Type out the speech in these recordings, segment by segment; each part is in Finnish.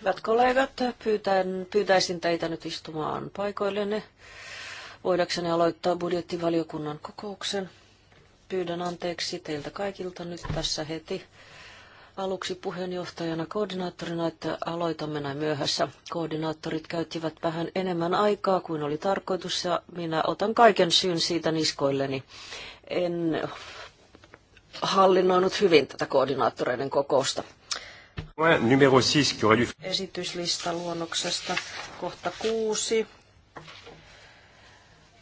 Hyvät kollegat, pyytän, pyytäisin teitä nyt istumaan paikoillenne. Voidakseni aloittaa budjettivaliokunnan kokouksen. Pyydän anteeksi teiltä kaikilta nyt tässä heti aluksi puheenjohtajana koordinaattorina, että aloitamme näin myöhässä. Koordinaattorit käyttivät vähän enemmän aikaa kuin oli tarkoitus ja minä otan kaiken syyn siitä niskoilleni. En hallinnoinut hyvin tätä koordinaattoreiden kokousta. Numero 6, qui aurait dû... kohta kuusi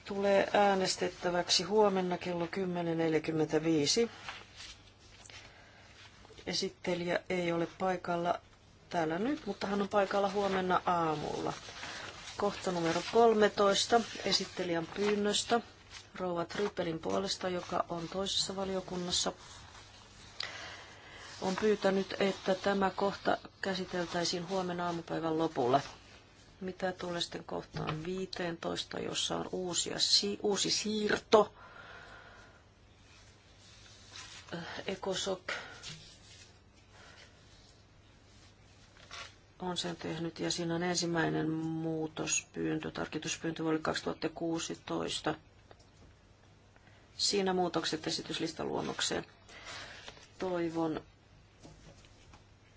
tulee äänestettäväksi huomenna kello 10.45. Esittelijä ei ole paikalla täällä nyt, mutta hän on paikalla huomenna aamulla. Kohta numero 13 esittelijän pyynnöstä Rouva Tryppelin puolesta, joka on toisessa valiokunnassa on pyytänyt, että tämä kohta käsiteltäisiin huomenna aamupäivän lopulla. Mitä tulee sitten kohtaan 15, jossa on uusia, uusi siirto. Äh, Ekosok on sen tehnyt ja siinä on ensimmäinen muutospyyntö, tarkistuspyyntö vuodelle 2016. Siinä muutokset esityslistaluonnokseen. Toivon,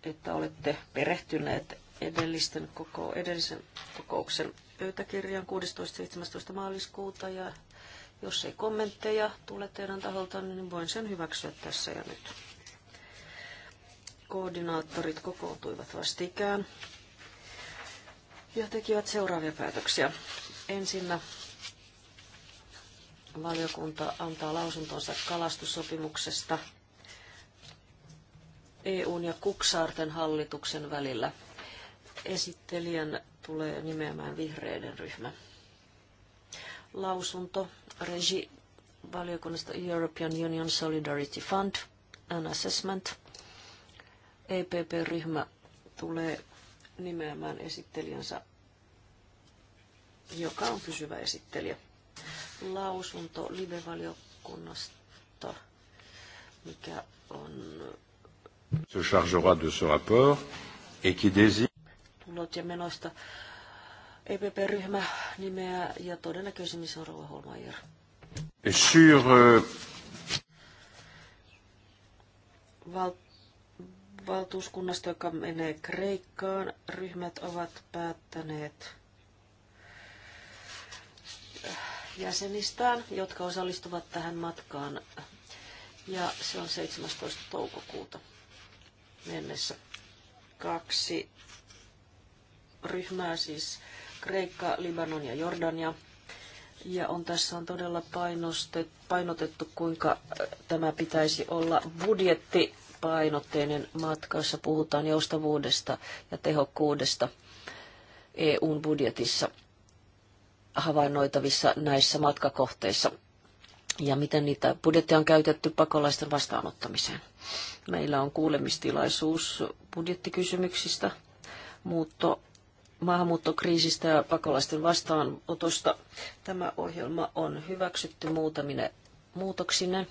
että olette perehtyneet edellisten koko, edellisen kokouksen pöytäkirjan 16.17. maaliskuuta ja jos ei kommentteja tule teidän taholta, niin voin sen hyväksyä tässä ja nyt. Koordinaattorit kokoontuivat vastikään ja tekivät seuraavia päätöksiä. Ensinnä valiokunta antaa lausuntonsa kalastussopimuksesta – EUn ja Kuksaarten hallituksen välillä. Esittelijän tulee nimeämään vihreiden ryhmä. Lausunto regi valiokunnasta European Union Solidarity Fund an Assessment. EPP-ryhmä tulee nimeämään esittelijänsä, joka on pysyvä esittelijä. Lausunto live-valiokunnasta, mikä on se chargera de ce rapport et qui désire... Tulot e Sur... Euh... valtuuskunnasta, joka menee Kreikkaan, ryhmät ovat päättäneet jäsenistään, jotka osallistuvat tähän matkaan. Ja se on 17. toukokuuta mennessä. Kaksi ryhmää, siis Kreikka, Libanon ja Jordania. Ja on, tässä on todella painotettu, kuinka äh, tämä pitäisi olla budjettipainotteinen matka, jossa puhutaan joustavuudesta ja tehokkuudesta EUn budjetissa havainnoitavissa näissä matkakohteissa ja miten niitä budjettia on käytetty pakolaisten vastaanottamiseen. Meillä on kuulemistilaisuus budjettikysymyksistä, muutto, maahanmuuttokriisistä ja pakolaisten vastaanotosta. Tämä ohjelma on hyväksytty muutamine muutoksine.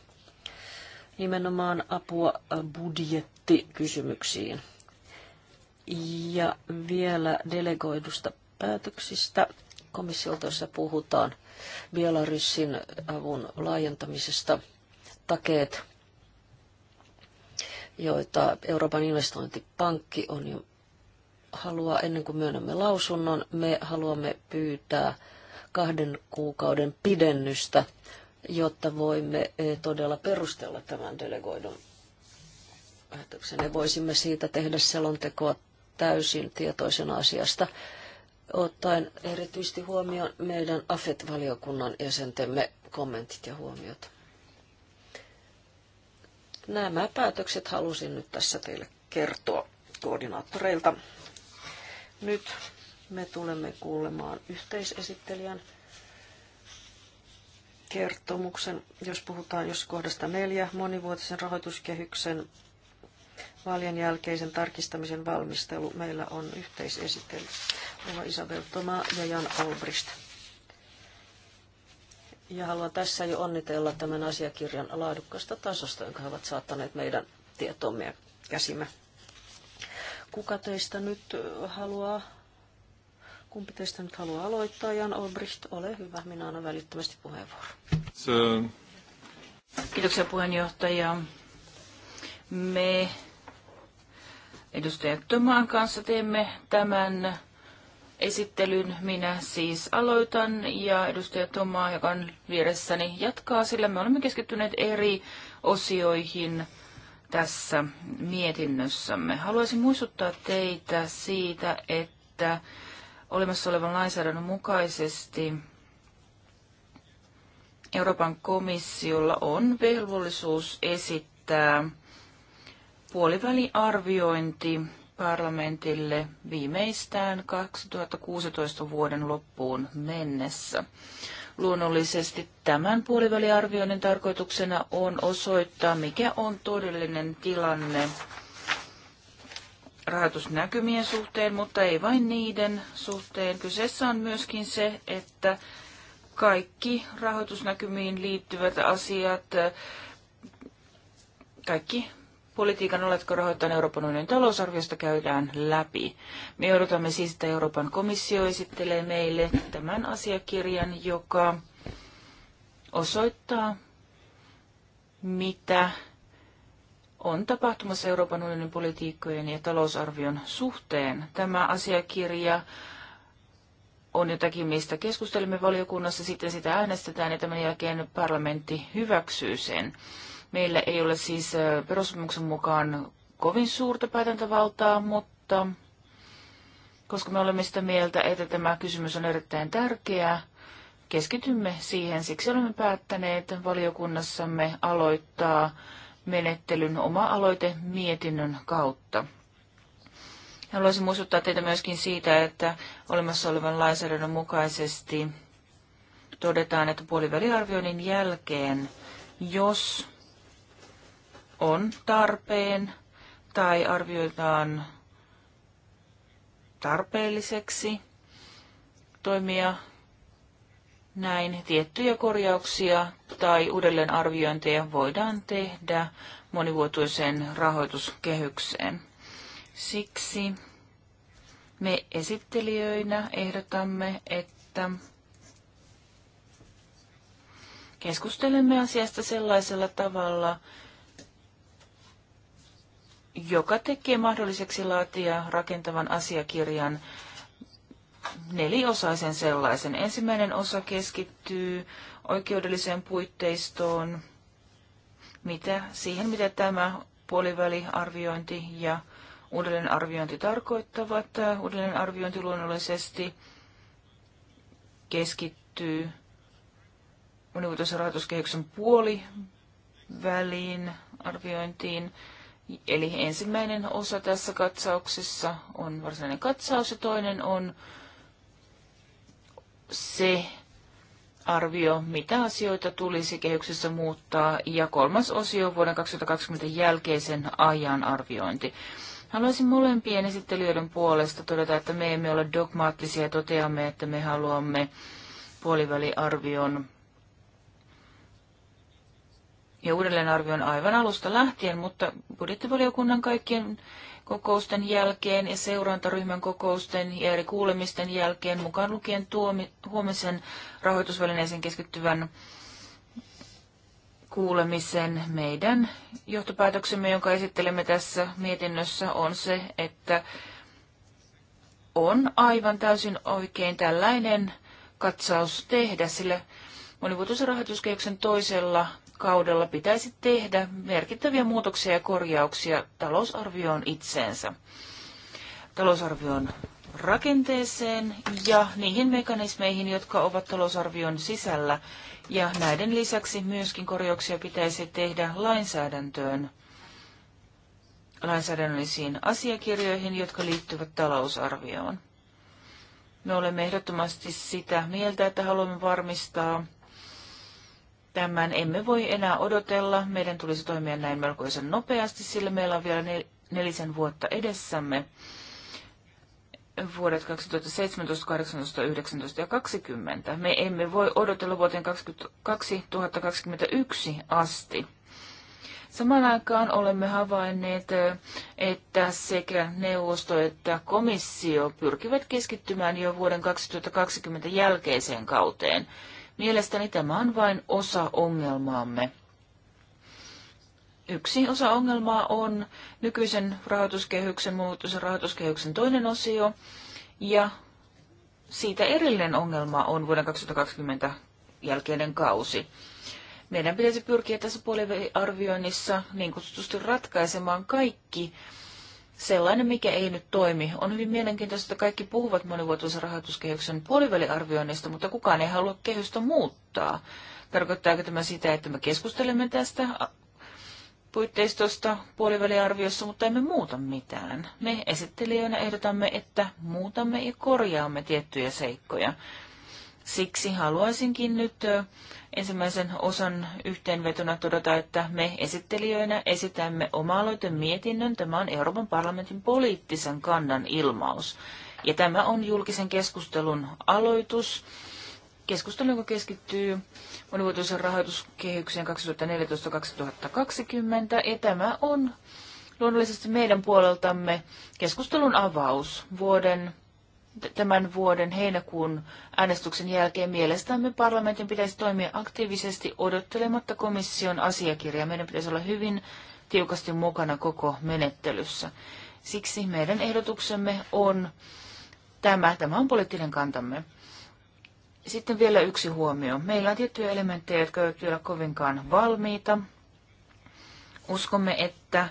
nimenomaan apua budjettikysymyksiin. Ja vielä delegoidusta päätöksistä komissiolta, jossa puhutaan Bielorussin avun laajentamisesta, takeet, joita Euroopan investointipankki on jo haluaa, ennen kuin myönnämme lausunnon, me haluamme pyytää kahden kuukauden pidennystä, jotta voimme eh, todella perustella tämän delegoidun päätöksen. voisimme siitä tehdä selontekoa täysin tietoisena asiasta ottaen erityisesti huomioon meidän AFET-valiokunnan jäsentemme kommentit ja huomiot. Nämä päätökset halusin nyt tässä teille kertoa koordinaattoreilta. Nyt me tulemme kuulemaan yhteisesittelijän kertomuksen, jos puhutaan jos kohdasta neljä monivuotisen rahoituskehyksen vaalien jälkeisen tarkistamisen valmistelu. Meillä on yhteisesitelty. Ova Isabel Toma ja Jan Olbrist. Ja haluan tässä jo onnitella tämän asiakirjan laadukkaasta tasosta, jonka he ovat saattaneet meidän tietomme ja käsimme. Kuka teistä nyt haluaa, kumpi teistä nyt haluaa aloittaa? Jan Olbricht, ole hyvä, minä annan välittömästi puheenvuoro. Kiitoksia puheenjohtaja. Me edustaja Tömaan kanssa teemme tämän esittelyn. Minä siis aloitan ja edustaja Toma, joka on vieressäni, jatkaa, sillä me olemme keskittyneet eri osioihin tässä mietinnössämme. Haluaisin muistuttaa teitä siitä, että olemassa olevan lainsäädännön mukaisesti Euroopan komissiolla on velvollisuus esittää puoliväliarviointi parlamentille viimeistään 2016 vuoden loppuun mennessä. Luonnollisesti tämän puoliväliarvioinnin tarkoituksena on osoittaa, mikä on todellinen tilanne rahoitusnäkymien suhteen, mutta ei vain niiden suhteen. Kyseessä on myöskin se, että kaikki rahoitusnäkymiin liittyvät asiat, kaikki politiikan oletko rahoittanut Euroopan unionin talousarviosta käydään läpi. Me odotamme siis, että Euroopan komissio esittelee meille tämän asiakirjan, joka osoittaa, mitä on tapahtumassa Euroopan unionin politiikkojen ja talousarvion suhteen. Tämä asiakirja on jotakin, mistä keskustelimme valiokunnassa, sitten sitä äänestetään ja tämän jälkeen parlamentti hyväksyy sen. Meillä ei ole siis perussopimuksen mukaan kovin suurta päätäntävaltaa, mutta koska me olemme sitä mieltä, että tämä kysymys on erittäin tärkeä, keskitymme siihen. Siksi olemme päättäneet valiokunnassamme aloittaa menettelyn oma-aloite mietinnön kautta. Haluaisin muistuttaa teitä myöskin siitä, että olemassa olevan lainsäädännön mukaisesti todetaan, että puoliväliarvioinnin jälkeen, jos on tarpeen tai arvioidaan tarpeelliseksi toimia näin. Tiettyjä korjauksia tai uudelleenarviointeja voidaan tehdä monivuotuiseen rahoituskehykseen. Siksi me esittelijöinä ehdotamme, että keskustelemme asiasta sellaisella tavalla, joka tekee mahdolliseksi laatia rakentavan asiakirjan neliosaisen sellaisen. Ensimmäinen osa keskittyy oikeudelliseen puitteistoon, mitä, siihen mitä tämä puoliväliarviointi ja uudelleenarviointi tarkoittavat. Uudelleenarviointi luonnollisesti keskittyy monivuotoisen rahoituskehyksen puoliväliin arviointiin. Eli ensimmäinen osa tässä katsauksessa on varsinainen katsaus ja toinen on se arvio, mitä asioita tulisi kehyksessä muuttaa ja kolmas osio vuoden 2020 jälkeisen ajan arviointi. Haluaisin molempien esittelijöiden puolesta todeta, että me emme ole dogmaattisia ja toteamme, että me haluamme puoliväliarvion ja uudelleenarvion aivan alusta lähtien, mutta budjettivaliokunnan kaikkien kokousten jälkeen ja seurantaryhmän kokousten ja eri kuulemisten jälkeen, mukaan lukien tuomi, huomisen rahoitusvälineeseen keskittyvän kuulemisen meidän johtopäätöksemme, jonka esittelemme tässä mietinnössä, on se, että on aivan täysin oikein tällainen katsaus tehdä, sillä monivuotoisen rahoituskehyksen toisella kaudella pitäisi tehdä merkittäviä muutoksia ja korjauksia talousarvioon itseensä, talousarvion rakenteeseen ja niihin mekanismeihin, jotka ovat talousarvion sisällä. Ja näiden lisäksi myöskin korjauksia pitäisi tehdä lainsäädäntöön, lainsäädännöllisiin asiakirjoihin, jotka liittyvät talousarvioon. Me olemme ehdottomasti sitä mieltä, että haluamme varmistaa, tämän emme voi enää odotella. Meidän tulisi toimia näin melkoisen nopeasti, sillä meillä on vielä nelisen vuotta edessämme. Vuodet 2017, 18, 19 ja 20. Me emme voi odotella vuoteen 2021 asti. Samaan aikaan olemme havainneet, että sekä neuvosto että komissio pyrkivät keskittymään jo vuoden 2020 jälkeiseen kauteen – Mielestäni tämä on vain osa ongelmaamme. Yksi osa ongelmaa on nykyisen rahoituskehyksen muutos ja rahoituskehyksen toinen osio, ja siitä erillinen ongelma on vuoden 2020 jälkeinen kausi. Meidän pitäisi pyrkiä tässä puoliarvioinnissa niin kutsutusti ratkaisemaan kaikki sellainen, mikä ei nyt toimi. On hyvin mielenkiintoista, että kaikki puhuvat monivuotuisen rahoituskehyksen puoliväliarvioinnista, mutta kukaan ei halua kehystä muuttaa. Tarkoittaako tämä sitä, että me keskustelemme tästä puitteistosta puoliväliarviossa, mutta emme muuta mitään. Me esittelijöinä ehdotamme, että muutamme ja korjaamme tiettyjä seikkoja. Siksi haluaisinkin nyt ensimmäisen osan yhteenvetona todeta, että me esittelijöinä esitämme oma mietinnön. Tämä on Euroopan parlamentin poliittisen kannan ilmaus. Ja tämä on julkisen keskustelun aloitus. Keskustelu, joka keskittyy monivuotoisen rahoituskehykseen 2014-2020. Ja tämä on luonnollisesti meidän puoleltamme keskustelun avaus vuoden tämän vuoden heinäkuun äänestyksen jälkeen mielestämme parlamentin pitäisi toimia aktiivisesti odottelematta komission asiakirjaa. Meidän pitäisi olla hyvin tiukasti mukana koko menettelyssä. Siksi meidän ehdotuksemme on tämä. Tämä on poliittinen kantamme. Sitten vielä yksi huomio. Meillä on tiettyjä elementtejä, jotka eivät ole kovinkaan valmiita. Uskomme, että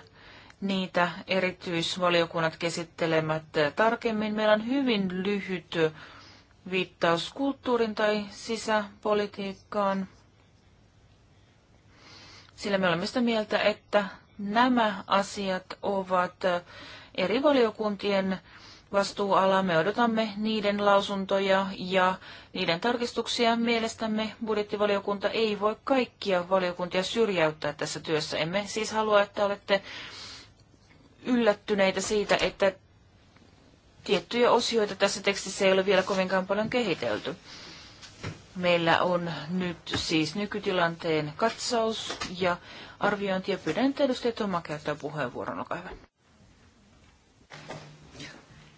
niitä erityisvaliokunnat käsittelemät tarkemmin. Meillä on hyvin lyhyt viittaus kulttuurin tai sisäpolitiikkaan, sillä me olemme sitä mieltä, että nämä asiat ovat eri valiokuntien vastuuala. Me odotamme niiden lausuntoja ja niiden tarkistuksia. Mielestämme budjettivaliokunta ei voi kaikkia valiokuntia syrjäyttää tässä työssä. Emme siis halua, että olette yllättyneitä siitä, että tiettyjä osioita tässä tekstissä ei ole vielä kovinkaan paljon kehitelty. Meillä on nyt siis nykytilanteen katsaus ja arviointi, ja pyydän, edustaja Toma käyttää puheenvuoron, olkaa hyvä.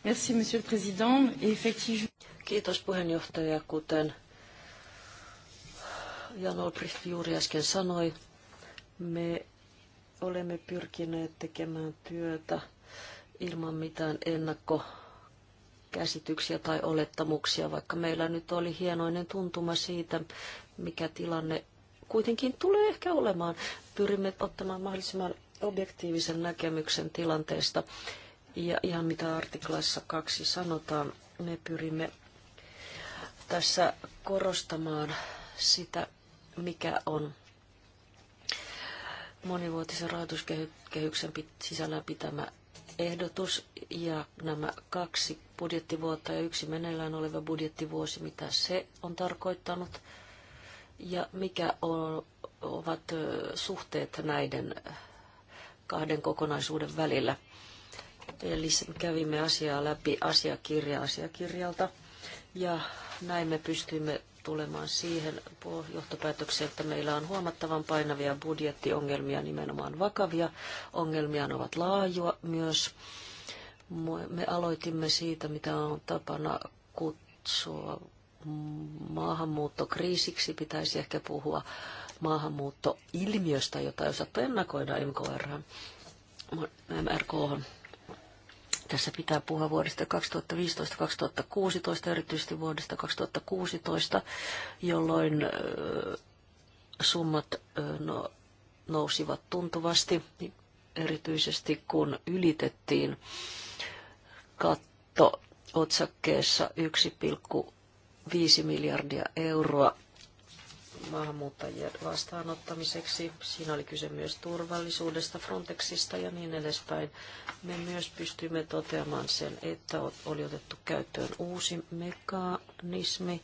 Merci, monsieur le président. Kiitos puheenjohtaja, kuten Jan Olbricht juuri äsken sanoi. Me olemme pyrkineet tekemään työtä ilman mitään ennakkokäsityksiä tai olettamuksia, vaikka meillä nyt oli hienoinen tuntuma siitä, mikä tilanne kuitenkin tulee ehkä olemaan. Pyrimme ottamaan mahdollisimman objektiivisen näkemyksen tilanteesta. Ja ihan mitä artiklassa kaksi sanotaan, me pyrimme tässä korostamaan sitä, mikä on monivuotisen rahoituskehyksen sisällä pitämä ehdotus ja nämä kaksi budjettivuotta ja yksi meneillään oleva budjettivuosi, mitä se on tarkoittanut ja mikä on, ovat suhteet näiden kahden kokonaisuuden välillä. Eli kävimme asiaa läpi asiakirja asiakirjalta ja näin me pystyimme tulemaan siihen johtopäätökseen, että meillä on huomattavan painavia budjettiongelmia, nimenomaan vakavia ongelmia, ne ovat laajua myös. Me aloitimme siitä, mitä on tapana kutsua maahanmuuttokriisiksi, pitäisi ehkä puhua maahanmuuttoilmiöstä, jota ei osattu ennakoida MKR. MRK. Tässä pitää puhua vuodesta 2015-2016, erityisesti vuodesta 2016, jolloin summat no, nousivat tuntuvasti, erityisesti kun ylitettiin katto otsakkeessa 1,5 miljardia euroa maahanmuuttajien vastaanottamiseksi. Siinä oli kyse myös turvallisuudesta, Frontexista ja niin edespäin. Me myös pystymme toteamaan sen, että oli otettu käyttöön uusi mekanismi,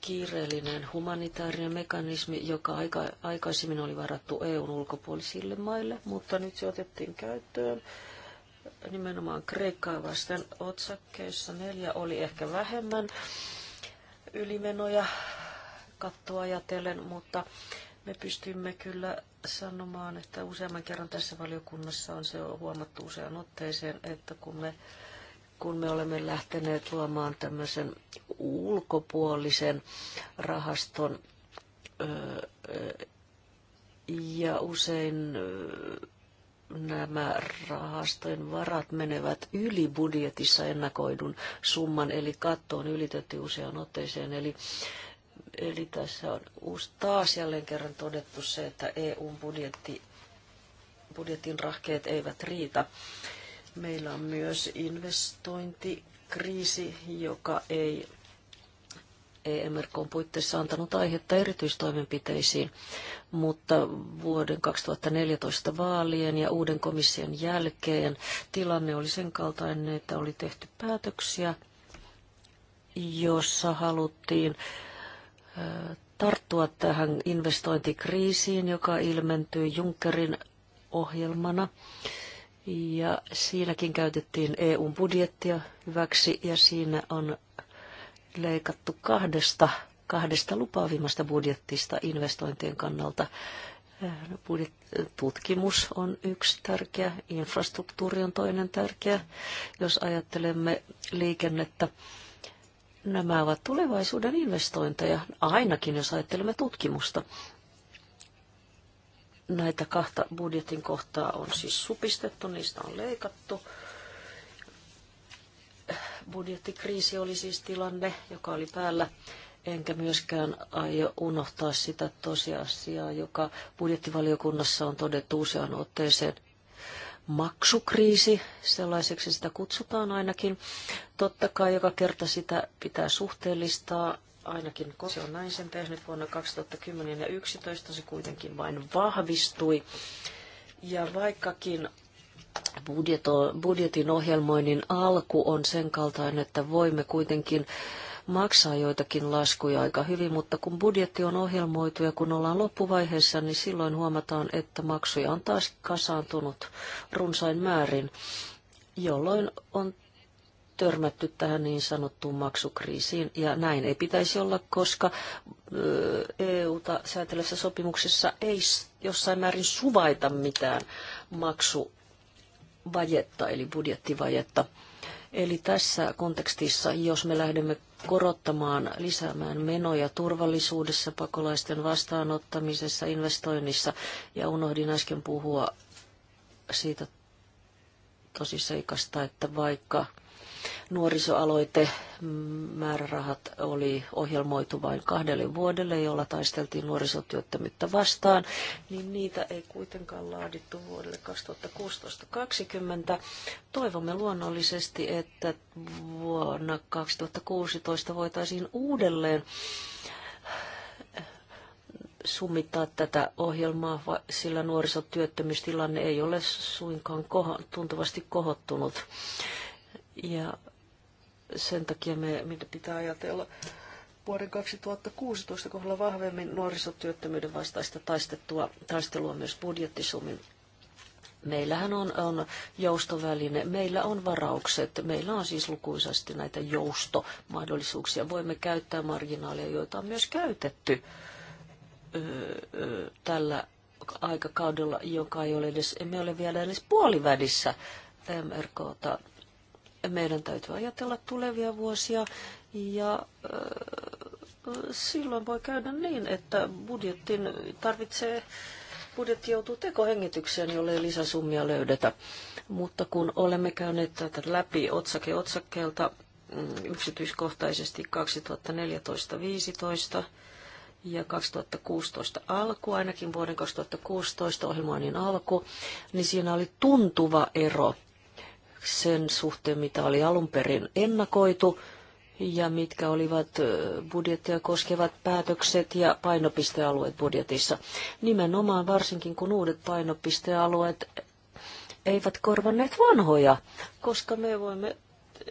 kiireellinen humanitaarinen mekanismi, joka aika, aikaisemmin oli varattu EUn ulkopuolisille maille, mutta nyt se otettiin käyttöön nimenomaan Kreikkaa vasten otsakkeessa neljä oli ehkä vähemmän ylimenoja kattoa ajatellen, mutta me pystymme kyllä sanomaan, että useamman kerran tässä valiokunnassa on se huomattu usean otteeseen, että kun me, kun me olemme lähteneet luomaan tämmöisen ulkopuolisen rahaston öö, ja usein nämä rahastojen varat menevät yli budjetissa ennakoidun summan, eli katto on ylitetty usean otteeseen. Eli Eli tässä on uusi, taas jälleen kerran todettu se, että EU-budjetti budjetin rahkeet eivät riitä. Meillä on myös investointikriisi, joka ei EMRK on puitteissa antanut aihetta erityistoimenpiteisiin, mutta vuoden 2014 vaalien ja uuden komission jälkeen tilanne oli sen kaltainen, että oli tehty päätöksiä, jossa haluttiin tarttua tähän investointikriisiin, joka ilmentyi Junckerin ohjelmana. Ja siinäkin käytettiin EUn budjettia hyväksi ja siinä on leikattu kahdesta, kahdesta lupaavimmasta budjettista investointien kannalta. Tutkimus on yksi tärkeä, infrastruktuuri on toinen tärkeä. Jos ajattelemme liikennettä, Nämä ovat tulevaisuuden investointeja, ainakin jos ajattelemme tutkimusta. Näitä kahta budjetin kohtaa on siis supistettu, niistä on leikattu. Budjettikriisi oli siis tilanne, joka oli päällä enkä myöskään aio unohtaa sitä tosiasiaa, joka budjettivaliokunnassa on todettu useaan otteeseen maksukriisi, sellaiseksi sitä kutsutaan ainakin. Totta kai joka kerta sitä pitää suhteellistaa, ainakin se on näin sen tehnyt vuonna 2010 ja 2011, se kuitenkin vain vahvistui. Ja vaikkakin budjetin ohjelmoinnin alku on sen kaltainen, että voimme kuitenkin maksaa joitakin laskuja aika hyvin, mutta kun budjetti on ohjelmoitu ja kun ollaan loppuvaiheessa, niin silloin huomataan, että maksuja on taas kasaantunut runsain määrin, jolloin on törmätty tähän niin sanottuun maksukriisiin. Ja näin ei pitäisi olla, koska EU-ta säätelevässä sopimuksessa ei jossain määrin suvaita mitään maksuvajetta, eli budjettivajetta. Eli tässä kontekstissa, jos me lähdemme korottamaan, lisäämään menoja turvallisuudessa, pakolaisten vastaanottamisessa, investoinnissa. Ja unohdin äsken puhua siitä tosiseikasta, että vaikka nuorisoaloite mm, määrärahat oli ohjelmoitu vain kahdelle vuodelle, jolla taisteltiin nuorisotyöttömyyttä vastaan, niin niitä ei kuitenkaan laadittu vuodelle 2016-2020. Toivomme luonnollisesti, että vuonna 2016 voitaisiin uudelleen summittaa tätä ohjelmaa, sillä nuorisotyöttömyystilanne ei ole suinkaan koho, tuntuvasti kohottunut. Ja sen takia me, meidän pitää ajatella vuoden 2016 kohdalla vahvemmin nuorisotyöttömyyden vastaista taistettua, taistelua myös budjettisumin. Meillähän on, on joustoväline, meillä on varaukset, meillä on siis lukuisasti näitä joustomahdollisuuksia. Voimme käyttää marginaaleja, joita on myös käytetty öö, öö, tällä aikakaudella, joka ei ole edes, emme ole vielä edes puolivädissä MRKta meidän täytyy ajatella tulevia vuosia ja silloin voi käydä niin, että budjettin tarvitsee, budjetti joutuu tekohengitykseen, jolle ei lisäsummia löydetä. Mutta kun olemme käyneet tätä läpi otsake otsakkeelta mm, yksityiskohtaisesti 2014-2015 ja 2016 alku, ainakin vuoden 2016 ohjelmoinnin alku, niin siinä oli tuntuva ero sen suhteen, mitä oli alun perin ennakoitu ja mitkä olivat budjettia koskevat päätökset ja painopistealueet budjetissa. Nimenomaan varsinkin kun uudet painopistealueet eivät korvanneet vanhoja, koska me voimme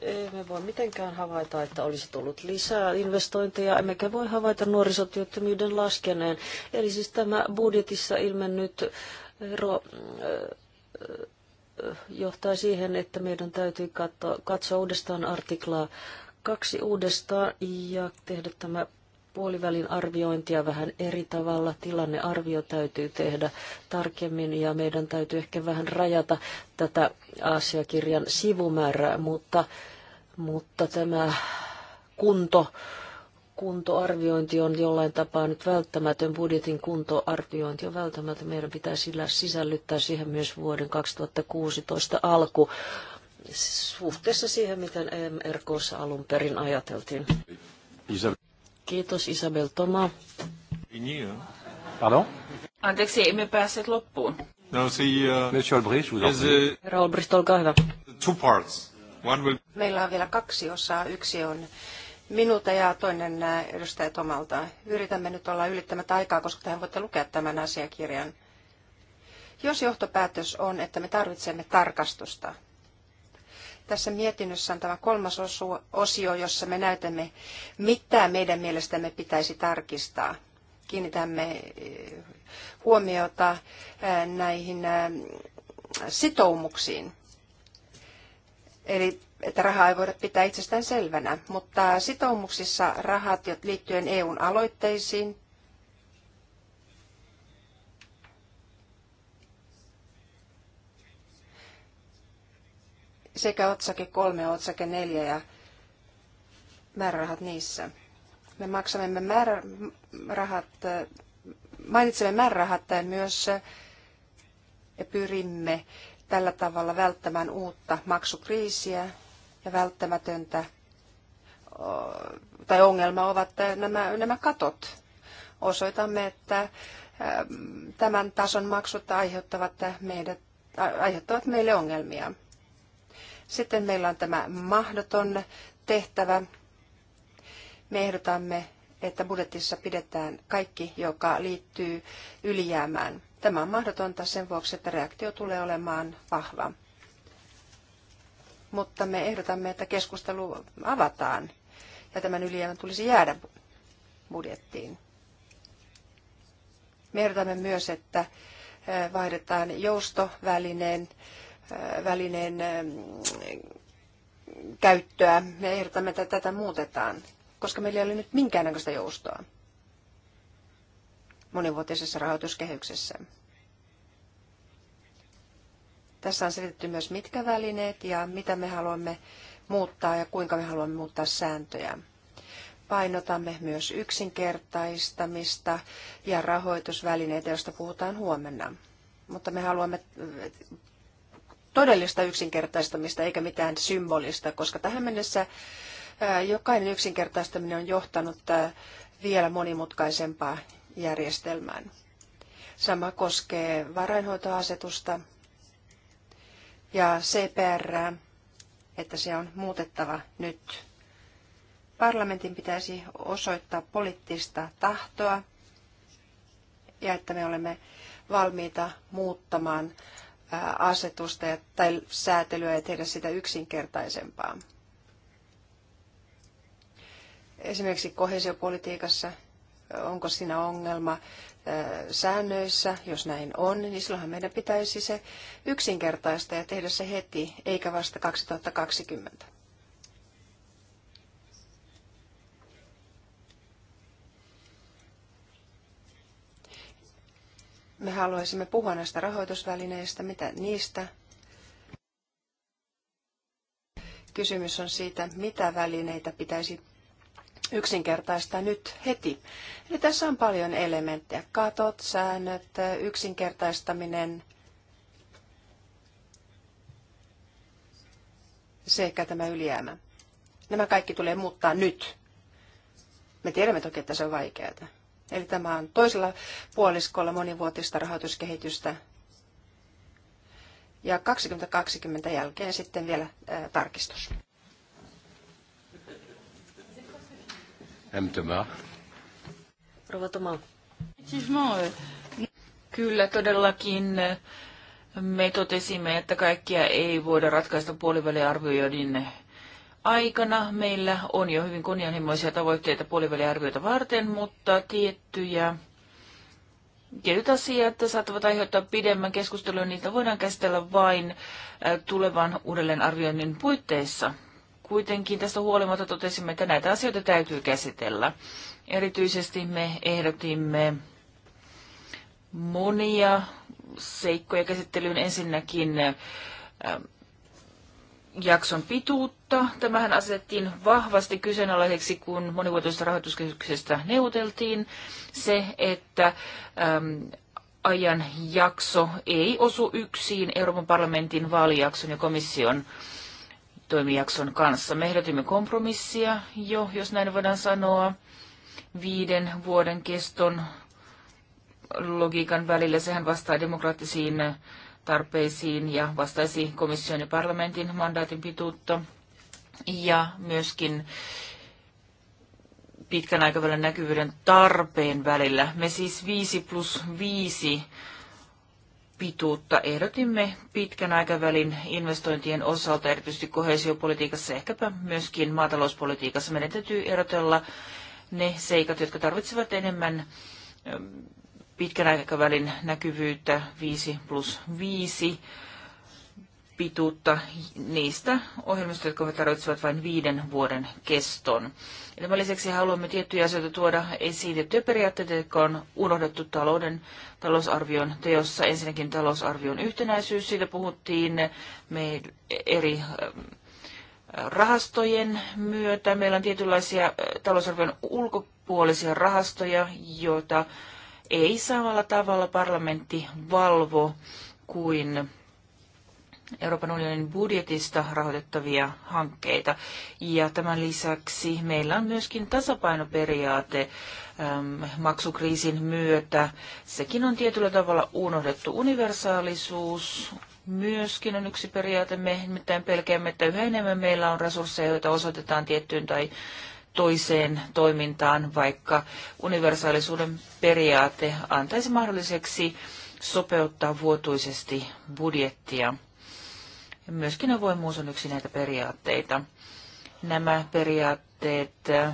emme voi mitenkään havaita, että olisi tullut lisää investointeja, emmekä voi havaita nuorisotyöttömyyden laskeneen. Eli siis tämä budjetissa ilmennyt ero johtaa siihen, että meidän täytyy katsoa, katsoa uudestaan artiklaa kaksi uudestaan ja tehdä tämä puolivälin arviointia vähän eri tavalla. Tilannearvio täytyy tehdä tarkemmin ja meidän täytyy ehkä vähän rajata tätä asiakirjan sivumäärää, mutta, mutta tämä kunto kuntoarviointi on jollain tapaa nyt välttämätön, budjetin kuntoarviointi on välttämätön. Meidän pitää sillä sisällyttää siihen myös vuoden 2016 alku suhteessa siihen, miten EMRKssa alun perin ajateltiin. Isabel. Kiitos Isabel Toma. Pardon? Anteeksi, emme päässeet loppuun. No, see, uh, Monsieur Albrecht, vous is, uh, Herra Albrecht, olkaa hyvä. Two parts. One will... Meillä on vielä kaksi osaa. Yksi on minulta ja toinen edustaja Tomalta. Yritämme nyt olla ylittämättä aikaa, koska tähän voitte lukea tämän asiakirjan. Jos johtopäätös on, että me tarvitsemme tarkastusta, tässä mietinnössä on tämä kolmas osio, jossa me näytämme, mitä meidän mielestämme pitäisi tarkistaa. Kiinnitämme huomiota näihin sitoumuksiin. Eli että rahaa ei voida pitää itsestään selvänä, mutta sitoumuksissa rahat liittyen EUn aloitteisiin sekä otsake 3, otsake 4 ja määrärahat niissä. Me maksamme määrärahat, mainitsemme määrärahat myös pyrimme tällä tavalla välttämään uutta maksukriisiä ja välttämätöntä tai ongelma ovat nämä, nämä katot. Osoitamme, että tämän tason maksut aiheuttavat, meidät, aiheuttavat meille ongelmia. Sitten meillä on tämä mahdoton tehtävä. Me ehdotamme, että budjetissa pidetään kaikki, joka liittyy ylijäämään. Tämä on mahdotonta sen vuoksi, että reaktio tulee olemaan vahva mutta me ehdotamme, että keskustelu avataan ja tämän ylijäämän tulisi jäädä budjettiin. Me ehdotamme myös, että vaihdetaan joustovälineen välineen käyttöä. Me ehdotamme, että tätä muutetaan, koska meillä ei ole nyt minkäännäköistä joustoa monivuotisessa rahoituskehyksessä. Tässä on selitetty myös mitkä välineet ja mitä me haluamme muuttaa ja kuinka me haluamme muuttaa sääntöjä. Painotamme myös yksinkertaistamista ja rahoitusvälineitä, joista puhutaan huomenna. Mutta me haluamme eh, todellista yksinkertaistamista eikä mitään symbolista, koska tähän mennessä eh, jokainen yksinkertaistaminen on johtanut eh, vielä monimutkaisempaan järjestelmään. Sama koskee varainhoitoasetusta ja CPR, että se on muutettava nyt. Parlamentin pitäisi osoittaa poliittista tahtoa ja että me olemme valmiita muuttamaan asetusta tai säätelyä ja tehdä sitä yksinkertaisempaa. Esimerkiksi kohesiopolitiikassa, onko siinä ongelma säännöissä, jos näin on, niin silloinhan meidän pitäisi se yksinkertaista ja tehdä se heti, eikä vasta 2020. Me haluaisimme puhua näistä rahoitusvälineistä, mitä niistä. Kysymys on siitä, mitä välineitä pitäisi yksinkertaista nyt heti. Eli tässä on paljon elementtejä. Katot, säännöt, yksinkertaistaminen, sekä tämä ylijäämä. Nämä kaikki tulee muuttaa nyt. Me tiedämme toki, että se on vaikeaa. Eli tämä on toisella puoliskolla monivuotista rahoituskehitystä. Ja 2020 jälkeen sitten vielä ää, tarkistus. M. Thomas. Rova Thomas. Euh, kyllä todellakin äh, me totesimme, että kaikkia ei voida ratkaista puoliväliarvioiden aikana. Meillä on jo hyvin kunnianhimoisia tavoitteita puoliväliarvioita varten, mutta tiettyjä tietyt asiat saattavat aiheuttaa pidemmän keskustelun, niitä voidaan käsitellä vain äh, tulevan uudelleenarvioinnin puitteissa. Kuitenkin tästä huolimatta totesimme, että näitä asioita täytyy käsitellä. Erityisesti me ehdotimme monia seikkoja käsittelyyn. Ensinnäkin ähm, jakson pituutta. Tämähän asetettiin vahvasti kyseenalaiseksi, kun monivuotoisesta rahoituskehityksestä neuvoteltiin. Se, että äm, ajan jakso ei osu yksiin Euroopan parlamentin vaalijakson ja komission toimijakson kanssa. Me ehdotimme kompromissia jo, jos näin voidaan sanoa, viiden vuoden keston logiikan välillä. Sehän vastaa demokraattisiin tarpeisiin ja vastaisi komission ja parlamentin mandaatin pituutta ja myöskin pitkän aikavälin näkyvyyden tarpeen välillä. Me siis 5 plus 5 pituutta ehdotimme pitkän aikavälin investointien osalta, erityisesti kohesiopolitiikassa, ehkäpä myöskin maatalouspolitiikassa. Meidän täytyy erotella ne seikat, jotka tarvitsevat enemmän pitkän aikavälin näkyvyyttä 5 plus 5 pituutta niistä ohjelmista, jotka tarvitsevat vain viiden vuoden keston. Tämän lisäksi haluamme tiettyjä asioita tuoda esiin, tiettyjä periaatteita, jotka on unohdettu talouden talousarvion teossa. Ensinnäkin talousarvion yhtenäisyys, siitä puhuttiin me eri ähm, rahastojen myötä. Meillä on tietynlaisia äh, talousarvion ulkopuolisia rahastoja, joita ei samalla tavalla parlamentti valvo kuin Euroopan unionin budjetista rahoitettavia hankkeita. Ja tämän lisäksi meillä on myöskin tasapainoperiaate äm, maksukriisin myötä. Sekin on tietyllä tavalla unohdettu. Universaalisuus myöskin on yksi periaate. Me nimittäin pelkäämme, että yhä enemmän meillä on resursseja, joita osoitetaan tiettyyn tai toiseen toimintaan, vaikka universaalisuuden periaate antaisi mahdolliseksi sopeuttaa vuotuisesti budjettia. Ja myöskin avoimuus on yksi näitä periaatteita. Nämä periaatteet, äh,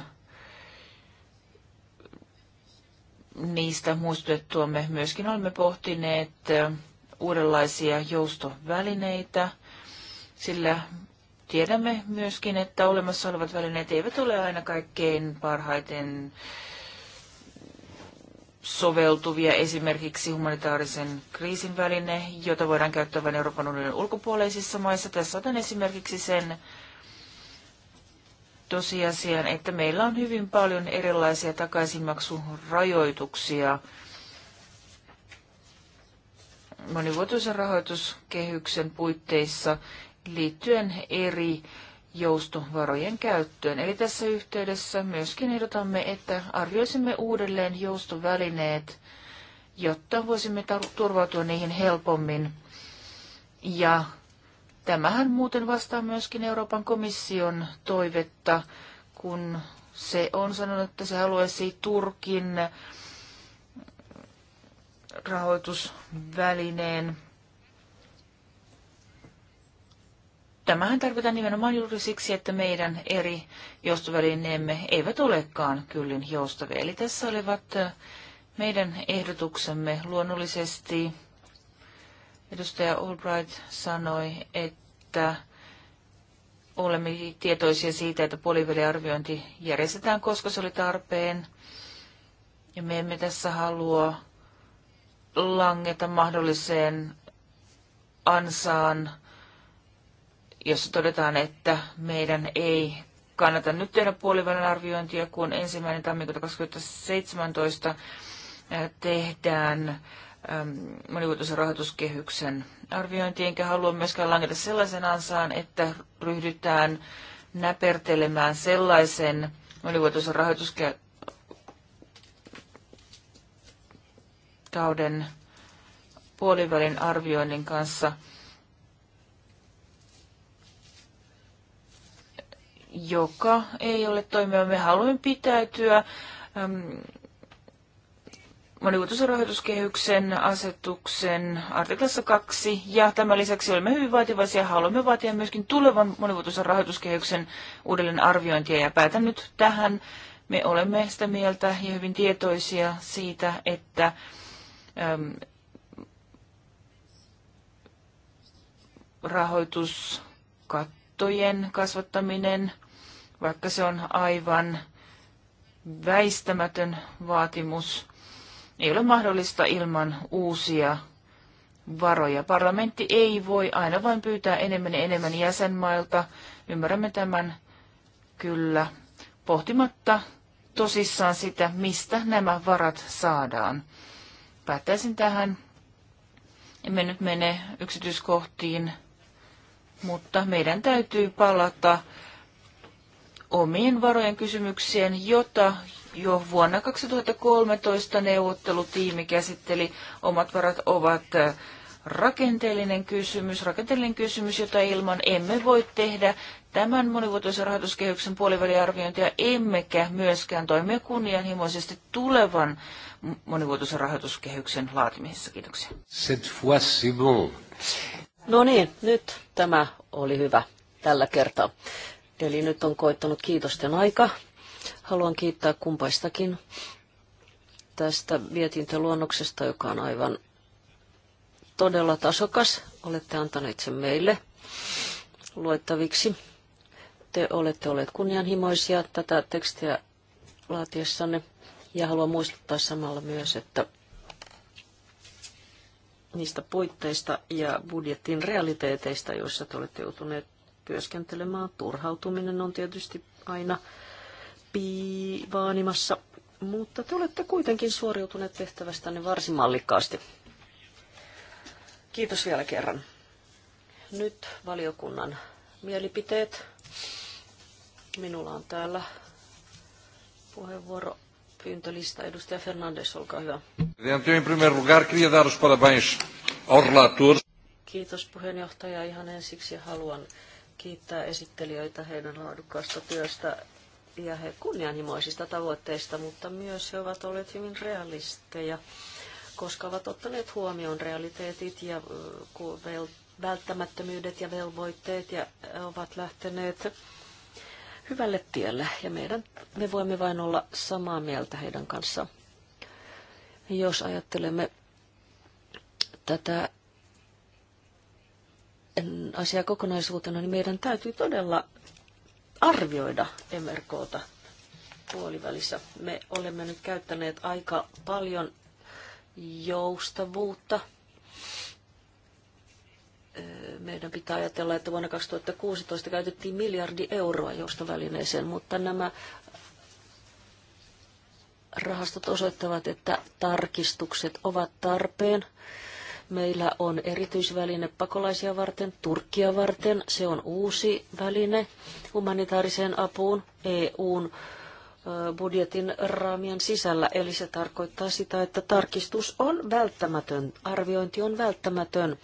niistä muistutettuamme myöskin olemme pohtineet äh, uudenlaisia joustovälineitä, sillä tiedämme myöskin, että olemassa olevat välineet eivät ole aina kaikkein parhaiten soveltuvia esimerkiksi humanitaarisen kriisin väline, jota voidaan käyttää vain Euroopan unionin ulkopuoleisissa maissa. Tässä otan esimerkiksi sen tosiasian, että meillä on hyvin paljon erilaisia takaisinmaksurajoituksia monivuotoisen rahoituskehyksen puitteissa liittyen eri joustovarojen käyttöön. Eli tässä yhteydessä myöskin ehdotamme, että arvioisimme uudelleen joustovälineet, jotta voisimme turvautua niihin helpommin. Ja tämähän muuten vastaa myöskin Euroopan komission toivetta, kun se on sanonut, että se haluaisi Turkin rahoitusvälineen Tämähän tarvitaan nimenomaan juuri siksi, että meidän eri joustovälineemme eivät olekaan kyllin joustavia. Eli tässä olivat meidän ehdotuksemme luonnollisesti. Edustaja Albright sanoi, että olemme tietoisia siitä, että puoliväliarviointi järjestetään, koska se oli tarpeen. Ja me emme tässä halua langeta mahdolliseen ansaan jossa todetaan, että meidän ei kannata nyt tehdä puolivälin arviointia, kun ensimmäinen tammikuuta 2017 äh, tehdään monivuotoisen rahoituskehyksen arviointi, enkä halua myöskään langeta sellaisen ansaan, että ryhdytään näpertelemään sellaisen monivuotoisen rahoituskauden puolivälin arvioinnin kanssa – joka ei ole toimiva. Me haluamme pitäytyä äm, monivuotisen rahoituskehyksen asetuksen artiklassa 2, ja tämän lisäksi olemme hyvin vaativaisia. Haluamme vaatia myöskin tulevan monivuotisen rahoituskehyksen uudelleen arviointia, ja päätän nyt tähän. Me olemme sitä mieltä ja hyvin tietoisia siitä, että äm, rahoitus kat- haittojen kasvattaminen, vaikka se on aivan väistämätön vaatimus, ei ole mahdollista ilman uusia varoja. Parlamentti ei voi aina vain pyytää enemmän ja enemmän jäsenmailta. Ymmärrämme tämän kyllä pohtimatta tosissaan sitä, mistä nämä varat saadaan. Päättäisin tähän. Emme nyt mene yksityiskohtiin mutta meidän täytyy palata omiin varojen kysymykseen, jota jo vuonna 2013 neuvottelutiimi käsitteli. Omat varat ovat rakenteellinen kysymys, rakenteellinen kysymys, jota ilman emme voi tehdä tämän monivuotoisen rahoituskehyksen puoliväliarviointia, emmekä myöskään toimia kunnianhimoisesti tulevan monivuotoisen rahoituskehyksen laatimisessa. Kiitoksia. Cette fois, c'est bon. No niin, nyt tämä oli hyvä tällä kertaa. Eli nyt on koittanut kiitosten aika. Haluan kiittää kumpaistakin tästä mietintöluonnoksesta, joka on aivan todella tasokas. Olette antaneet sen meille luettaviksi. Te olette olleet kunnianhimoisia tätä tekstiä laatiessanne. Ja haluan muistuttaa samalla myös, että niistä puitteista ja budjetin realiteeteista, joissa te olette joutuneet työskentelemään. Turhautuminen on tietysti aina piivaanimassa, mutta te olette kuitenkin suoriutuneet tehtävästänne varsin mallikkaasti. Kiitos vielä kerran. Nyt valiokunnan mielipiteet. Minulla on täällä puheenvuoro pyyntölista. Edustaja Fernandes, olkaa hyvä. Kiitos puheenjohtaja. Ihan ensiksi haluan kiittää esittelijöitä heidän laadukkaasta työstä ja he kunnianhimoisista tavoitteista, mutta myös he ovat olleet hyvin realisteja, koska ovat ottaneet huomioon realiteetit ja välttämättömyydet ja velvoitteet ja ovat lähteneet hyvälle tielle ja meidän, me voimme vain olla samaa mieltä heidän kanssaan. Jos ajattelemme tätä asiaa kokonaisuutena, niin meidän täytyy todella arvioida MRKta puolivälissä. Me olemme nyt käyttäneet aika paljon joustavuutta meidän pitää ajatella, että vuonna 2016 käytettiin miljardi euroa joustovälineeseen, mutta nämä rahastot osoittavat, että tarkistukset ovat tarpeen. Meillä on erityisväline pakolaisia varten, Turkkia varten. Se on uusi väline humanitaariseen apuun EUn budjetin raamien sisällä, eli se tarkoittaa sitä, että tarkistus on välttämätön, arviointi on välttämätön.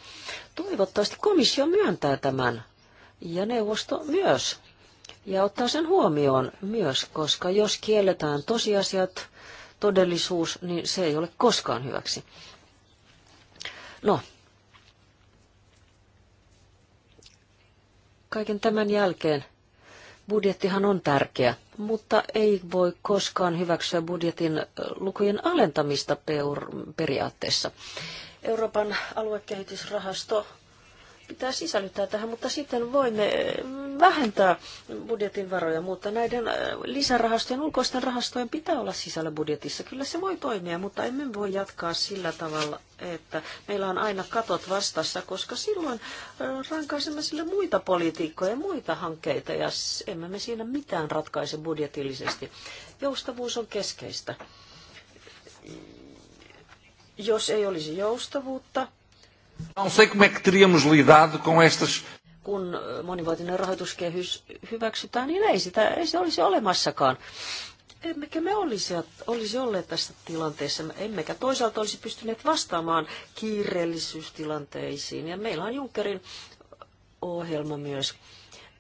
Toivottavasti komissio myöntää tämän ja neuvosto myös ja ottaa sen huomioon myös, koska jos kielletään tosiasiat, todellisuus, niin se ei ole koskaan hyväksi. No, kaiken tämän jälkeen Budjettihan on tärkeä, mutta ei voi koskaan hyväksyä budjetin lukujen alentamista periaatteessa. Euroopan aluekehitysrahasto pitää sisällyttää tähän, mutta sitten voimme eh, vähentää budjetin varoja, mutta näiden eh, lisärahastojen, ulkoisten rahastojen pitää olla sisällä budjetissa. Kyllä se voi toimia, mutta emme voi jatkaa sillä tavalla, että meillä on aina katot vastassa, koska silloin eh, rankaisemme sille muita politiikkoja ja muita hankkeita ja emme me siinä mitään ratkaise budjetillisesti. Joustavuus on keskeistä. Jos ei olisi joustavuutta, Não sei como é que teríamos lidado com estas kun monivuotinen rahoituskehys hyväksytään, niin ei sitä ei se olisi olemassakaan. Emmekä me olisi, olisi olleet tässä tilanteessa, emmekä toisaalta olisi pystyneet vastaamaan kiireellisyystilanteisiin. Ja meillä on Junckerin ohjelma myös.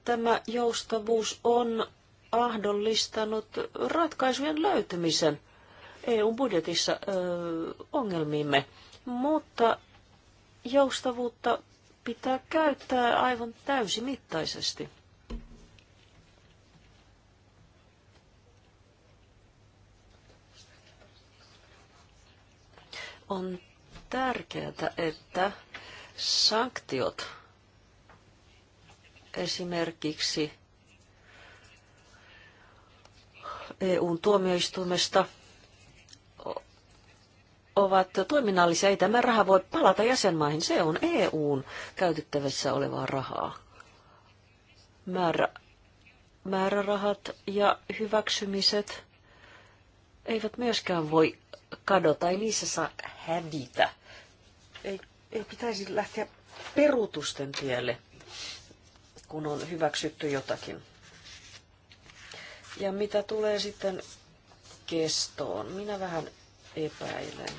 Tämä joustavuus on ahdollistanut ratkaisujen löytämisen EU-budjetissa ö, ongelmiimme, mutta joustavuutta pitää käyttää aivan täysimittaisesti. On tärkeää, että sanktiot esimerkiksi EUn tuomioistuimesta – ovat toiminnallisia. Ei tämä raha voi palata jäsenmaihin. Se on EUn käytettävissä olevaa rahaa. Määrä, määrärahat ja hyväksymiset eivät myöskään voi kadota, ei niissä saa hävitä. Ei, ei pitäisi lähteä peruutusten tielle, kun on hyväksytty jotakin. Ja mitä tulee sitten kestoon? Minä vähän epäilen.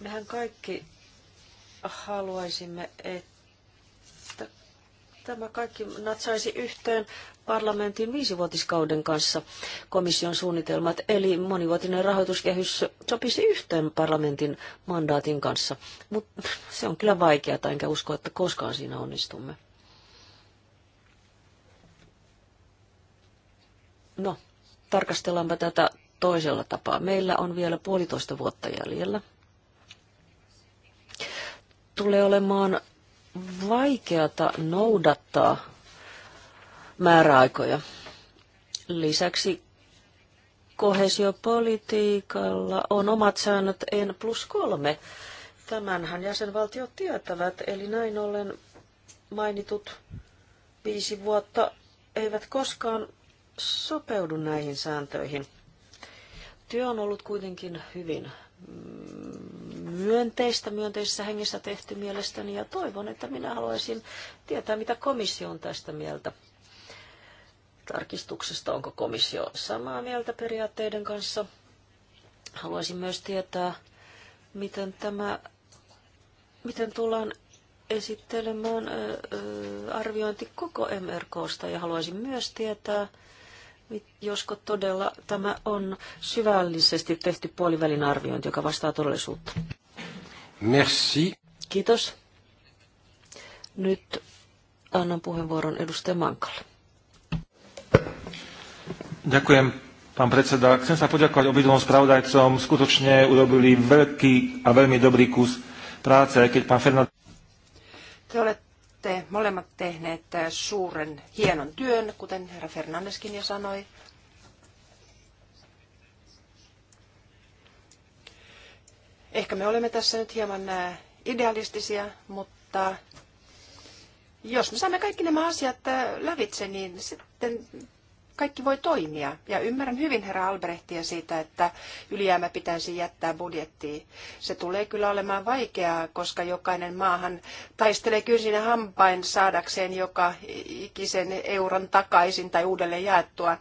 Mehän kaikki haluaisimme, että tämä kaikki natsaisi yhteen parlamentin viisivuotiskauden kanssa komission suunnitelmat, eli monivuotinen rahoituskehys sopisi yhteen parlamentin mandaatin kanssa. Mutta se on kyllä vaikeaa, enkä usko, että koskaan siinä onnistumme. No, tarkastellaanpa tätä toisella tapaa. Meillä on vielä puolitoista vuotta jäljellä. Tulee olemaan vaikeata noudattaa määräaikoja. Lisäksi kohesiopolitiikalla on omat säännöt N plus kolme. Tämänhän jäsenvaltiot tietävät, eli näin ollen mainitut viisi vuotta eivät koskaan sopeudu näihin sääntöihin. Työ on ollut kuitenkin hyvin mm, myönteistä, myönteisessä hengessä tehty mielestäni ja toivon, että minä haluaisin tietää, mitä komissio on tästä mieltä tarkistuksesta. Onko komissio samaa mieltä periaatteiden kanssa? Haluaisin myös tietää, miten tämä, miten tullaan esittelemään arviointi koko MRKsta ja haluaisin myös tietää, josko todella tämä on syvällisesti tehty puolivälin arviointi, joka vastaa todellisuutta. Merci. Kiitos. Nyt annan puheenvuoron edustaja Mankalle. Ďakujem, pán predseda. Chcem sa poďakovať obidvom spravodajcom. Skutočne urobili veľký a veľmi dobrý kus práce, keď pán Fernand... Te olette olette molemmat tehneet äh, suuren, hienon työn, kuten herra Fernandeskin jo sanoi. Ehkä me olemme tässä nyt hieman äh, idealistisia, mutta jos me saamme kaikki nämä asiat äh, lävitse, niin sitten kaikki voi toimia. Ja ymmärrän hyvin herra Albrehtia siitä, että ylijäämä pitäisi jättää budjettiin. Se tulee kyllä olemaan vaikeaa, koska jokainen maahan taistelee kynsin ja hampain saadakseen joka ikisen euron takaisin tai uudelleen jaettua.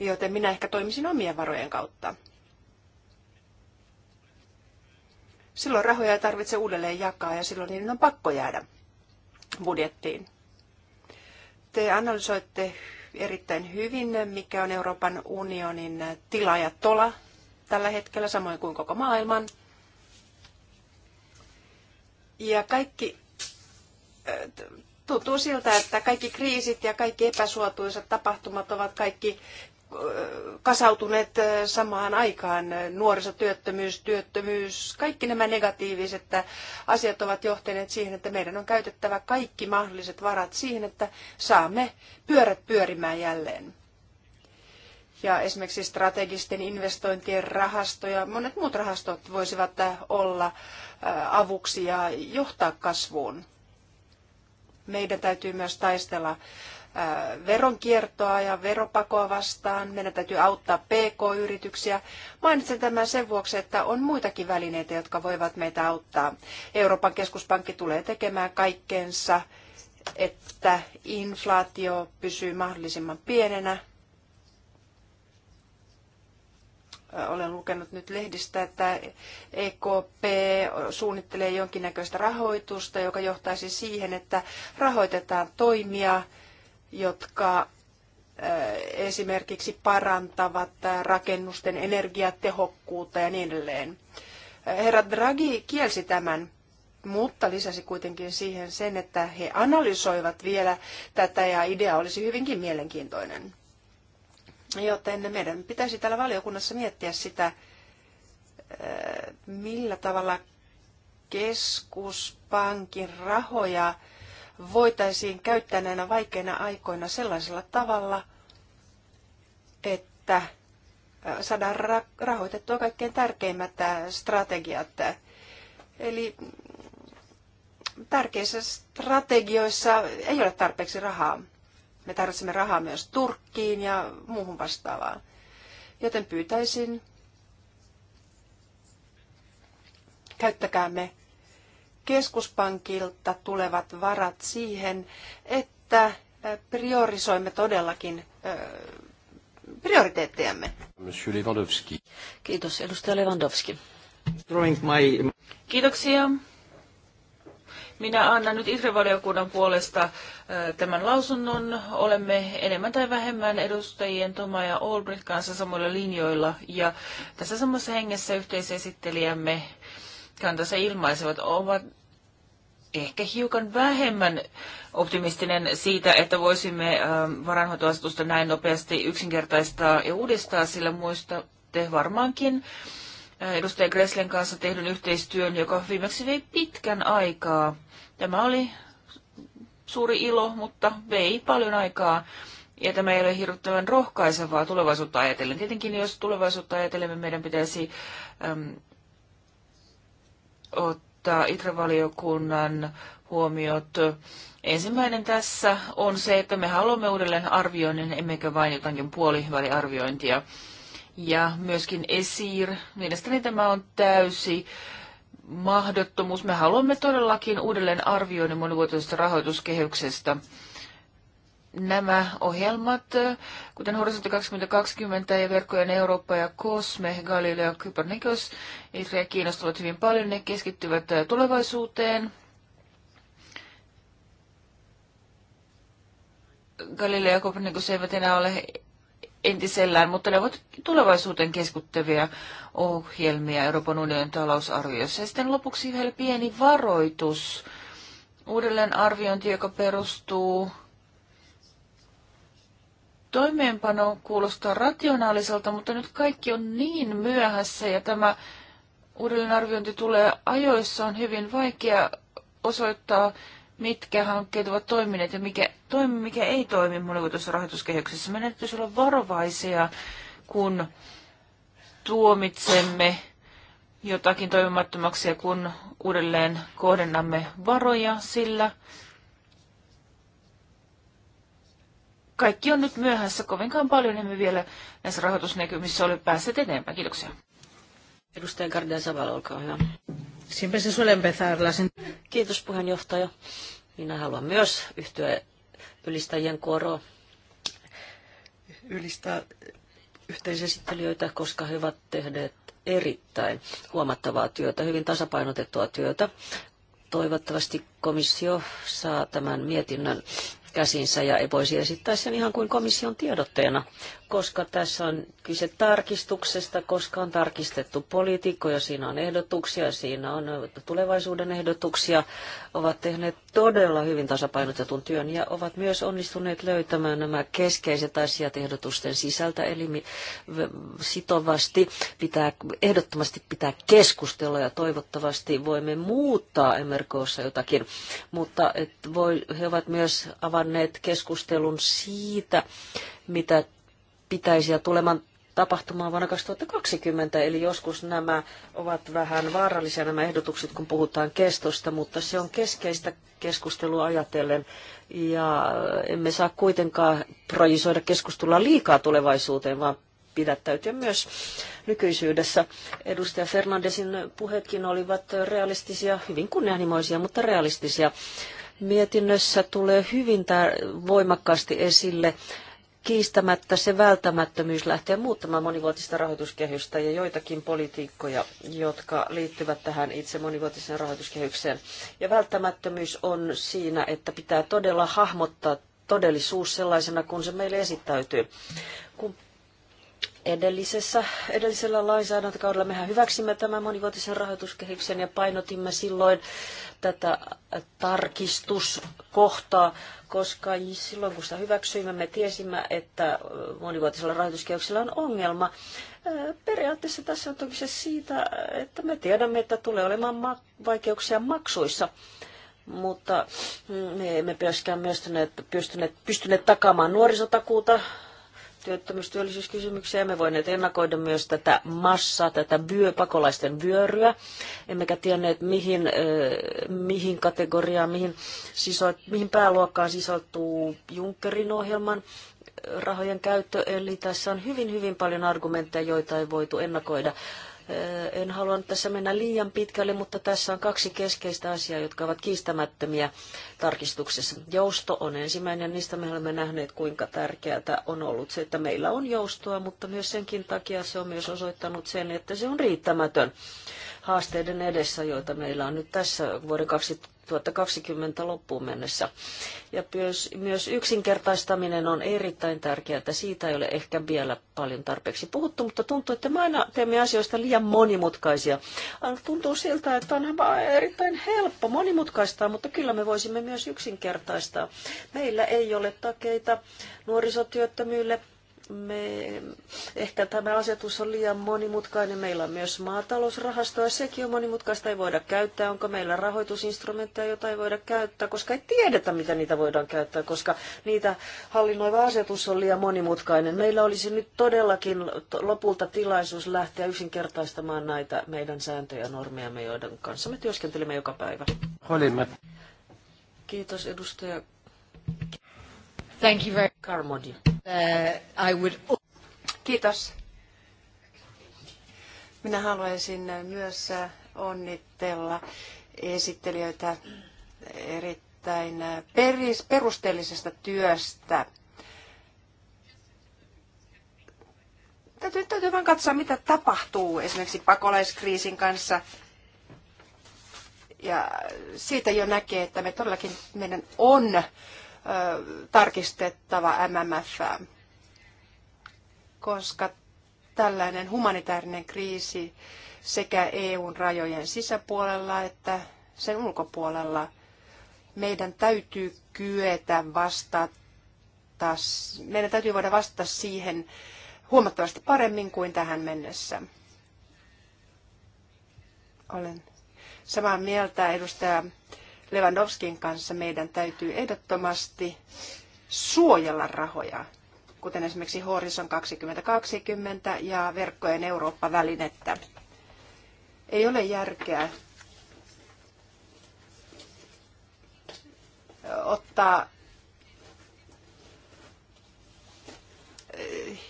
Joten minä ehkä toimisin omien varojen kautta. Silloin rahoja ei tarvitse uudelleen jakaa ja silloin niiden on pakko jäädä budjettiin. Te analysoitte erittäin hyvin, mikä on Euroopan unionin tila ja tola tällä hetkellä, samoin kuin koko maailman. Ja kaikki tuntuu siltä, että kaikki kriisit ja kaikki epäsuotuisat tapahtumat ovat kaikki kasautuneet äh, samaan aikaan. Nuorisotyöttömyys, työttömyys, kaikki nämä negatiiviset asiat ovat johtaneet siihen, että meidän on käytettävä kaikki mahdolliset varat siihen, että saamme pyörät pyörimään jälleen. Ja esimerkiksi strategisten investointien rahasto ja monet muut rahastot voisivat äh, olla äh, avuksi ja johtaa kasvuun. Meidän täytyy myös taistella veronkiertoa ja veropakoa vastaan. Meidän täytyy auttaa PK-yrityksiä. Mainitsen tämän sen vuoksi, että on muitakin välineitä, jotka voivat meitä auttaa. Euroopan keskuspankki tulee tekemään kaikkeensa, että inflaatio pysyy mahdollisimman pienenä. Olen lukenut nyt lehdistä, että EKP suunnittelee jonkinnäköistä rahoitusta, joka johtaisi siihen, että rahoitetaan toimia, jotka esimerkiksi parantavat rakennusten energiatehokkuutta ja niin edelleen. Herra Draghi kielsi tämän, mutta lisäsi kuitenkin siihen sen, että he analysoivat vielä tätä ja idea olisi hyvinkin mielenkiintoinen. Joten meidän pitäisi täällä valiokunnassa miettiä sitä, millä tavalla keskuspankin rahoja voitaisiin käyttää näinä vaikeina aikoina sellaisella tavalla, että äh, saadaan ra- rahoitettua kaikkein tärkeimmät äh, strategiat. Eli tärkeissä strategioissa ei ole tarpeeksi rahaa. Me tarvitsemme rahaa myös Turkkiin ja muuhun vastaavaan. Joten pyytäisin, käyttäkäämme keskuspankilta tulevat varat siihen, että priorisoimme todellakin prioriteettejamme. Monsieur Lewandowski. Kiitos, edustaja Lewandowski. My... Kiitoksia. Minä annan nyt IFRE-valiokunnan puolesta tämän lausunnon. Olemme enemmän tai vähemmän edustajien Toma ja Olbrit kanssa samoilla linjoilla. Ja tässä samassa hengessä yhteisesittelijämme kantansa ilmaisevat ovat ehkä hiukan vähemmän optimistinen siitä, että voisimme ähm, varanhoitoasetusta näin nopeasti yksinkertaistaa ja uudistaa, sillä te varmaankin äh, edustaja Greslen kanssa tehdyn yhteistyön, joka viimeksi vei pitkän aikaa. Tämä oli suuri ilo, mutta vei paljon aikaa. Ja tämä ei ole hirvittävän rohkaisevaa tulevaisuutta ajatellen. Tietenkin jos tulevaisuutta ajatellen meidän pitäisi äm, ottaa ottaa itravaliokunnan huomiot. Ensimmäinen tässä on se, että me haluamme uudelleen arvioinnin, emmekä vain jotakin puoliväliarviointia. Ja myöskin ESIR, mielestäni tämä on täysi mahdottomuus. Me haluamme todellakin uudelleen arvioinnin monivuotoisesta rahoituskehyksestä nämä ohjelmat, kuten Horisontti 2020 ja Verkkojen Eurooppa ja Kosme Galileo ja Kypernikos, Israel kiinnostavat hyvin paljon. Ne keskittyvät äh, tulevaisuuteen. Galileo ja Copernicus eivät enää ole entisellään, mutta ne ovat tulevaisuuteen keskuttavia ohjelmia Euroopan unionin talousarviossa. Ja sitten lopuksi vielä pieni varoitus. Uudelleen arviointi, joka perustuu toimeenpano kuulostaa rationaaliselta, mutta nyt kaikki on niin myöhässä ja tämä uudelleenarviointi tulee ajoissa. On hyvin vaikea osoittaa, mitkä hankkeet ovat toimineet ja mikä toimi, mikä ei toimi monivuotoisessa rahoituskehyksessä. Meidän täytyisi olla varovaisia, kun tuomitsemme jotakin toimimattomaksi ja kun uudelleen kohdennamme varoja, sillä kaikki on nyt myöhässä. Kovinkaan paljon emme vielä näissä rahoitusnäkymissä ole päässeet eteenpäin. Kiitoksia. Edustaja Gardia Savala, olkaa hyvä. Siempre se suele empezar Kiitos puheenjohtaja. Minä haluan myös yhtyä ylistäjien koroon ylistää yhteisesittelijöitä, koska he ovat tehneet erittäin huomattavaa työtä, hyvin tasapainotettua työtä. Toivottavasti komissio saa tämän mietinnön käsinsä ja voisi esittää sen ihan kuin komission tiedotteena, koska tässä on kyse tarkistuksesta, koska on tarkistettu poliitikkoja, siinä on ehdotuksia, siinä on tulevaisuuden ehdotuksia, ovat tehneet todella hyvin tasapainotetun työn ja ovat myös onnistuneet löytämään nämä keskeiset asiat ehdotusten sisältä, eli sitovasti pitää, ehdottomasti pitää keskustella ja toivottavasti voimme muuttaa MRKssa jotakin, mutta voi, he ovat myös avanneet avanneet keskustelun siitä, mitä pitäisi ja tuleman tapahtumaan vuonna 2020, eli joskus nämä ovat vähän vaarallisia nämä ehdotukset, kun puhutaan kestosta, mutta se on keskeistä keskustelua ajatellen, ja emme saa kuitenkaan projisoida keskustelua liikaa tulevaisuuteen, vaan pidättäytyä myös nykyisyydessä. Edustaja Fernandesin puheetkin olivat realistisia, hyvin kunnianhimoisia, mutta realistisia. Mietinnössä tulee hyvin voimakkaasti esille kiistämättä se välttämättömyys lähteä muuttamaan monivuotista rahoituskehystä ja joitakin politiikkoja, jotka liittyvät tähän itse monivuotiseen rahoituskehykseen. Ja välttämättömyys on siinä, että pitää todella hahmottaa todellisuus sellaisena, kun se meille esittäytyy. Kun edellisessä, edellisellä lainsäädäntökaudella mehän hyväksimme tämän monivuotisen rahoituskehyksen ja painotimme silloin tätä tarkistuskohtaa, koska silloin kun sitä hyväksyimme, me tiesimme, että monivuotisella rahoituskehyksellä on ongelma. Periaatteessa tässä on toki se siitä, että me tiedämme, että tulee olemaan vaikeuksia maksuissa mutta me emme myöskään pystyneet, pystyneet, pystyneet takaamaan nuorisotakuuta työttömyystyöllisyyskysymyksiä. Emme voineet ennakoida myös tätä massaa, tätä byö, pakolaisten vyöryä. Emmekä tienneet, mihin, äh, mihin kategoriaan, mihin, siso, mihin pääluokkaan sisältuu Junckerin ohjelman rahojen käyttö. Eli tässä on hyvin, hyvin paljon argumentteja, joita ei voitu ennakoida. En halua nyt tässä mennä liian pitkälle, mutta tässä on kaksi keskeistä asiaa, jotka ovat kiistämättömiä tarkistuksessa. Jousto on ensimmäinen, niistä me olemme nähneet, kuinka tärkeää on ollut se, että meillä on joustoa, mutta myös senkin takia se on myös osoittanut sen, että se on riittämätön haasteiden edessä, joita meillä on nyt tässä vuoden 2020 loppuun mennessä. Ja myös, myös yksinkertaistaminen on erittäin tärkeää. Siitä ei ole ehkä vielä paljon tarpeeksi puhuttu, mutta tuntuu, että me aina teemme asioista liian monimutkaisia. Tuntuu siltä, että on erittäin helppo monimutkaistaa, mutta kyllä me voisimme myös yksinkertaistaa. Meillä ei ole takeita nuorisotyöttömyydelle me, ehkä tämä asetus on liian monimutkainen. Meillä on myös maatalousrahasto ja sekin on monimutkaista, ei voida käyttää. Onko meillä rahoitusinstrumentteja, joita ei voida käyttää, koska ei tiedetä, mitä niitä voidaan käyttää, koska niitä hallinnoiva asetus on liian monimutkainen. Meillä olisi nyt todellakin lopulta tilaisuus lähteä yksinkertaistamaan näitä meidän sääntöjä ja normeja, joiden kanssa me työskentelemme joka päivä. Olimme. Kiitos edustaja. Thank you very much. Uh, I would... Kiitos. Minä haluaisin myös uh, onnitella esittelijöitä erittäin uh, perusteellisesta työstä. Täytyy, täytyy vain katsoa, mitä tapahtuu esimerkiksi pakolaiskriisin kanssa. Ja siitä jo näkee, että me todellakin meidän on tarkistettava MMF, koska tällainen humanitaarinen kriisi sekä EUn rajojen sisäpuolella että sen ulkopuolella meidän täytyy kyetä vastata, meidän täytyy voida vastata siihen huomattavasti paremmin kuin tähän mennessä. Olen samaa mieltä edustaja Lewandowskin kanssa meidän täytyy ehdottomasti suojella rahoja, kuten esimerkiksi Horizon 2020 ja verkkojen Eurooppa-välinettä. Ei ole järkeä ottaa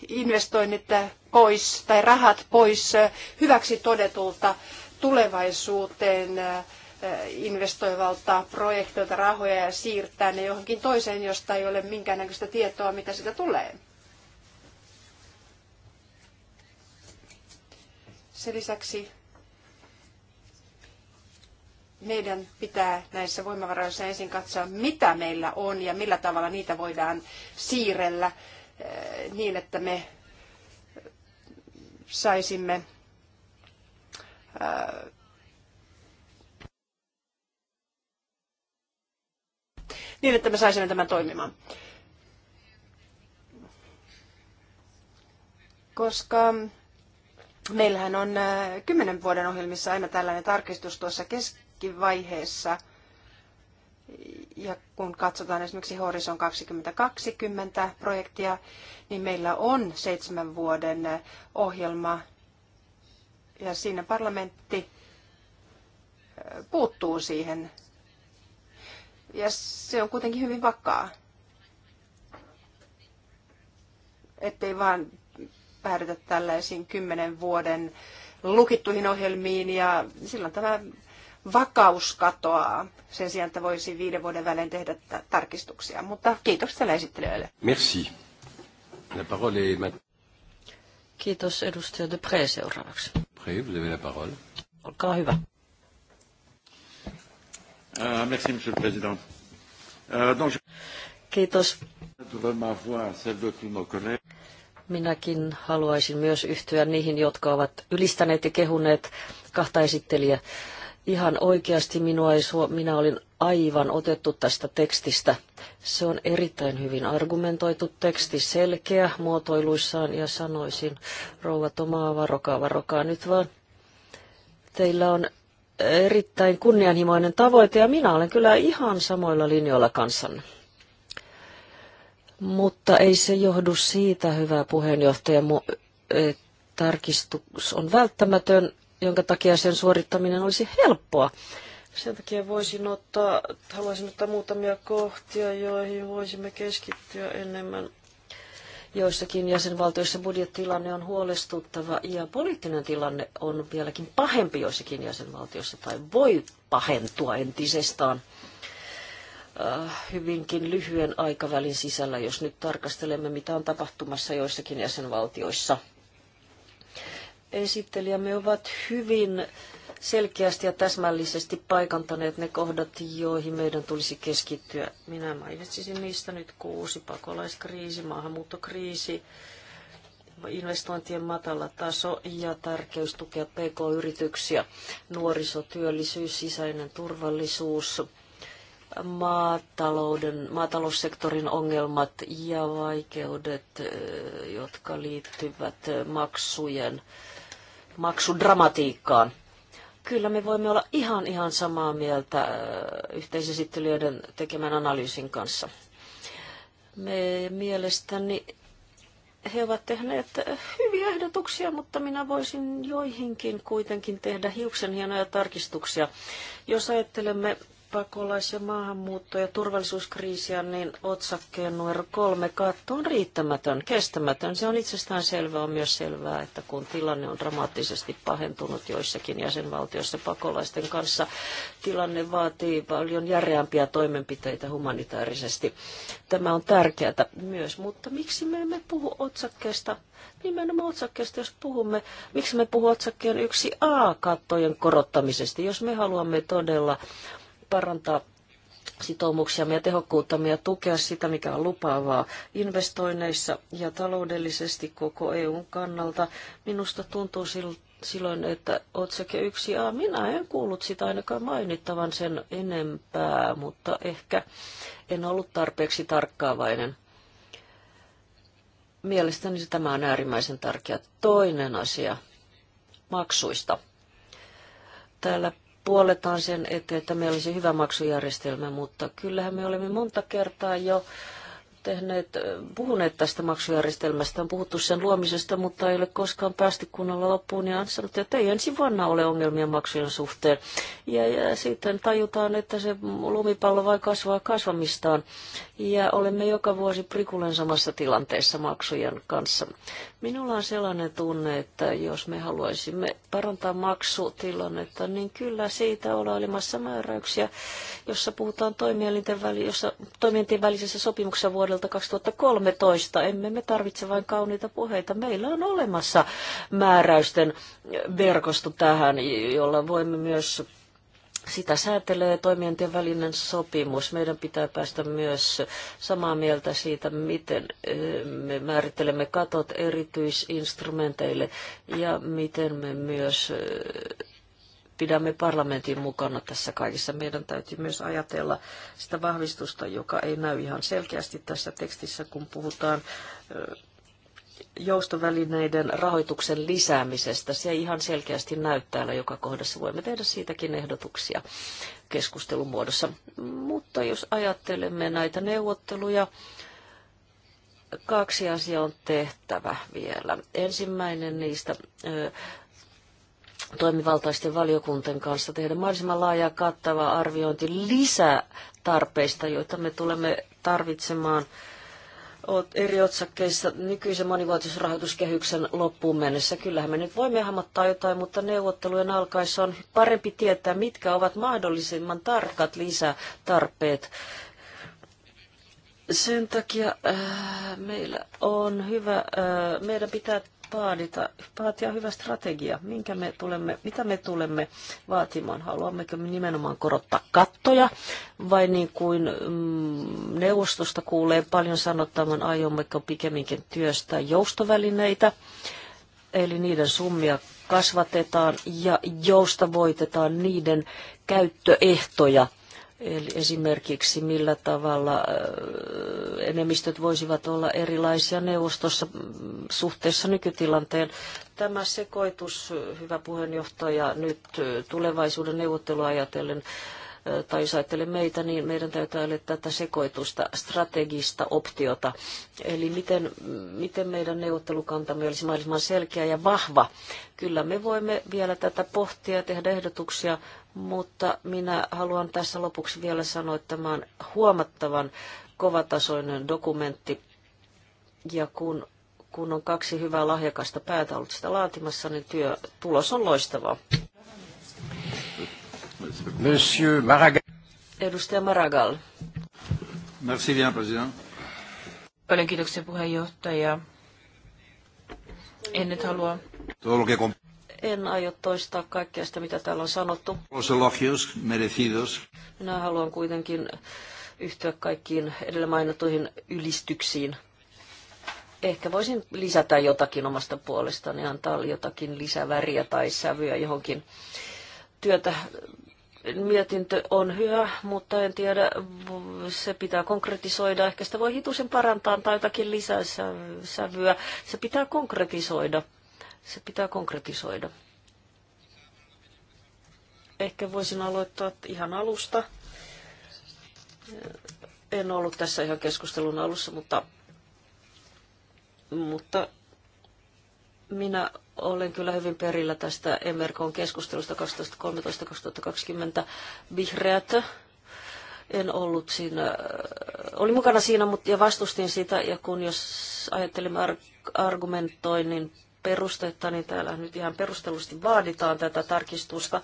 investoinnit pois tai rahat pois hyväksi todetulta tulevaisuuteen Eh, investoivalta projektilta rahoja ja siirtää ne johonkin toiseen, josta ei ole minkäännäköistä tietoa, mitä sitä tulee. Sen lisäksi meidän pitää näissä voimavaroissa ensin katsoa, mitä meillä on ja millä tavalla niitä voidaan siirrellä eh, niin, että me saisimme eh, niin, että me saisimme tämän toimimaan. Koska meillähän on äh, kymmenen vuoden ohjelmissa aina tällainen tarkistus tuossa keskivaiheessa – ja kun katsotaan esimerkiksi Horizon 2020 projektia, niin meillä on seitsemän vuoden äh, ohjelma ja siinä parlamentti äh, puuttuu siihen ja se on kuitenkin hyvin vakaa. Ettei vaan päädytä tällaisiin kymmenen vuoden lukittuihin ohjelmiin ja silloin tämä vakaus katoaa sen sijaan, että voisi viiden vuoden välein tehdä tarkistuksia. Mutta kiitos tälle esittelijöille. Merci. La parole est... Kiitos edustaja Dupré seuraavaksi. Dupré, vous avez la parole. Olkaa hyvä. Euh, merci, Monsieur le Président. Euh, donc... Kiitos. Minäkin haluaisin myös yhtyä niihin, jotka ovat ylistäneet ja kehuneet kahta esittelijää. Ihan oikeasti minua ei suo, minä olin aivan otettu tästä tekstistä. Se on erittäin hyvin argumentoitu teksti, selkeä muotoiluissaan ja sanoisin, rouva Tomaa, varokaa, varokaa nyt vaan. Teillä on erittäin kunnianhimoinen tavoite ja minä olen kyllä ihan samoilla linjoilla kanssanne. Mutta ei se johdu siitä, hyvä puheenjohtaja, että tarkistus on välttämätön, jonka takia sen suorittaminen olisi helppoa. Sen takia voisin ottaa, haluaisin ottaa muutamia kohtia, joihin voisimme keskittyä enemmän Joissakin jäsenvaltioissa budjettilanne on huolestuttava ja poliittinen tilanne on vieläkin pahempi joissakin jäsenvaltioissa tai voi pahentua entisestään äh, hyvinkin lyhyen aikavälin sisällä, jos nyt tarkastelemme, mitä on tapahtumassa joissakin jäsenvaltioissa. Esittelijämme ovat hyvin selkeästi ja täsmällisesti paikantaneet ne kohdat, joihin meidän tulisi keskittyä. Minä mainitsisin niistä nyt kuusi, pakolaiskriisi, maahanmuuttokriisi, investointien matala taso ja tärkeys tukea pk-yrityksiä, nuorisotyöllisyys, sisäinen turvallisuus, maatalouden, maataloussektorin ongelmat ja vaikeudet, jotka liittyvät maksujen maksudramatiikkaan. Kyllä me voimme olla ihan ihan samaa mieltä äh, yhteisesittelijöiden tekemän analyysin kanssa. Me mielestäni he ovat tehneet äh, hyviä ehdotuksia, mutta minä voisin joihinkin kuitenkin tehdä hiuksen hienoja tarkistuksia. Jos ajattelemme pakolais- ja maahanmuutto- ja turvallisuuskriisiä, niin otsakkeen numero kolme katto on riittämätön, kestämätön. Se on itsestään selvää, on myös selvää, että kun tilanne on dramaattisesti pahentunut joissakin jäsenvaltioissa pakolaisten kanssa, tilanne vaatii paljon järeämpiä toimenpiteitä humanitaarisesti. Tämä on tärkeää myös, mutta miksi me emme puhu otsakkeesta nimenomaan otsakkeesta, jos puhumme, miksi me puhu otsakkeen yksi a kattojen korottamisesta, jos me haluamme todella parantaa sitoumuksiamme ja tehokkuuttamme ja tukea sitä, mikä on lupaavaa investoinneissa ja taloudellisesti koko EUn kannalta. Minusta tuntuu silloin, että otsake 1a, minä en kuullut sitä ainakaan mainittavan sen enempää, mutta ehkä en ollut tarpeeksi tarkkaavainen. Mielestäni tämä on äärimmäisen tärkeä. Toinen asia maksuista. Täällä puolletaan sen eteen, että meillä olisi hyvä maksujärjestelmä, mutta kyllähän me olemme monta kertaa jo tehneet, puhuneet tästä maksujärjestelmästä, on puhuttu sen luomisesta, mutta ei ole koskaan päästy kunnolla loppuun ja on sanottu, että ei ensi vuonna ole ongelmia maksujen suhteen. Ja, ja sitten tajutaan, että se lumipallo vai kasvaa kasvamistaan ja olemme joka vuosi prikulen samassa tilanteessa maksujen kanssa. Minulla on sellainen tunne, että jos me haluaisimme parantaa maksutilannetta, niin kyllä siitä ollaan olemassa määräyksiä, jossa puhutaan toimielinten toimielinten välisessä sopimuksessa vuodelta 2013. Emme me tarvitse vain kauniita puheita. Meillä on olemassa määräysten verkosto tähän, jolla voimme myös sitä säätelee toimijoiden välinen sopimus. Meidän pitää päästä myös samaa mieltä siitä, miten me määrittelemme katot erityisinstrumenteille ja miten me myös pidämme parlamentin mukana tässä kaikessa. Meidän täytyy myös ajatella sitä vahvistusta, joka ei näy ihan selkeästi tässä tekstissä, kun puhutaan joustovälineiden rahoituksen lisäämisestä. Se ihan selkeästi näyttää joka kohdassa. Voimme tehdä siitäkin ehdotuksia keskustelun muodossa. Mutta jos ajattelemme näitä neuvotteluja, kaksi asiaa on tehtävä vielä. Ensimmäinen niistä toimivaltaisten valiokunten kanssa tehdä mahdollisimman laaja kattava arviointi lisätarpeista, joita me tulemme tarvitsemaan – eri otsakkeissa nykyisen monivuotisrahoituskehyksen loppuun mennessä. Kyllähän me nyt voimme hamottaa jotain, mutta neuvottelujen alkaessa on parempi tietää, mitkä ovat mahdollisimman tarkat lisätarpeet. Sen takia äh, meillä on hyvä, äh, meidän pitää vaadita, vaatia hyvä strategia. Minkä me tulemme, mitä me tulemme vaatimaan? Haluammeko me nimenomaan korottaa kattoja vai niin kuin mm, neuvostosta kuulee paljon sanottavan, aiommeko pikemminkin työstää joustovälineitä? Eli niiden summia kasvatetaan ja joustavoitetaan niiden käyttöehtoja Eli esimerkiksi millä tavalla äh, enemmistöt voisivat olla erilaisia neuvostossa mm, suhteessa nykytilanteen. Tämä sekoitus, hyvä puheenjohtaja, nyt äh, tulevaisuuden neuvottelua ajatellen, äh, tai jos ajattelee meitä, niin meidän täytyy ajatella tätä sekoitusta, strategista optiota. Eli miten, miten meidän neuvottelukantamme olisi mahdollisimman selkeä ja vahva. Kyllä me voimme vielä tätä pohtia ja tehdä ehdotuksia, mutta minä haluan tässä lopuksi vielä sanoa, että tämä on huomattavan kovatasoinen dokumentti. Ja kun, kun on kaksi hyvää lahjakasta päätä ollut sitä laatimassa, niin työ, tulos on loistava. Monsieur Maragall. Edustaja Maragall. Merci bien, president. Paljon kiitoksia puheenjohtaja. En nyt halua en aio toistaa kaikkea sitä, mitä täällä on sanottu. Minä haluan kuitenkin yhtyä kaikkiin edellä mainittuihin ylistyksiin. Ehkä voisin lisätä jotakin omasta puolestani, antaa jotakin lisäväriä tai sävyä johonkin työtä. Mietintö on hyvä, mutta en tiedä, se pitää konkretisoida. Ehkä sitä voi hitusen parantaa tai jotakin lisäsävyä. Se pitää konkretisoida se pitää konkretisoida. Ehkä voisin aloittaa ihan alusta. En ollut tässä ihan keskustelun alussa, mutta, mutta minä olen kyllä hyvin perillä tästä Emerkon keskustelusta 2013-2020 vihreät. En ollut siinä, olin mukana siinä mutta, ja vastustin sitä, ja kun jos ajattelimme argumentoinnin perustetta, niin täällä nyt ihan perustellusti vaaditaan tätä tarkistusta.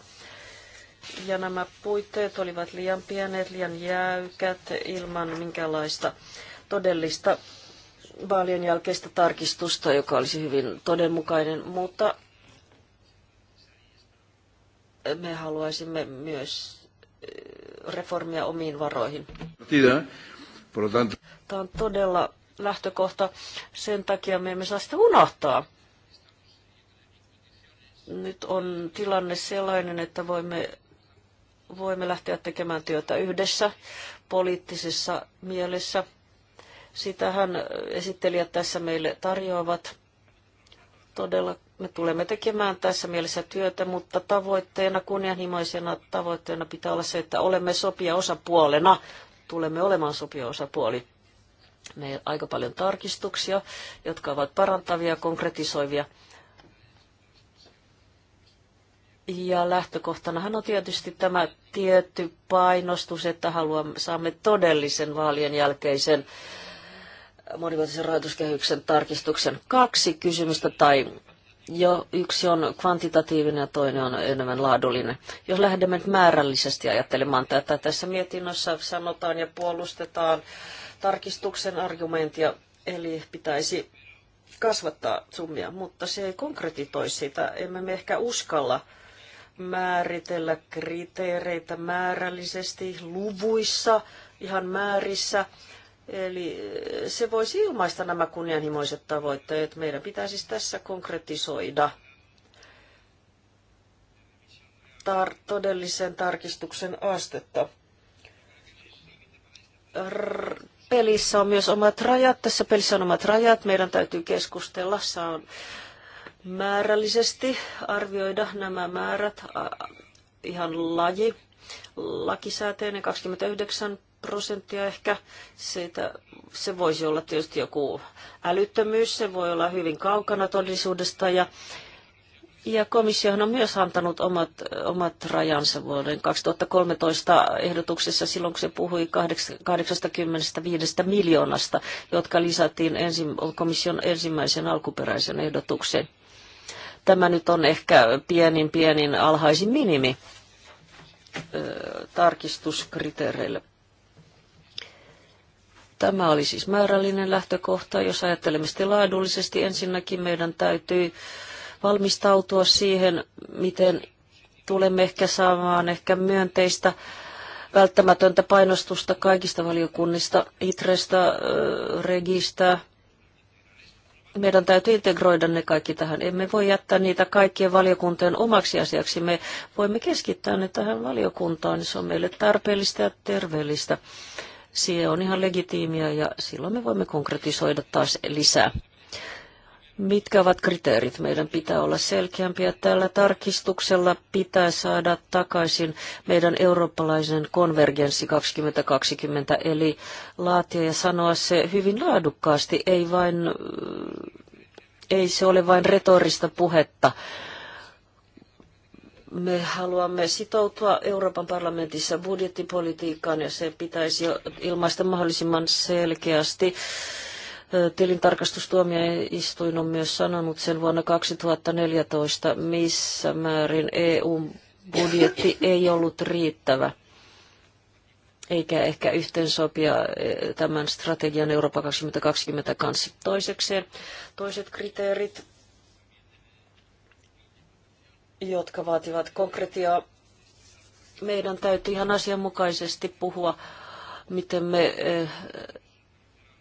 Ja nämä puitteet olivat liian pienet, liian jäykät, ilman minkälaista todellista vaalien jälkeistä tarkistusta, joka olisi hyvin todenmukainen, mutta me haluaisimme myös eh, reformia omiin varoihin. Tämä on todella lähtökohta. Sen takia me emme saa sitä unohtaa. Nyt on tilanne sellainen, että voimme, voimme lähteä tekemään työtä yhdessä poliittisessa mielessä. Sitähän esittelijät tässä meille tarjoavat. Todella me tulemme tekemään tässä mielessä työtä, mutta tavoitteena, kunnianhimoisena tavoitteena pitää olla se, että olemme sopia osapuolena. Tulemme olemaan sopia osapuoli. Meillä on aika paljon tarkistuksia, jotka ovat parantavia, konkretisoivia. Ja lähtökohtanahan on tietysti tämä tietty painostus, että haluamme, saamme todellisen vaalien jälkeisen monivuotisen rahoituskehyksen tarkistuksen kaksi kysymystä tai jo yksi on kvantitatiivinen ja toinen on enemmän laadullinen. Jos lähdemme määrällisesti ajattelemaan tätä, tässä mietinnössä sanotaan ja puolustetaan tarkistuksen argumentia, eli pitäisi kasvattaa summia, mutta se ei konkretitoi sitä. Emme me ehkä uskalla määritellä kriteereitä määrällisesti luvuissa, ihan määrissä. Eli se voisi ilmaista nämä kunnianhimoiset tavoitteet. Meidän pitää siis tässä konkretisoida tar- todellisen tarkistuksen astetta. R- pelissä on myös omat rajat. Tässä pelissä on omat rajat. Meidän täytyy keskustella. Saan määrällisesti arvioida nämä määrät ihan laji, lakisääteinen 29 niin prosenttia ehkä. Siitä, se voisi olla tietysti joku älyttömyys, se voi olla hyvin kaukana todellisuudesta ja ja komissiohan on myös antanut omat, omat rajansa vuoden 2013 ehdotuksessa silloin, kun se puhui 85 miljoonasta, jotka lisättiin ensi, komission ensimmäisen alkuperäisen ehdotuksen. Tämä nyt on ehkä pienin pienin alhaisin minimi tarkistuskriteereille. Tämä oli siis määrällinen lähtökohta. Jos ajattelemme sitten laadullisesti, ensinnäkin meidän täytyy valmistautua siihen, miten tulemme ehkä saamaan ehkä myönteistä välttämätöntä painostusta kaikista valiokunnista, ITRESTA, Registä, meidän täytyy integroida ne kaikki tähän. Emme voi jättää niitä kaikkien valiokuntien omaksi asiaksi. Me voimme keskittää ne tähän valiokuntaan, se on meille tarpeellista ja terveellistä. Se on ihan legitiimiä ja silloin me voimme konkretisoida taas lisää. Mitkä ovat kriteerit? Meidän pitää olla selkeämpiä. Tällä tarkistuksella pitää saada takaisin meidän eurooppalaisen konvergenssi 2020, eli laatia ja sanoa se hyvin laadukkaasti, ei, vain, ei se ole vain retorista puhetta me haluamme sitoutua Euroopan parlamentissa budjettipolitiikkaan ja se pitäisi ilmaista mahdollisimman selkeästi Tilintarkastustuomioistuin on myös sanonut sen vuonna 2014, missä määrin EU-budjetti ei ollut riittävä eikä ehkä yhteensopia tämän strategian Eurooppa 2020 kanssa. Toisekseen toiset kriteerit, jotka vaativat konkretiaa. Meidän täytyy ihan asianmukaisesti puhua, miten me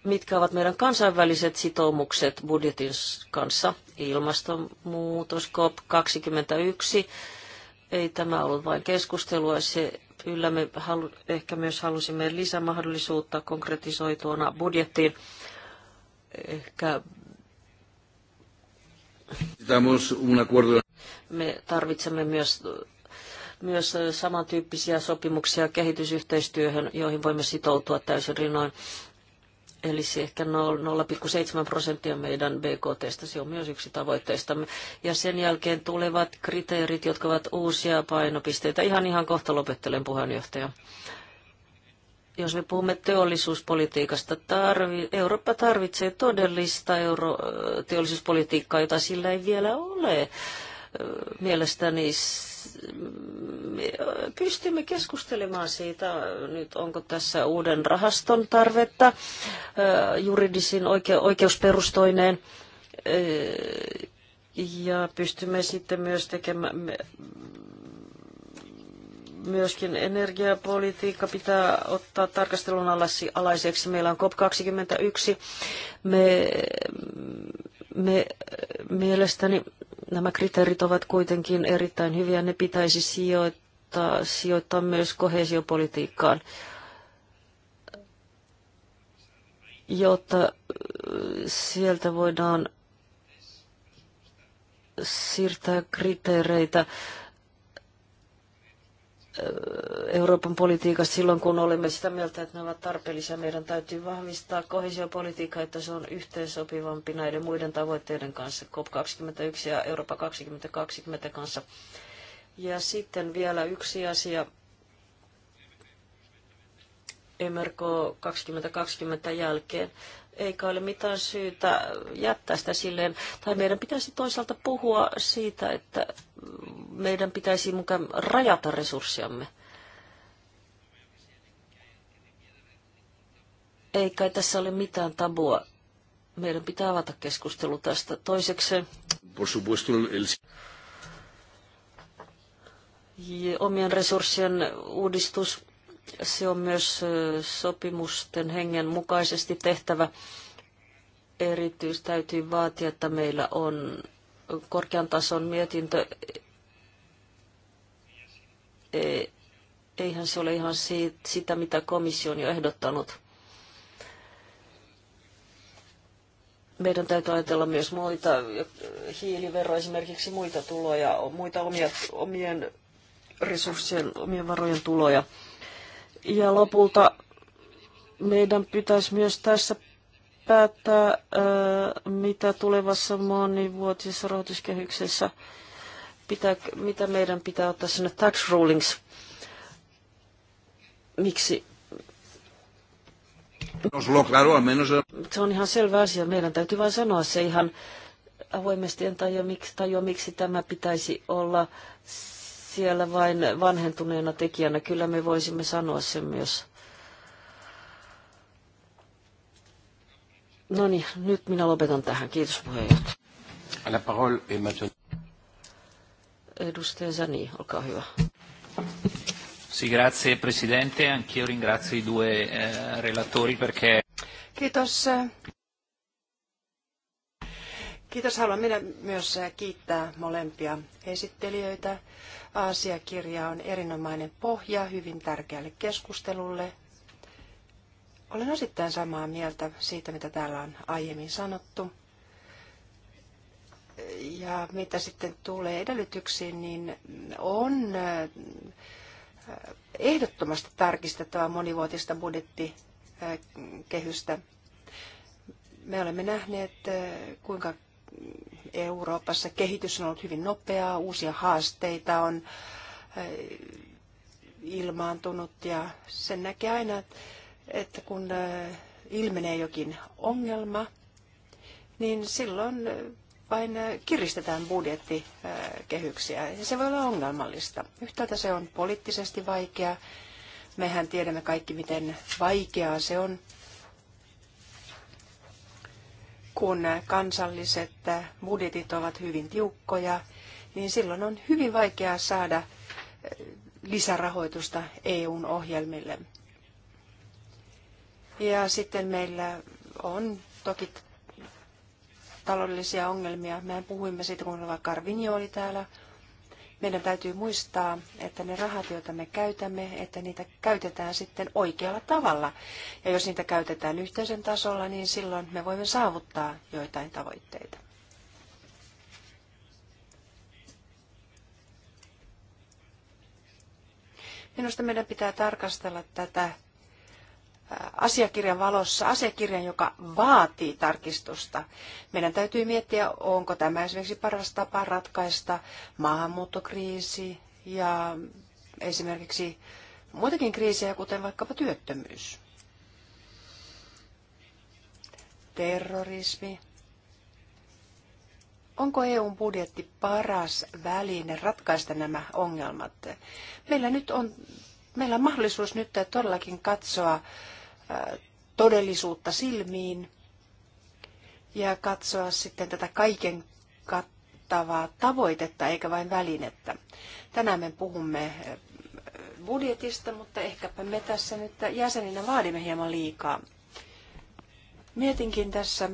mitkä ovat meidän kansainväliset sitoumukset budjetin kanssa. Ilmastonmuutos, COP21, ei tämä ollut vain keskustelua, se kyllä me halu, ehkä myös halusimme lisämahdollisuutta konkretisoituna budjettiin. Ehkä me tarvitsemme myös, myös samantyyppisiä sopimuksia kehitysyhteistyöhön, joihin voimme sitoutua täysin rinnoin eli se ehkä 0,7 prosenttia meidän BKT, se on myös yksi tavoitteistamme. Ja sen jälkeen tulevat kriteerit, jotka ovat uusia painopisteitä. Ihan ihan kohta lopettelen puheenjohtaja. Jos me puhumme teollisuuspolitiikasta, tarvi, Eurooppa tarvitsee todellista euro, teollisuuspolitiikkaa, jota sillä ei vielä ole. Mielestäni pystymme keskustelemaan siitä nyt, onko tässä uuden rahaston tarvetta juridisin oike- oikeusperustoineen. Ja pystymme sitten myös tekemään, myöskin energiapolitiikka pitää ottaa tarkastelun alaiseksi. Meillä on COP21. Me, me, mielestäni nämä kriteerit ovat kuitenkin erittäin hyviä. Ne pitäisi sijoittaa kannattaa sijoittaa myös kohesiopolitiikkaan, jotta sieltä voidaan siirtää kriteereitä Euroopan politiikassa silloin, kun olemme sitä mieltä, että ne ovat tarpeellisia. Meidän täytyy vahvistaa kohesiopolitiikkaa, että se on yhteensopivampi näiden muiden tavoitteiden kanssa, COP21 ja Eurooppa 2020 kanssa. Ja sitten vielä yksi asia. MRK 2020 jälkeen eikä ole mitään syytä jättää sitä silleen. Tai meidän pitäisi toisaalta puhua siitä, että meidän pitäisi mukaan rajata resurssiamme. Eikä tässä ole mitään tabua. Meidän pitää avata keskustelu tästä. Toiseksi omien resurssien uudistus, se on myös sopimusten hengen mukaisesti tehtävä. Erityis täytyy vaatia, että meillä on korkean tason mietintö. E, eihän se ole ihan siitä, sitä, mitä komissio on jo ehdottanut. meidän täytyy ajatella myös muita, hiilivero esimerkiksi muita tuloja, muita omia, omien resurssien, omien varojen tuloja. Ja lopulta meidän pitäisi myös tässä päättää, mitä tulevassa monivuotisessa rahoituskehyksessä, pitää, mitä meidän pitää ottaa sinne tax rulings. Miksi? No, se on ihan selvä asia. Meidän täytyy vain sanoa se ihan avoimesti. En tajua miksi, tajua, miksi tämä pitäisi olla siellä vain vanhentuneena tekijänä. Kyllä me voisimme sanoa sen myös. No niin, nyt minä lopetan tähän. Kiitos puheenjohtaja. La parole est maintenant. Edustaja Zani, olkaa hyvä. Sì, grazie Presidente. Anch'io ringrazio i due eh, relatori perché... Kiitos. Kiitos. Haluan minä myös eh, kiittää molempia esittelijöitä asiakirja on erinomainen pohja hyvin tärkeälle keskustelulle. Olen osittain samaa mieltä siitä, mitä täällä on aiemmin sanottu. Ja mitä sitten tulee edellytyksiin, niin on eh, ehdottomasti tarkistettava monivuotista budjettikehystä. Me olemme nähneet, eh, kuinka Euroopassa. Kehitys on ollut hyvin nopeaa, uusia haasteita on eh, ilmaantunut ja sen näkee aina, että kun eh, ilmenee jokin ongelma, niin silloin eh, vain kiristetään budjettikehyksiä ja se voi olla ongelmallista. Yhtäältä se on poliittisesti vaikea. Mehän tiedämme kaikki, miten vaikeaa se on kun kansalliset budjetit ovat hyvin tiukkoja, niin silloin on hyvin vaikeaa saada eh, lisärahoitusta EUn ohjelmille. Ja sitten meillä on toki taloudellisia ongelmia. Mehän puhuimme siitä, kun Carvinio oli täällä meidän täytyy muistaa, että ne rahat, joita me käytämme, että niitä käytetään sitten oikealla tavalla. Ja jos niitä käytetään yhteisön tasolla, niin silloin me voimme saavuttaa joitain tavoitteita. Minusta meidän pitää tarkastella tätä asiakirjan valossa asiakirjan, joka vaatii tarkistusta. Meidän täytyy miettiä, onko tämä esimerkiksi paras tapa ratkaista maahanmuuttokriisi ja esimerkiksi muitakin kriisejä, kuten vaikkapa työttömyys, terrorismi. Onko EUn budjetti paras väline ratkaista nämä ongelmat? Meillä nyt on meillä on mahdollisuus nyt todellakin katsoa todellisuutta silmiin ja katsoa sitten tätä kaiken kattavaa tavoitetta eikä vain välinettä. Tänään me puhumme budjetista, mutta ehkäpä me tässä nyt jäseninä vaadimme hieman liikaa. Mietinkin tässä,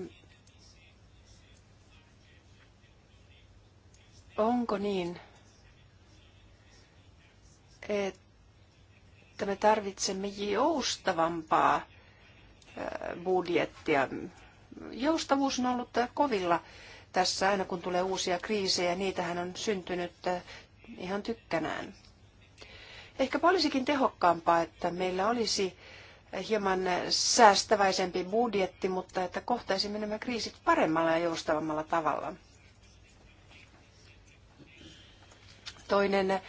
onko niin, että että me tarvitsemme joustavampaa budjettia. Joustavuus on ollut kovilla tässä aina kun tulee uusia kriisejä, niitähän on syntynyt ihan tykkänään. Ehkä olisikin tehokkaampaa, että meillä olisi hieman säästäväisempi budjetti, mutta että kohtaisimme nämä kriisit paremmalla ja joustavammalla tavalla. Toinen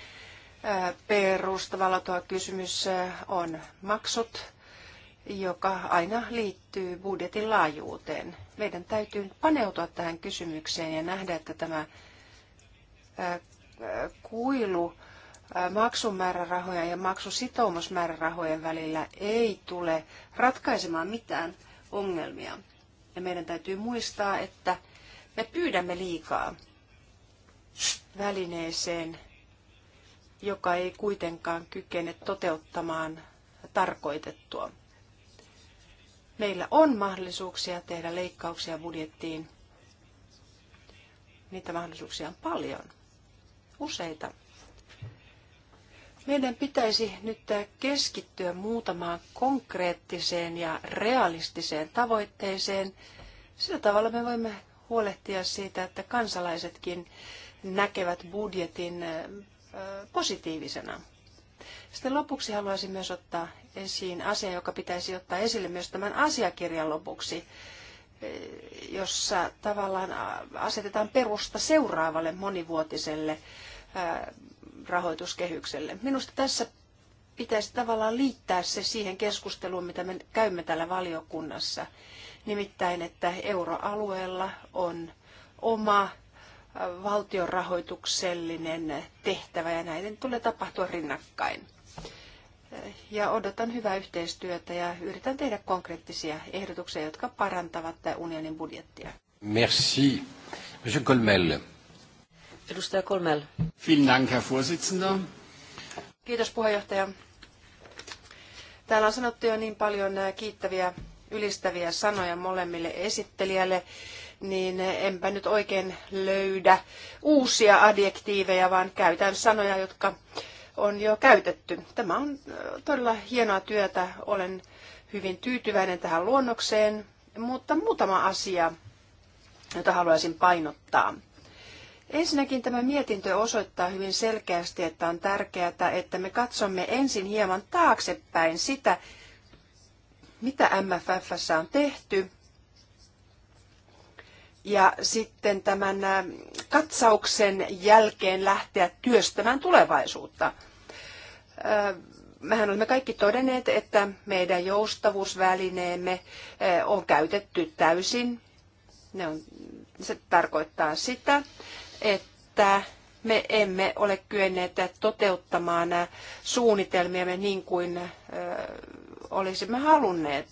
perustavalla kysymys on maksut, joka aina liittyy budjetin laajuuteen. Meidän täytyy paneutua tähän kysymykseen ja nähdä, että tämä kuilu maksumäärärahojen ja maksusitoumusmäärärahojen välillä ei tule ratkaisemaan mitään ongelmia. Ja meidän täytyy muistaa, että me pyydämme liikaa välineeseen joka ei kuitenkaan kykene toteuttamaan tarkoitettua. Meillä on mahdollisuuksia tehdä leikkauksia budjettiin. Niitä mahdollisuuksia on paljon, useita. Meidän pitäisi nyt keskittyä muutamaan konkreettiseen ja realistiseen tavoitteeseen. Sillä tavalla me voimme huolehtia siitä, että kansalaisetkin näkevät budjetin positiivisena. Sitten lopuksi haluaisin myös ottaa esiin asia, joka pitäisi ottaa esille myös tämän asiakirjan lopuksi, jossa tavallaan asetetaan perusta seuraavalle monivuotiselle rahoituskehykselle. Minusta tässä pitäisi tavallaan liittää se siihen keskusteluun, mitä me käymme täällä valiokunnassa. Nimittäin, että euroalueella on oma valtionrahoituksellinen tehtävä ja näiden tulee tapahtua rinnakkain. Ja odotan hyvää yhteistyötä ja yritän tehdä konkreettisia ehdotuksia, jotka parantavat unionin budjettia. Merci. Monsieur Colmel. Edustaja Colmel. Vielen Dank, Herr Vorsitzender. Kiitos puheenjohtaja. Täällä on sanottu jo niin paljon äh, kiittäviä, ylistäviä sanoja molemmille esittelijälle niin enpä nyt oikein löydä uusia adjektiiveja, vaan käytän sanoja, jotka on jo käytetty. Tämä on todella hienoa työtä. Olen hyvin tyytyväinen tähän luonnokseen, mutta muutama asia, jota haluaisin painottaa. Ensinnäkin tämä mietintö osoittaa hyvin selkeästi, että on tärkeää, että me katsomme ensin hieman taaksepäin sitä, mitä MFFssä on tehty ja sitten tämän äh, katsauksen jälkeen lähteä työstämään tulevaisuutta. Äh, mehän olemme kaikki todenneet, että meidän joustavuusvälineemme äh, on käytetty täysin. Ne on, se tarkoittaa sitä, että me emme ole kyenneet toteuttamaan suunnitelmiamme niin kuin olisimme halunneet.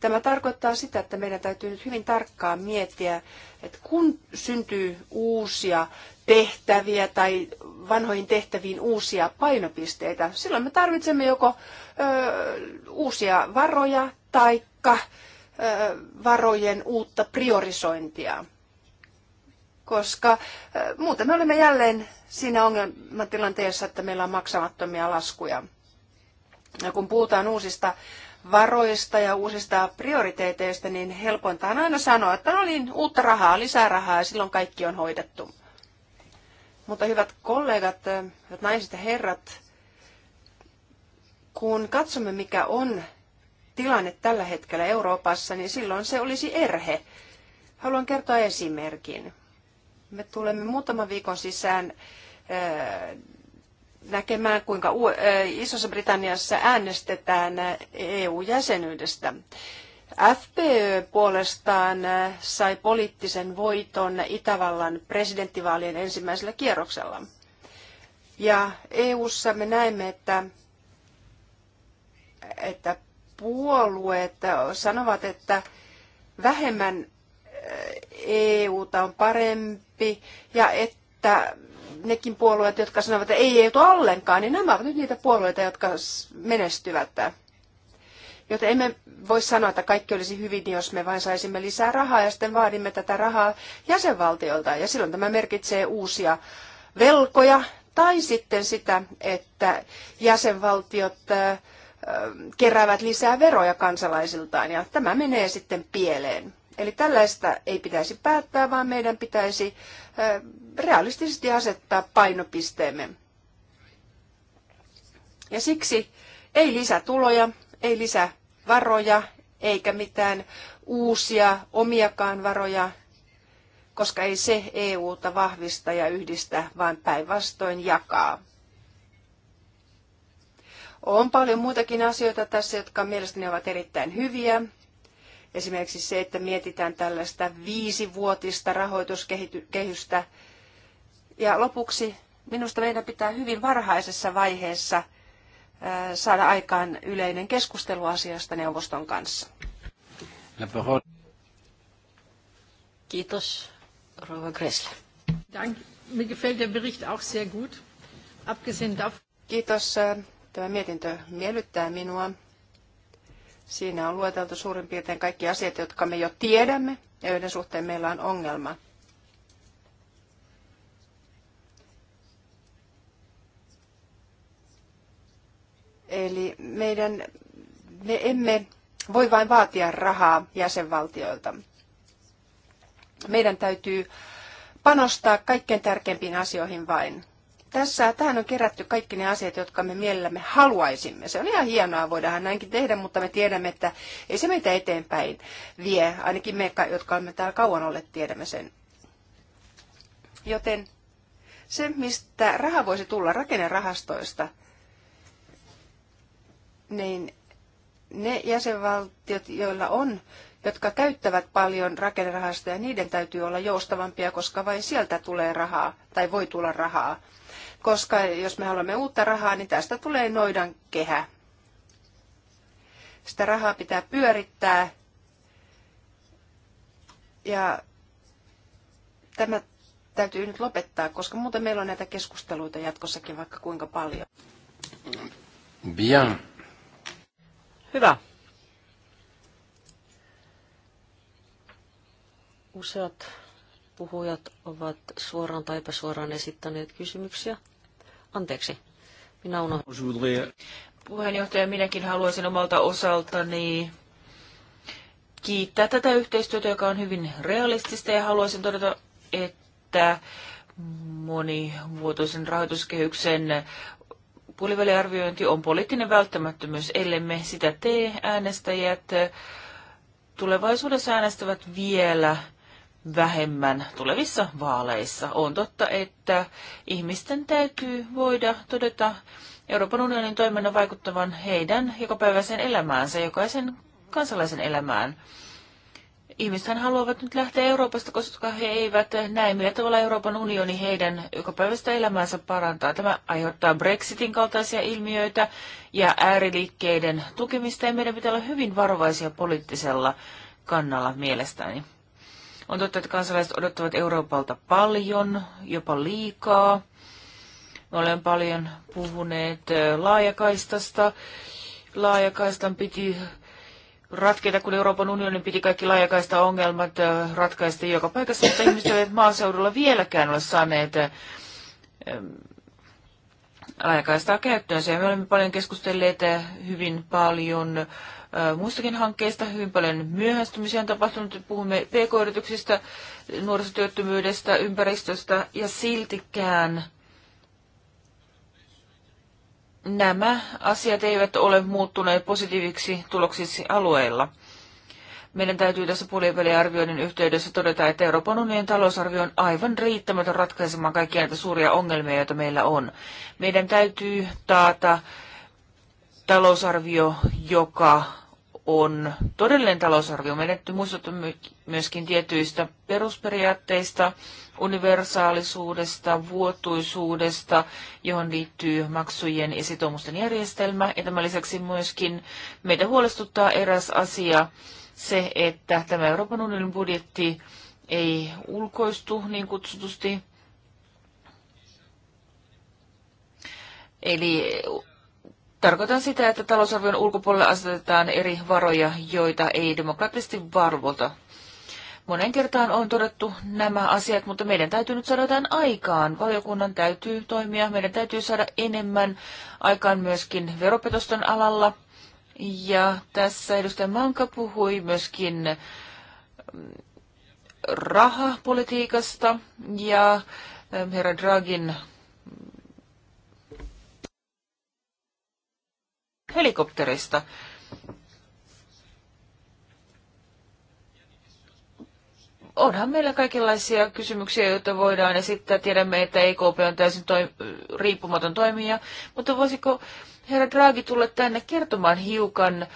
Tämä tarkoittaa sitä, että meidän täytyy nyt hyvin tarkkaan miettiä, että kun syntyy uusia tehtäviä tai vanhoihin tehtäviin uusia painopisteitä, silloin me tarvitsemme joko ö, uusia varoja tai varojen uutta priorisointia. Koska ö, muuten me olemme jälleen siinä ongelmatilanteessa, että meillä on maksamattomia laskuja. Ja kun puhutaan uusista varoista ja uusista prioriteeteista, niin helpointa on aina sanoa, että no niin, uutta rahaa, lisää rahaa ja silloin kaikki on hoidettu. Mutta hyvät kollegat, hyvät naiset ja herrat, kun katsomme mikä on tilanne tällä hetkellä Euroopassa, niin silloin se olisi erhe. Haluan kertoa esimerkin. Me tulemme muutaman viikon sisään näkemään, kuinka eh, Isossa Britanniassa äänestetään EU-jäsenyydestä. FPÖ puolestaan sai poliittisen voiton Itävallan presidenttivaalien ensimmäisellä kierroksella. Ja EU:ssa me näemme, että, että puolueet sanovat, että vähemmän EUta eh, e on parempi ja että nekin puolueet, jotka sanovat, että ei, joutu ollenkaan, niin nämä ovat nyt niitä puolueita, jotka menestyvät. Joten emme voi sanoa, että kaikki olisi hyvin, jos me vain saisimme lisää rahaa ja sitten vaadimme tätä rahaa jäsenvaltiolta. Ja silloin tämä merkitsee uusia velkoja tai sitten sitä, että jäsenvaltiot keräävät lisää veroja kansalaisiltaan ja tämä menee sitten pieleen. Eli tällaista ei pitäisi päättää, vaan meidän pitäisi realistisesti asettaa painopisteemme. Ja siksi ei lisätuloja, ei lisävaroja, eikä mitään uusia omiakaan varoja, koska ei se EUta vahvista ja yhdistä, vaan päinvastoin jakaa. On paljon muitakin asioita tässä, jotka mielestäni ovat erittäin hyviä. Esimerkiksi se, että mietitään tällaista viisivuotista rahoituskehystä, ja lopuksi minusta meidän pitää hyvin varhaisessa vaiheessa saada aikaan yleinen keskustelu asiasta neuvoston kanssa. Kiitos, Rova Gressler. Dank. Mir gefällt der Bericht auch sehr gut. Abgesehen davon... Kiitos. Tämä mietintö miellyttää minua. Siinä on lueteltu suurin piirtein kaikki asiat, jotka me jo tiedämme ja joiden suhteen meillä on ongelma. Eli meidän, me emme voi vain vaatia rahaa jäsenvaltioilta. Meidän täytyy panostaa kaikkein tärkeimpiin asioihin vain. Tässä, tähän on kerätty kaikki ne asiat, jotka me mielellämme haluaisimme. Se on ihan hienoa, voidaan näinkin tehdä, mutta me tiedämme, että ei se meitä eteenpäin vie. Ainakin me, jotka olemme täällä kauan olleet, tiedämme sen. Joten se, mistä raha voisi tulla rakennerahastoista, rahastoista, niin ne jäsenvaltiot, joilla on, jotka käyttävät paljon rakennerahastoja, niiden täytyy olla joustavampia, koska vain sieltä tulee rahaa tai voi tulla rahaa. Koska jos me haluamme uutta rahaa, niin tästä tulee noidan kehä. Sitä rahaa pitää pyörittää. Ja tämä täytyy nyt lopettaa, koska muuten meillä on näitä keskusteluita jatkossakin vaikka kuinka paljon. Bien. Hyvä. Useat puhujat ovat suoraan tai epäsuoraan esittäneet kysymyksiä. Anteeksi, minä unohdin. Puheenjohtaja, minäkin haluaisin omalta osaltani kiittää tätä yhteistyötä, joka on hyvin realistista ja haluaisin todeta, että monivuotoisen rahoituskehyksen puoliväliarviointi on poliittinen välttämättömyys, ellemme sitä tee. Äänestäjät eh, tulevaisuudessa äänestävät vielä vähemmän tulevissa vaaleissa. On totta, että ihmisten täytyy voida todeta Euroopan unionin toiminnan vaikuttavan heidän jokapäiväiseen elämäänsä, jokaisen kansalaisen elämään. Ihmisethän haluavat nyt lähteä Euroopasta, koska he eivät näe, millä tavalla Euroopan unioni heidän jokapäiväistä elämäänsä parantaa. Tämä aiheuttaa Brexitin kaltaisia ilmiöitä ja ääriliikkeiden tukemista, ja meidän pitää olla hyvin varovaisia poliittisella kannalla mielestäni. On totta, että kansalaiset odottavat Euroopalta paljon, jopa liikaa. Me olemme paljon puhuneet laajakaistasta. Laajakaistan piti ratketa, kun Euroopan unionin piti kaikki laajakaista ongelmat äh, ratkaista joka paikassa, mutta ihmiset eivät maaseudulla vieläkään ole saaneet äh, ähm, laajakaistaa käyttöönsä. me olemme paljon keskustelleet äh, hyvin paljon muistakin hankkeista, hyvin paljon myöhästymisiä on tapahtunut. Puhumme pk-yrityksistä, nuorisotyöttömyydestä, ympäristöstä ja siltikään – nämä asiat eivät ole muuttuneet positiiviksi tuloksiksi alueilla. Meidän täytyy tässä puoliväliarvioinnin yhteydessä todeta, että Euroopan unionin talousarvio on aivan riittämätön ratkaisemaan kaikkia näitä suuria ongelmia, joita meillä on. Meidän täytyy taata talousarvio, joka on todellinen talousarvio. menetty, muistuttaa myöskin tietyistä perusperiaatteista, universaalisuudesta, vuotuisuudesta, johon liittyy maksujen ja sitoumusten järjestelmä. Ja tämän lisäksi myöskin meitä huolestuttaa eräs asia, se, että tämä Euroopan unionin budjetti ei ulkoistu niin kutsutusti. Eli Tarkoitan sitä, että talousarvion ulkopuolelle asetetaan eri varoja, joita ei demokraattisesti varvota. Monen kertaan on todettu nämä asiat, mutta meidän täytyy nyt saada jotain aikaan. Valiokunnan täytyy toimia, meidän täytyy saada enemmän aikaan myöskin veropetosten alalla. Ja tässä edustaja Manka puhui myöskin mm, rahapolitiikasta ja mm, herra Dragin helikopterista. onhan meillä kaikenlaisia kysymyksiä, joita voidaan esittää. Tiedämme, että EKP on täysin toi, riippumaton toimija, mutta voisiko herra Draghi tulla tänne kertomaan hiukan,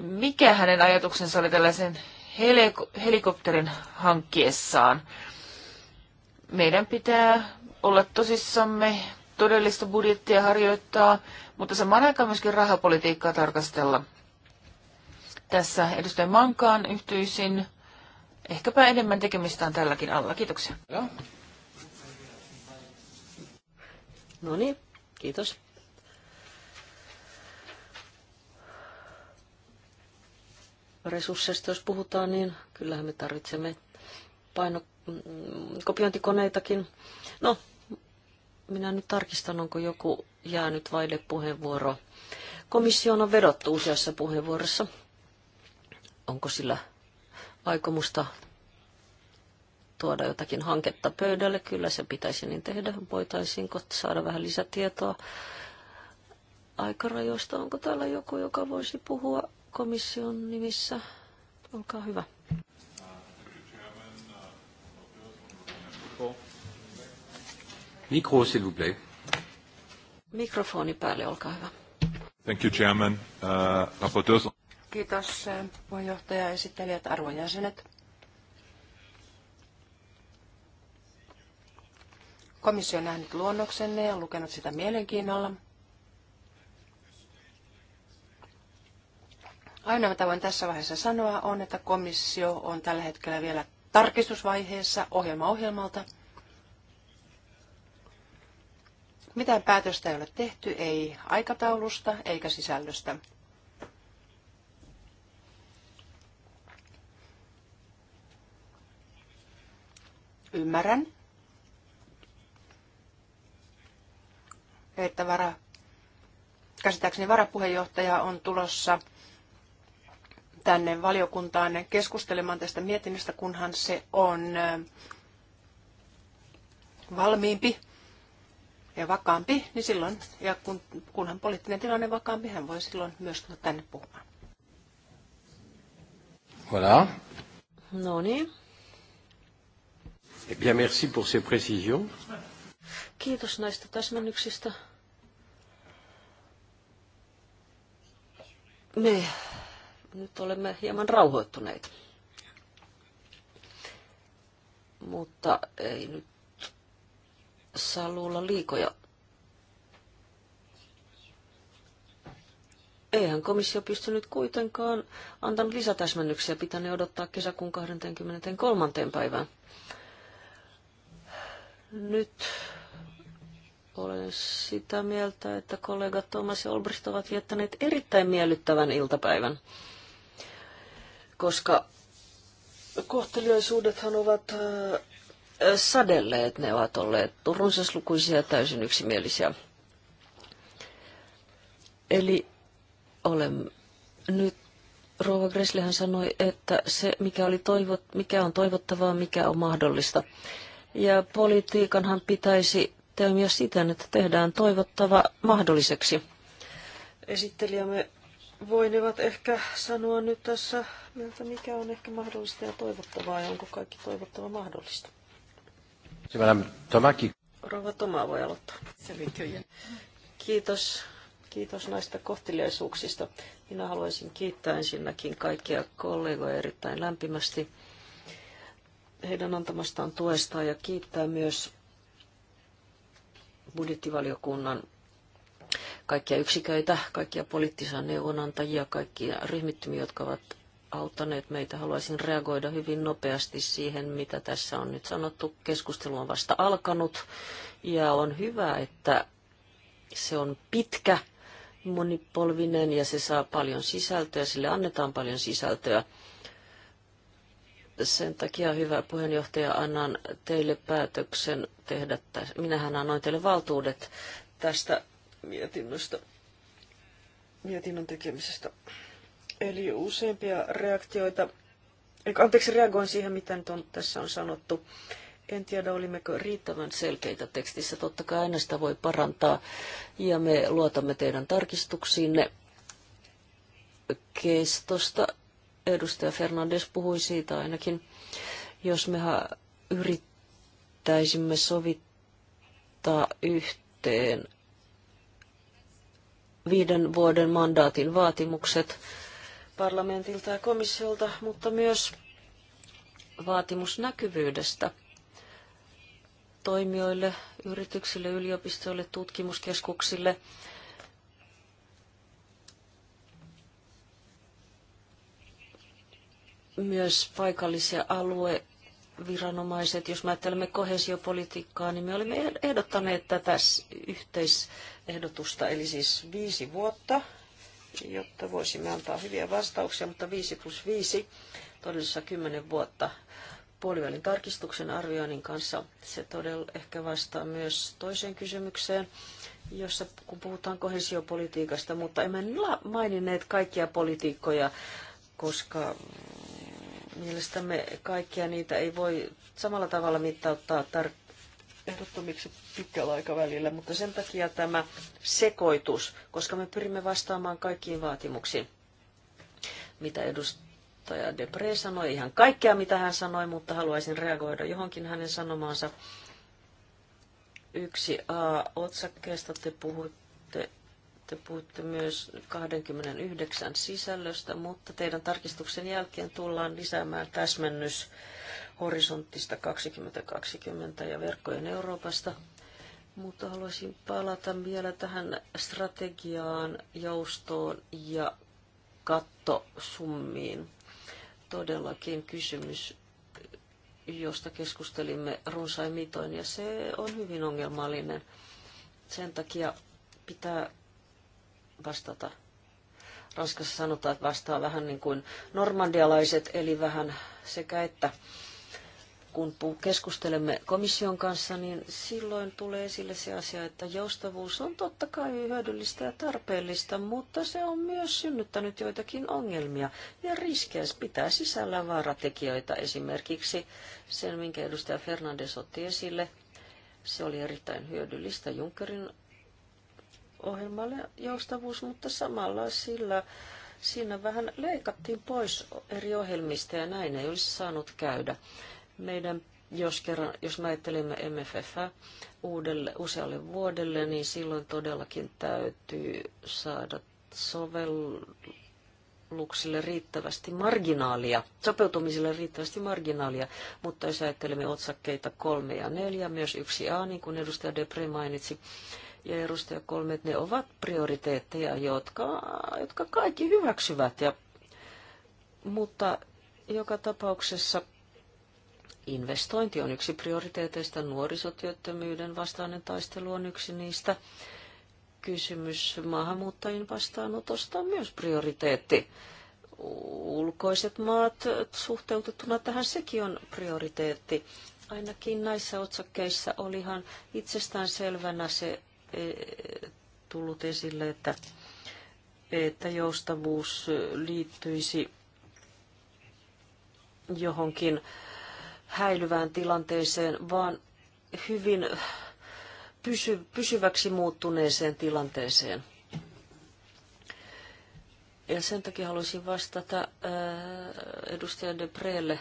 mikä hänen ajatuksensa oli tällaisen helikopterin hankkiessaan? Meidän pitää olla tosissamme todellista budjettia harjoittaa mutta samaan aikaan myöskin rahapolitiikkaa tarkastella. Tässä edustaja Mankaan yhtyisin. Ehkäpä enemmän tekemistä on tälläkin alla. Kiitoksia. No niin, kiitos. Resursseista jos puhutaan, niin kyllähän me tarvitsemme paino, mm, kopiointikoneitakin. No, minä nyt tarkistan, onko joku jäänyt vaille puheenvuoro. Komissio on vedottu useassa puheenvuorossa. Onko sillä aikomusta tuoda jotakin hanketta pöydälle? Kyllä se pitäisi niin tehdä. Voitaisiinko saada vähän lisätietoa aikarajoista? Onko täällä joku, joka voisi puhua komission nimissä? Olkaa hyvä. Cool. Mikro, s'il vous plaît. Mikrofoni päälle, olkaa hyvä. Thank you, Chairman. Uh, Kiitos eh, puheenjohtaja, esittelijät, arvon jäsenet. Komissio on nähnyt luonnoksenne ja lukenut sitä mielenkiinnolla. Ainoa, mitä voin tässä vaiheessa sanoa, on, että komissio on tällä hetkellä vielä tarkistusvaiheessa ohjelma ohjelmalta – Mitään päätöstä ei ole tehty, ei aikataulusta eikä sisällöstä. Ymmärrän, että vara, käsittääkseni varapuheenjohtaja on tulossa tänne valiokuntaan keskustelemaan tästä mietinnöstä, kunhan se on valmiimpi ja vakaampi, niin silloin, ja kun, kunhan poliittinen tilanne vakaampi, hän voi silloin myös tulla tänne puhumaan. Voilà. No niin. Eh bien, merci pour ces précisions. Kiitos näistä täsmennyksistä. Me nyt olemme hieman rauhoittuneita. Mutta ei nyt salulla liikoja. Eihän komissio pystynyt kuitenkaan antanut lisätäsmennyksiä, ne odottaa kesäkuun 23. päivään. Nyt olen sitä mieltä, että kollegat Thomas ja Olbrist ovat viettäneet erittäin miellyttävän iltapäivän, koska kohteliaisuudethan ovat äh, että Ne ovat olleet runsaslukuisia ja täysin yksimielisiä. Eli olen nyt rova Greslihan sanoi, että se, mikä, oli toivot, mikä on toivottavaa, mikä on mahdollista. Ja politiikanhan pitäisi toimia siten, että tehdään toivottava mahdolliseksi. Esittelijämme voinevat ehkä sanoa nyt tässä, miltä mikä on ehkä mahdollista ja toivottavaa ja onko kaikki toivottava mahdollista. Rouva Toma voi aloittaa. Kiitos. Kiitos näistä kohteliaisuuksista. Minä haluaisin kiittää ensinnäkin kaikkia kollegoja erittäin lämpimästi heidän antamastaan tuesta ja kiittää myös budjettivaliokunnan kaikkia yksiköitä, kaikkia poliittisia neuvonantajia, kaikkia ryhmittymiä, jotka ovat auttaneet meitä. Haluaisin reagoida hyvin nopeasti siihen, mitä tässä on nyt sanottu. Keskustelu on vasta alkanut ja on hyvä, että se on pitkä, monipolvinen ja se saa paljon sisältöä, sille annetaan paljon sisältöä. Sen takia, hyvä puheenjohtaja, annan teille päätöksen tehdä tässä. Minähän annoin teille valtuudet tästä mietinnöstä, mietinnön tekemisestä. Eli useampia reaktioita. Anteeksi, reagoin siihen, mitä nyt on, tässä on sanottu. En tiedä, olimmeko riittävän selkeitä tekstissä. Totta kai aina sitä voi parantaa. Ja me luotamme teidän tarkistuksiinne kestosta. Edustaja Fernandes puhui siitä ainakin. Jos me yrittäisimme sovittaa yhteen viiden vuoden mandaatin vaatimukset, parlamentilta ja komissiolta, mutta myös vaatimus näkyvyydestä toimijoille, yrityksille, yliopistoille, tutkimuskeskuksille. Myös ja alueviranomaiset, jos me ajattelemme kohesiopolitiikkaa, niin me olimme ehdottaneet tätä yhteisehdotusta, eli siis viisi vuotta jotta voisimme antaa hyviä vastauksia, mutta 5 plus 5 todellisessa 10 vuotta puolivälin tarkistuksen arvioinnin kanssa. Se todella ehkä vastaa myös toiseen kysymykseen, jossa kun puhutaan kohesiopolitiikasta, mutta emme maininneet kaikkia politiikkoja, koska mielestämme kaikkia niitä ei voi samalla tavalla mittauttaa tarkkaan ehdottomiksi pitkällä aikavälillä, mutta sen takia tämä sekoitus, koska me pyrimme vastaamaan kaikkiin vaatimuksiin, mitä edustaja Depre sanoi, ihan kaikkea mitä hän sanoi, mutta haluaisin reagoida johonkin hänen sanomaansa. Yksi A-otsakkeesta te puhutte te puhutte myös 29 sisällöstä, mutta teidän tarkistuksen jälkeen tullaan lisäämään täsmennys horisonttista 2020 ja verkkojen Euroopasta. Mutta haluaisin palata vielä tähän strategiaan, joustoon ja kattosummiin. Todellakin kysymys, josta keskustelimme runsain mitoin, ja se on hyvin ongelmallinen. Sen takia pitää vastata. Ranskassa sanotaan, että vastaa vähän niin kuin normandialaiset, eli vähän sekä että kun keskustelemme komission kanssa, niin silloin tulee esille se asia, että joustavuus on totta kai hyödyllistä ja tarpeellista, mutta se on myös synnyttänyt joitakin ongelmia ja riskejä. Pitää sisällä vaaratekijöitä esimerkiksi sen, minkä edustaja Fernandes otti esille. Se oli erittäin hyödyllistä Junckerin ohjelmalle joustavuus, mutta samalla sillä siinä vähän leikattiin pois eri ohjelmista ja näin ei olisi saanut käydä. Meidän, jos, kerran, jos me ajattelemme MFF uudelle, usealle vuodelle, niin silloin todellakin täytyy saada sovelluksille riittävästi marginaalia, sopeutumisille riittävästi marginaalia, mutta jos ajattelemme otsakkeita kolme ja neljä, myös yksi A, niin kuin edustaja Depre mainitsi, ja edustaja kolme, että ne ovat prioriteetteja, jotka, jotka kaikki hyväksyvät. Ja, mutta joka tapauksessa Investointi on yksi prioriteeteista, nuorisotyöttömyyden vastainen taistelu on yksi niistä. Kysymys maahanmuuttajien vastaanotosta on myös prioriteetti. Ulkoiset maat suhteutettuna tähän sekin on prioriteetti. Ainakin näissä otsakkeissa olihan itsestään selvänä se e, tullut esille, että, että joustavuus liittyisi johonkin häilyvään tilanteeseen, vaan hyvin pysy, pysyväksi muuttuneeseen tilanteeseen. Ja sen takia haluaisin vastata ää, äh, edustaja Debrelle,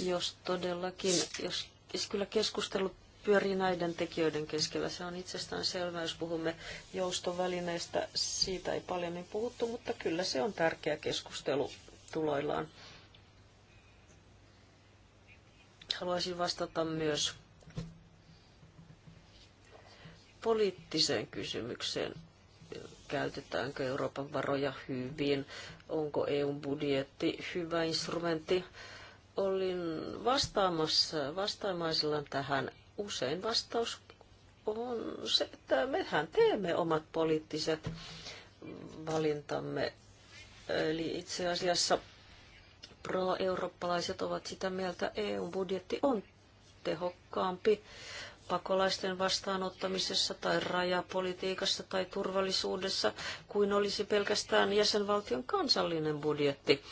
jos todellakin, jos, jos kyllä keskustelu pyörii näiden tekijöiden keskellä. Se on itsestään selvä, jos puhumme joustovälineistä. Siitä ei paljon niin puhuttu, mutta kyllä se on tärkeä keskustelu tuloillaan. Haluaisin vastata myös poliittiseen kysymykseen. Käytetäänkö Euroopan varoja hyvin? Onko EUn budjetti hyvä instrumentti? Olin vastaamassa, vastaamaisella tähän usein vastaus on se, että mehän teemme omat poliittiset valintamme. Eli itse asiassa pro-eurooppalaiset ovat sitä mieltä, että EU-budjetti on tehokkaampi pakolaisten vastaanottamisessa tai rajapolitiikassa tai turvallisuudessa kuin olisi pelkästään jäsenvaltion kansallinen budjetti.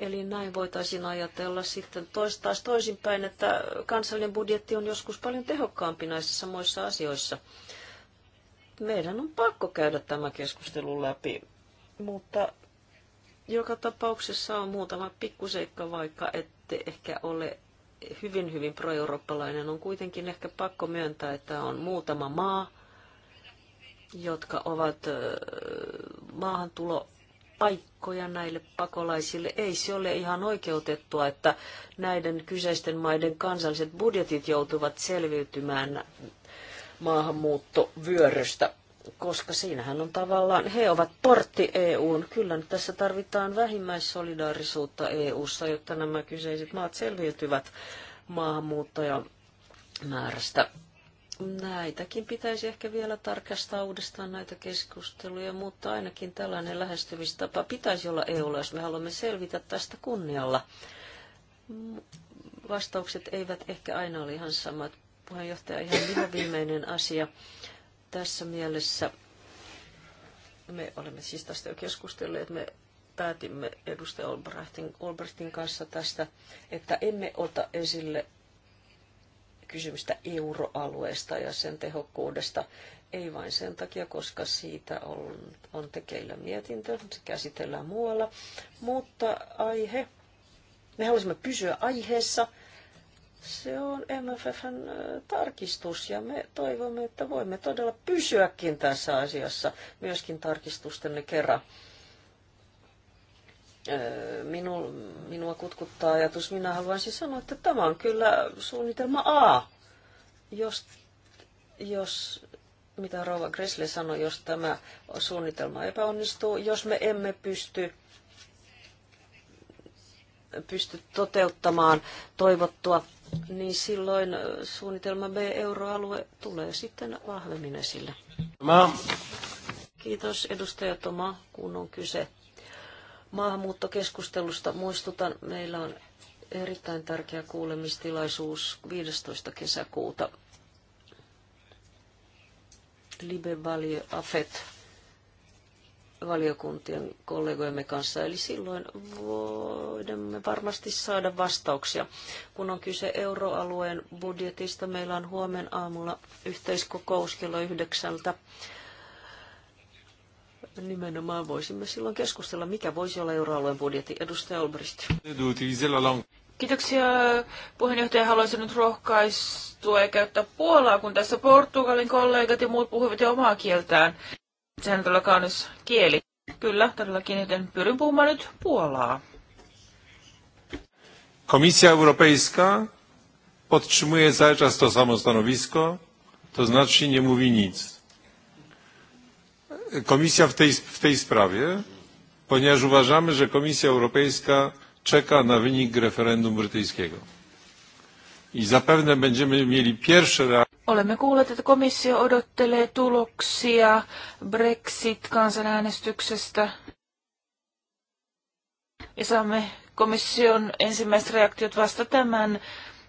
Eli näin voitaisiin ajatella sitten tois, taas toisinpäin, että kansallinen budjetti on joskus paljon tehokkaampi näissä samoissa asioissa. Meidän on pakko käydä tämä keskustelu läpi, mutta joka tapauksessa on muutama pikkuseikka, vaikka ette ehkä ole hyvin, hyvin pro-eurooppalainen. On kuitenkin ehkä pakko myöntää, että on muutama maa, jotka ovat maahantulo paikkoja näille pakolaisille. Ei se ole ihan oikeutettua, että näiden kyseisten maiden kansalliset budjetit joutuvat selviytymään maahanmuuttovyörystä koska siinähän on tavallaan, he ovat portti EUn. Kyllä nyt tässä tarvitaan vähimmäissolidaarisuutta EUssa, jotta nämä kyseiset maat selviytyvät maahanmuuttajamäärästä. Näitäkin pitäisi ehkä vielä tarkastaa uudestaan näitä keskusteluja, mutta ainakin tällainen lähestymistapa pitäisi olla EUlla, jos me haluamme selvitä tästä kunnialla. Vastaukset eivät ehkä aina ole ihan samat. Puheenjohtaja, ihan viimeinen asia. Tässä mielessä me olemme siis tästä jo keskustelleet. Me päätimme edustaja Olbrechtin, Olbertin kanssa tästä, että emme ota esille kysymystä euroalueesta ja sen tehokkuudesta. Ei vain sen takia, koska siitä on, on tekeillä mietintö, se käsitellään muualla, mutta aihe, me haluaisimme pysyä aiheessa – se on MFFn tarkistus ja me toivomme, että voimme todella pysyäkin tässä asiassa myöskin tarkistustenne kerran. Minu, minua kutkuttaa ajatus. Minä haluaisin sanoa, että tämä on kyllä suunnitelma A. Jos, jos mitä Rova Gressle sanoi, jos tämä suunnitelma epäonnistuu, jos me emme pysty pysty toteuttamaan toivottua niin silloin suunnitelma B-euroalue tulee sitten vahvemmin esille. Mä. Kiitos edustaja Toma, kun on kyse maahanmuuttokeskustelusta. Muistutan, meillä on erittäin tärkeä kuulemistilaisuus 15. kesäkuuta. Libe Afet valiokuntien kollegojemme kanssa. Eli silloin voimme varmasti saada vastauksia. Kun on kyse euroalueen budjetista, meillä on huomenna aamulla yhteiskokous kello yhdeksältä. Nimenomaan voisimme silloin keskustella, mikä voisi olla euroalueen budjetti. Edustaja Olbrist. Kiitoksia puheenjohtaja. Haluaisin nyt rohkaistua ja käyttää Puolaa, kun tässä Portugalin kollegat ja muut puhuivat jo omaa kieltään. Sehän on todella kaunis kieli. Kyllä, todellakin, joten pyrin puhumaan nyt Puolaa. Komisja Europejska podtrzymuje cały czas to samo stanowisko, to znaczy nie mówi nic. Komisja w tej, w tej sprawie, ponieważ uważamy, że Komisja Europejska czeka na wynik referendum brytyjskiego. I zapewne będziemy mieli pierwsze reakcje. Olemme kuulleet, että komissio odottelee tuloksia Brexit-kansanäänestyksestä. Ja saamme komission ensimmäiset reaktiot vasta tämän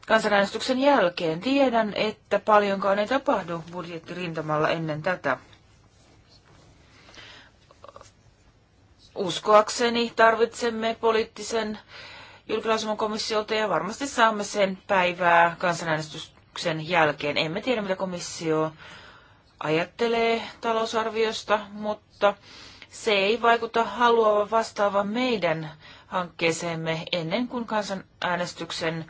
kansanäänestyksen jälkeen. Tiedän, että paljonkaan ei tapahdu budjettirintamalla ennen tätä. Uskoakseni tarvitsemme poliittisen julkilausuman komissiolta ja varmasti saamme sen päivää kansanäänestys äänestyksen jälkeen. Emme tiedä, mitä komissio ajattelee talousarviosta, mutta se ei vaikuta haluavan vastaava meidän hankkeeseemme ennen kuin kansanäänestyksen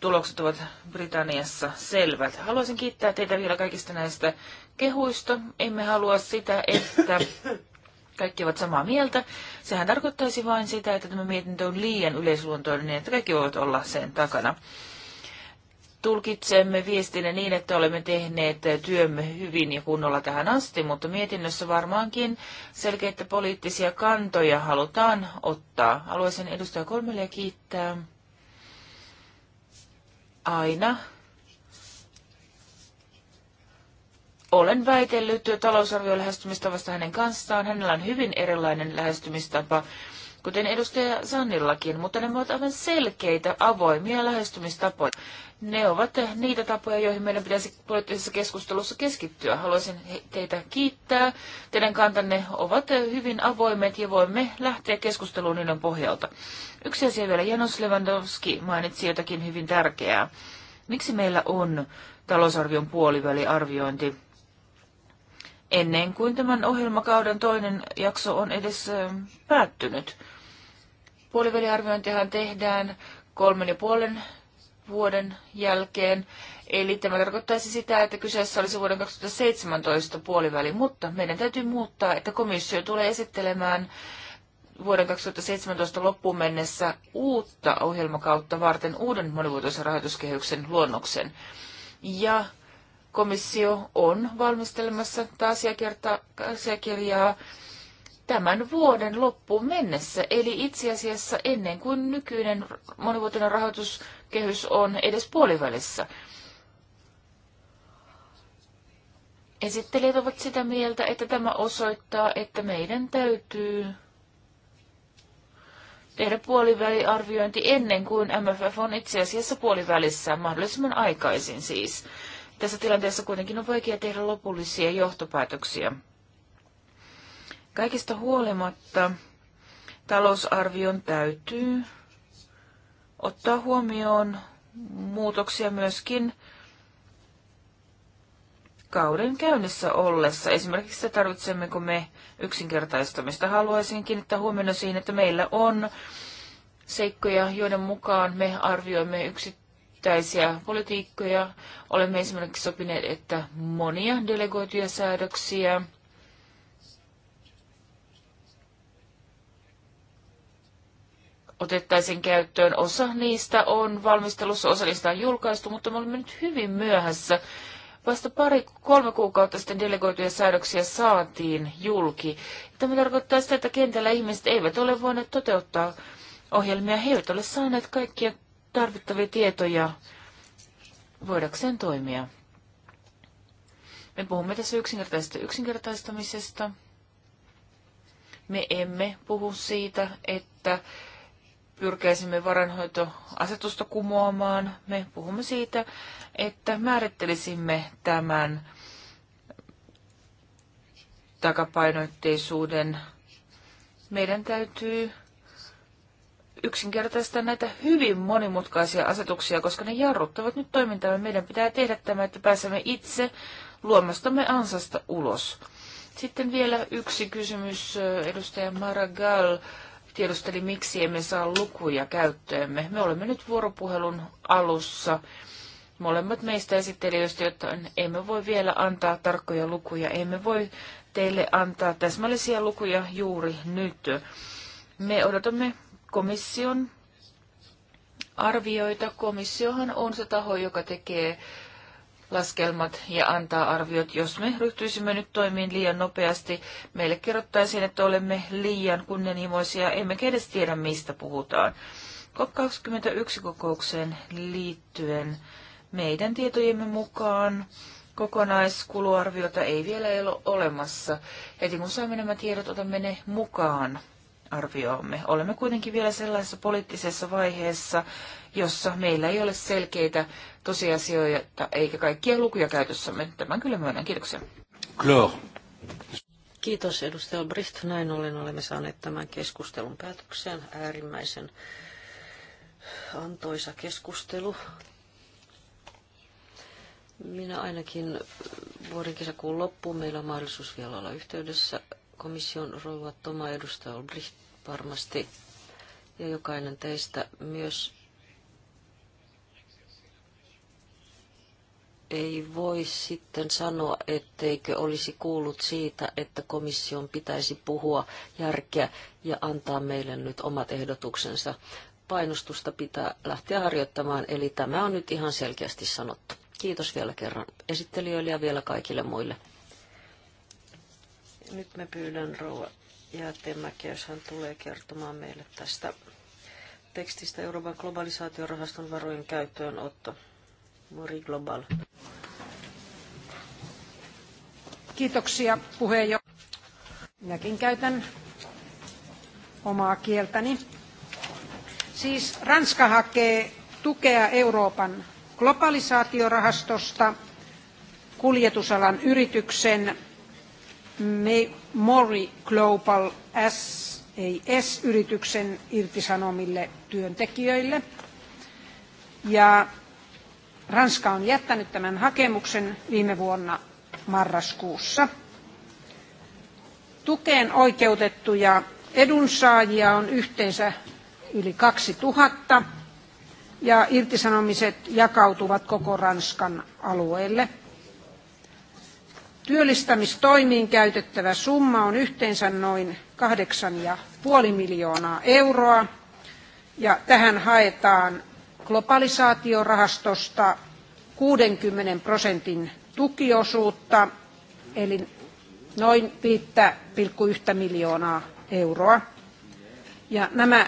tulokset ovat Britanniassa selvät. Haluaisin kiittää teitä vielä kaikista näistä kehuista. Emme halua sitä, että kaikki ovat samaa mieltä. Sehän tarkoittaisi vain sitä, että tämä mietintö on liian yleisluontoinen, että kaikki voivat olla sen takana tulkitsemme viestinä niin, että olemme tehneet työmme hyvin ja kunnolla tähän asti, mutta mietinnössä varmaankin selkeitä poliittisia kantoja halutaan ottaa. Haluaisin edustaja Kolmelia kiittää aina. Olen väitellyt talousarvion lähestymistavasta hänen kanssaan. Hänellä on hyvin erilainen lähestymistapa kuten edustaja Sannillakin, mutta ne ovat aivan selkeitä, avoimia lähestymistapoja. Ne ovat niitä tapoja, joihin meidän pitäisi poliittisessa keskustelussa keskittyä. Haluaisin teitä kiittää. Teidän kantanne ovat hyvin avoimet ja voimme lähteä keskusteluun niiden pohjalta. Yksi asia vielä, Janos Lewandowski mainitsi jotakin hyvin tärkeää. Miksi meillä on talousarvion puoliväliarviointi? ennen kuin tämän ohjelmakauden toinen jakso on edes päättynyt. Puoliväliarviointihan tehdään kolmen ja puolen vuoden jälkeen. Eli tämä tarkoittaisi sitä, että kyseessä olisi vuoden 2017 puoliväli, mutta meidän täytyy muuttaa, että komissio tulee esittelemään vuoden 2017 loppuun mennessä uutta ohjelmakautta varten uuden monivuotoisen rahoituskehyksen luonnoksen. Ja komissio on valmistelemassa tätä asiakirjaa tämän vuoden loppuun mennessä, eli itse asiassa ennen kuin nykyinen monivuotinen rahoituskehys on edes puolivälissä. Esittelijät ovat sitä mieltä, että tämä osoittaa, että meidän täytyy tehdä puoliväliarviointi ennen kuin MFF on itse asiassa puolivälissä, mahdollisimman aikaisin siis. Tässä tilanteessa kuitenkin on vaikea tehdä lopullisia johtopäätöksiä. Kaikista huolimatta talousarvion täytyy ottaa huomioon muutoksia myöskin kauden käynnissä ollessa. Esimerkiksi tarvitsemme, kun me yksinkertaistamista. Haluaisin kiinnittää huomioon siihen, että meillä on seikkoja, joiden mukaan me arvioimme yksittäin yksittäisiä politiikkoja. Olemme esimerkiksi sopineet, että monia delegoituja säädöksiä otettaisiin käyttöön. Osa niistä on valmistelussa, osa niistä on julkaistu, mutta me olemme nyt hyvin myöhässä. Vasta pari, kolme kuukautta sitten delegoituja säädöksiä saatiin julki. Tämä tarkoittaa sitä, että kentällä ihmiset eivät ole voineet toteuttaa ohjelmia. He eivät ole saaneet kaikkia tarvittavia tietoja voidakseen toimia. Me puhumme tässä yksinkertaisesta yksinkertaistamisesta. Me emme puhu siitä, että pyrkäisimme varanhoitoasetusta kumoamaan. Me puhumme siitä, että määrittelisimme tämän takapainoitteisuuden. Meidän täytyy yksinkertaistaa näitä hyvin monimutkaisia asetuksia, koska ne jarruttavat nyt toimintaa. Meidän pitää tehdä tämä, että pääsemme itse luomastamme ansasta ulos. Sitten vielä yksi kysymys. Edustaja Maragall tiedusteli, miksi emme saa lukuja käyttöömme. Me olemme nyt vuoropuhelun alussa. Molemmat meistä esittelijöistä, jotta emme voi vielä antaa tarkkoja lukuja. Emme voi teille antaa täsmällisiä lukuja juuri nyt. Me odotamme komission arvioita. Komissiohan on se taho, joka tekee laskelmat ja antaa arviot. Jos me ryhtyisimme nyt toimiin liian nopeasti, meille kerrottaisiin, että olemme liian kunnianhimoisia, emme edes tiedä, mistä puhutaan. COP21-kokoukseen liittyen meidän tietojemme mukaan kokonaiskuluarviota ei vielä ole olemassa. Heti kun saamme nämä tiedot, otamme ne mukaan arvioomme. Olemme kuitenkin vielä sellaisessa poliittisessa vaiheessa, jossa meillä ei ole selkeitä tosiasioita eikä kaikkia lukuja käytössämme. Tämän kyllä myönnän. Kiitoksia. Claire. Kiitos edustaja Brist. Näin ollen olemme saaneet tämän keskustelun päätökseen. Äärimmäisen antoisa keskustelu. Minä ainakin vuoden kesäkuun loppuun meillä on mahdollisuus vielä olla yhteydessä komission rouva Toma edustaja Olbricht varmasti ja jokainen teistä myös ei voi sitten sanoa, etteikö olisi kuullut siitä, että komission pitäisi puhua järkeä ja antaa meille nyt omat ehdotuksensa. Painostusta pitää lähteä harjoittamaan, eli tämä on nyt ihan selkeästi sanottu. Kiitos vielä kerran esittelijöille ja vielä kaikille muille. Nyt me pyydän Rouva Jäätemäki, jos hän tulee kertomaan meille tästä tekstistä Euroopan globalisaatiorahaston varojen käyttöönotto. Mori Global. Kiitoksia puheenjohtaja. Minäkin käytän omaa kieltäni. Siis Ranska hakee tukea Euroopan globalisaatiorahastosta kuljetusalan yrityksen Mori Global SAS-yrityksen irtisanomille työntekijöille. Ja Ranska on jättänyt tämän hakemuksen viime vuonna marraskuussa. Tukeen oikeutettuja edunsaajia on yhteensä yli 2000 ja irtisanomiset jakautuvat koko Ranskan alueelle – Työllistämistoimiin käytettävä summa on yhteensä noin 8,5 miljoonaa euroa ja tähän haetaan globalisaatiorahastosta 60 prosentin tukiosuutta eli noin 5,1 miljoonaa euroa. Ja nämä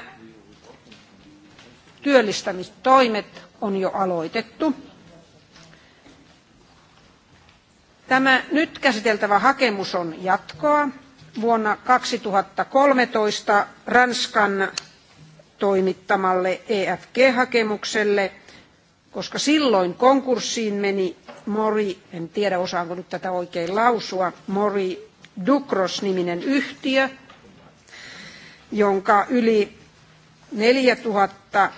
työllistämistoimet on jo aloitettu. Tämä nyt käsiteltävä hakemus on jatkoa vuonna 2013 Ranskan toimittamalle EFG-hakemukselle, koska silloin konkurssiin meni Mori, en tiedä osaanko nyt tätä oikein lausua, Mori Ducros-niminen yhtiö, jonka yli 4000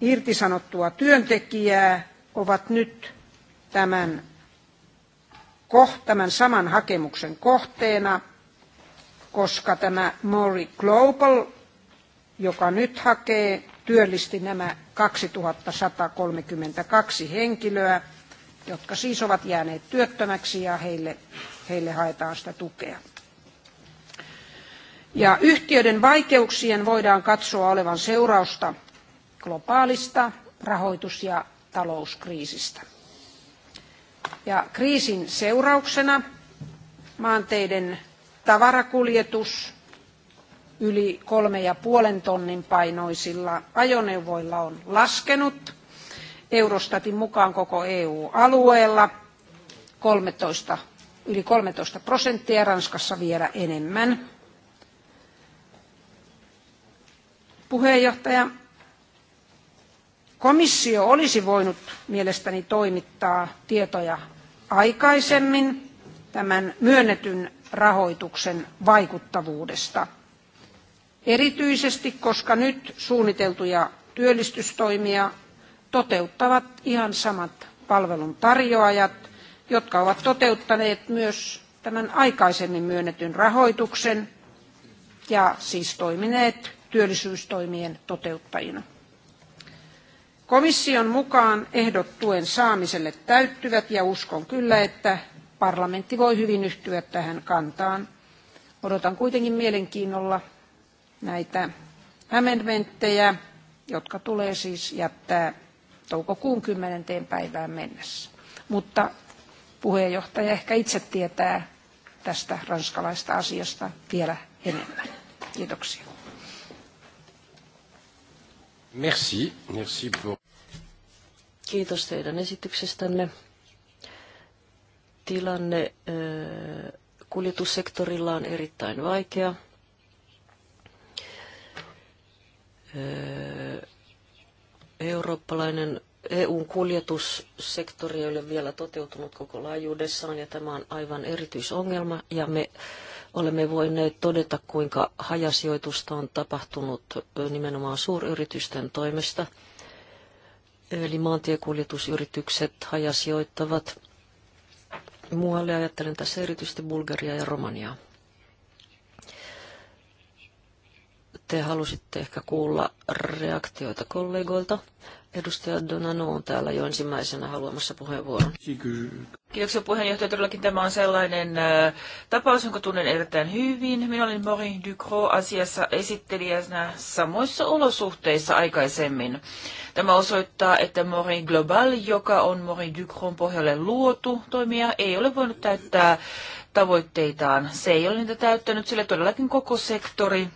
irtisanottua työntekijää ovat nyt tämän, tämän saman hakemuksen kohteena, koska tämä Mori Global, joka nyt hakee, työllisti nämä 2132 henkilöä, jotka siis ovat jääneet työttömäksi ja heille, heille haetaan sitä tukea. Ja yhtiöiden vaikeuksien voidaan katsoa olevan seurausta globaalista rahoitus- ja talouskriisistä. Ja kriisin seurauksena maanteiden tavarakuljetus yli kolme ja puolen tonnin painoisilla ajoneuvoilla on laskenut. Eurostatin mukaan koko EU-alueella 13, yli 13 prosenttia, Ranskassa vielä enemmän. Puheenjohtaja, komissio olisi voinut mielestäni toimittaa tietoja aikaisemmin tämän myönnetyn rahoituksen vaikuttavuudesta. Erityisesti, koska nyt suunniteltuja työllistystoimia toteuttavat ihan samat palveluntarjoajat, jotka ovat toteuttaneet myös tämän aikaisemmin myönnetyn rahoituksen ja siis toimineet työllisyystoimien toteuttajina. Komission mukaan ehdot tuen saamiselle täyttyvät ja uskon kyllä, että parlamentti voi hyvin yhtyä tähän kantaan. Odotan kuitenkin mielenkiinnolla näitä amendmenttejä, jotka tulee siis jättää toukokuun 10. päivään mennessä. Mutta puheenjohtaja ehkä itse tietää tästä ranskalaista asiasta vielä enemmän. Kiitoksia. Merci. Merci pour... Kiitos teidän esityksestänne. Tilanne kuljetussektorilla on erittäin vaikea. Eurooppalainen EUn kuljetussektori ei ole vielä toteutunut koko laajuudessaan ja tämä on aivan erityisongelma ja me olemme voineet todeta, kuinka hajasijoitusta on tapahtunut nimenomaan suuryritysten toimesta – Eli maantiekuljetusyritykset hajasijoittavat muualle. Ajattelen tässä erityisesti Bulgaria ja Romania. Te halusitte ehkä kuulla reaktioita kollegoilta Edustaja Donano on täällä jo ensimmäisenä haluamassa puheenvuoron. Kiitoksia puheenjohtaja. Todellakin tämä on sellainen äh, tapaus, jonka tunnen erittäin hyvin. Minä olin Mori Ducro asiassa esittelijänä samoissa olosuhteissa aikaisemmin. Tämä osoittaa, että Mori Global, joka on Mori Ducron pohjalle luotu toimija, ei ole voinut täyttää tavoitteitaan. Se ei ole niitä täyttänyt, sillä todellakin koko sektori,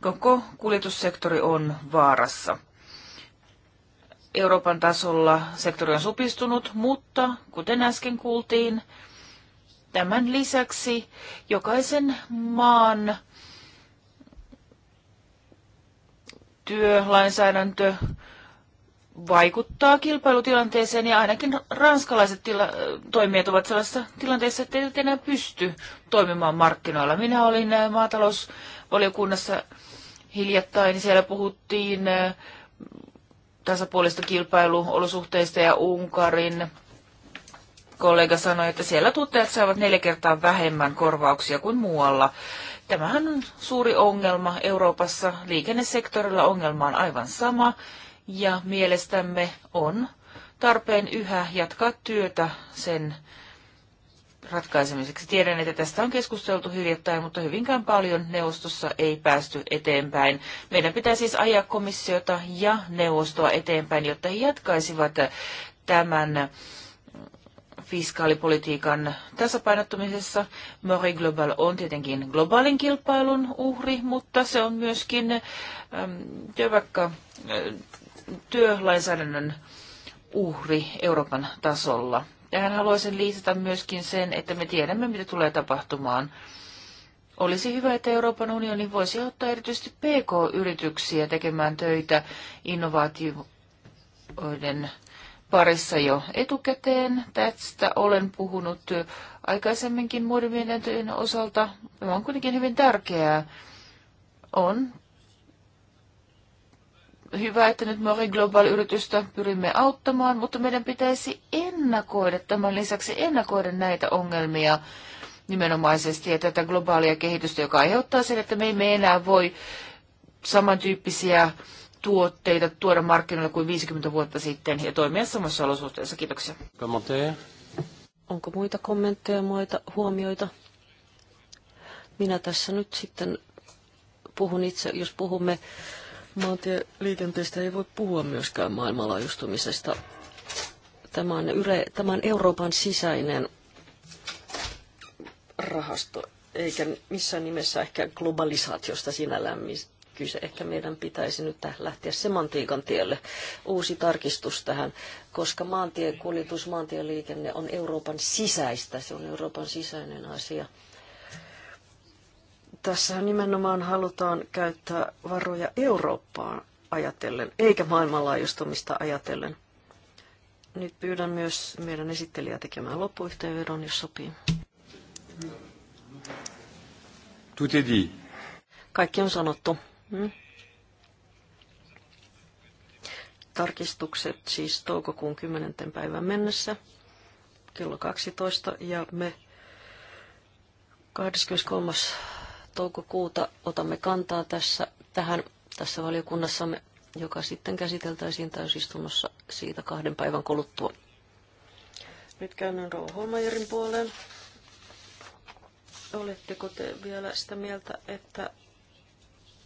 koko kuljetussektori on vaarassa. Euroopan tasolla sektori on supistunut, mutta kuten äsken kuultiin, tämän lisäksi jokaisen maan työlainsäädäntö vaikuttaa kilpailutilanteeseen ja ainakin ranskalaiset tila- toimijat ovat sellaisessa tilanteessa, että eivät enää pysty toimimaan markkinoilla. Minä olin äh, maatalousvaliokunnassa hiljattain, siellä puhuttiin äh, tasapuolista kilpailuolosuhteista ja Unkarin kollega sanoi, että siellä tuottajat saavat neljä kertaa vähemmän korvauksia kuin muualla. Tämähän on suuri ongelma Euroopassa. Liikennesektorilla ongelma on aivan sama ja mielestämme on tarpeen yhä jatkaa työtä sen ratkaisemiseksi. Tiedän, että tästä on keskusteltu hiljattain, mutta hyvinkään paljon neuvostossa ei päästy eteenpäin. Meidän pitää siis ajaa komissiota ja neuvostoa eteenpäin, jotta he jatkaisivat tämän fiskaalipolitiikan tasapainottumisessa. Mori Global on tietenkin globaalin kilpailun uhri, mutta se on myöskin työväkka, työlainsäädännön uhri Euroopan tasolla hän haluaisin liitata myöskin sen, että me tiedämme, mitä tulee tapahtumaan. Olisi hyvä, että Euroopan unioni voisi auttaa erityisesti PK-yrityksiä tekemään töitä innovaatioiden parissa jo etukäteen. Tästä olen puhunut aikaisemminkin muiden osalta. Tämä on kuitenkin hyvin tärkeää. On hyvä, että nyt Mori Global-yritystä pyrimme auttamaan, mutta meidän pitäisi ennakoida tämän lisäksi ennakoida näitä ongelmia nimenomaisesti ja tätä globaalia kehitystä, joka aiheuttaa sen, että me emme enää voi samantyyppisiä tuotteita tuoda markkinoille kuin 50 vuotta sitten ja toimia samassa olosuhteessa. Kiitoksia. Onko muita kommentteja, muita huomioita? Minä tässä nyt sitten puhun itse, jos puhumme Maantieliikenteestä ei voi puhua myöskään maailmanlaajustumisesta. Tämä on, yle, tämä on Euroopan sisäinen rahasto, eikä missään nimessä ehkä globalisaatiosta sinällään kyse. Ehkä meidän pitäisi nyt lähteä semantiikan tielle uusi tarkistus tähän, koska maantiekuljetus, maantieliikenne on Euroopan sisäistä, se on Euroopan sisäinen asia. Tässä nimenomaan halutaan käyttää varoja Eurooppaan ajatellen, eikä maailmanlaajuistumista ajatellen. Nyt pyydän myös meidän esittelijää tekemään loppuyhteenvedon, jos sopii. Tout est dit. Kaikki on sanottu. Hmm? Tarkistukset siis toukokuun 10. päivän mennessä kello 12 ja me 23 toukokuuta otamme kantaa tässä, tähän tässä valiokunnassamme, joka sitten käsiteltäisiin täysistunnossa siitä kahden päivän kuluttua. Nyt käännän Rouholmajerin puoleen. Oletteko te vielä sitä mieltä, että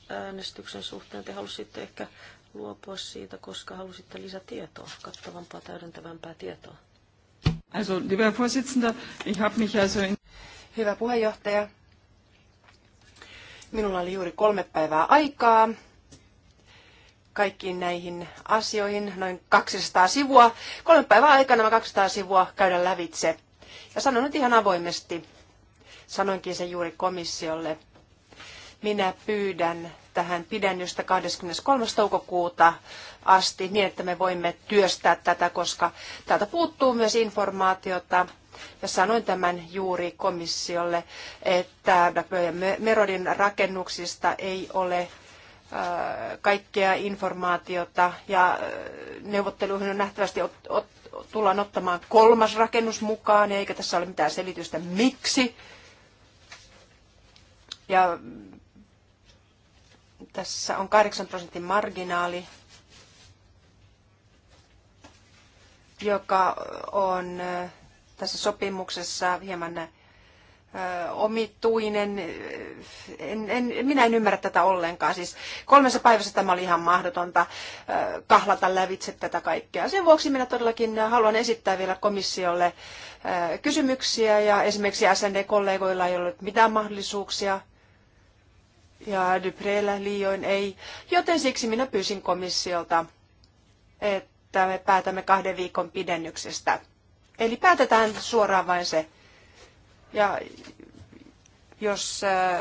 äänestyksen suhteen te halusitte ehkä luopua siitä, koska halusitte lisätietoa, kattavampaa, täydentävämpää tietoa? Also, lieber Vorsitzender, ich habe mich also in... Hyvä puheenjohtaja, Minulla oli juuri kolme päivää aikaa kaikkiin näihin asioihin, noin 200 sivua. Kolme päivää aikana nämä 200 sivua käydä lävitse. Ja sanon nyt ihan avoimesti, sanoinkin sen juuri komissiolle, minä pyydän tähän pidennystä 23. toukokuuta asti niin, että me voimme työstää tätä, koska täältä puuttuu myös informaatiota ja sanoin tämän juuri komissiolle, että Merodin rakennuksista ei ole kaikkea informaatiota ja neuvotteluihin on nähtävästi ot, ot, tullaan ottamaan kolmas rakennus mukaan, eikä tässä ole mitään selitystä miksi. Ja mm, tässä on 8 prosentin marginaali, joka on tässä sopimuksessa hieman omituinen. En, en, minä en ymmärrä tätä ollenkaan. Siis kolmessa päivässä tämä oli ihan mahdotonta kahlata lävitse tätä kaikkea. Sen vuoksi minä todellakin haluan esittää vielä komissiolle kysymyksiä ja esimerkiksi SND-kollegoilla ei ollut mitään mahdollisuuksia ja Dupreillä liioin ei, joten siksi minä pyysin komissiolta, että me päätämme kahden viikon pidennyksestä Eli päätetään suoraan vain se. Ja jos äh,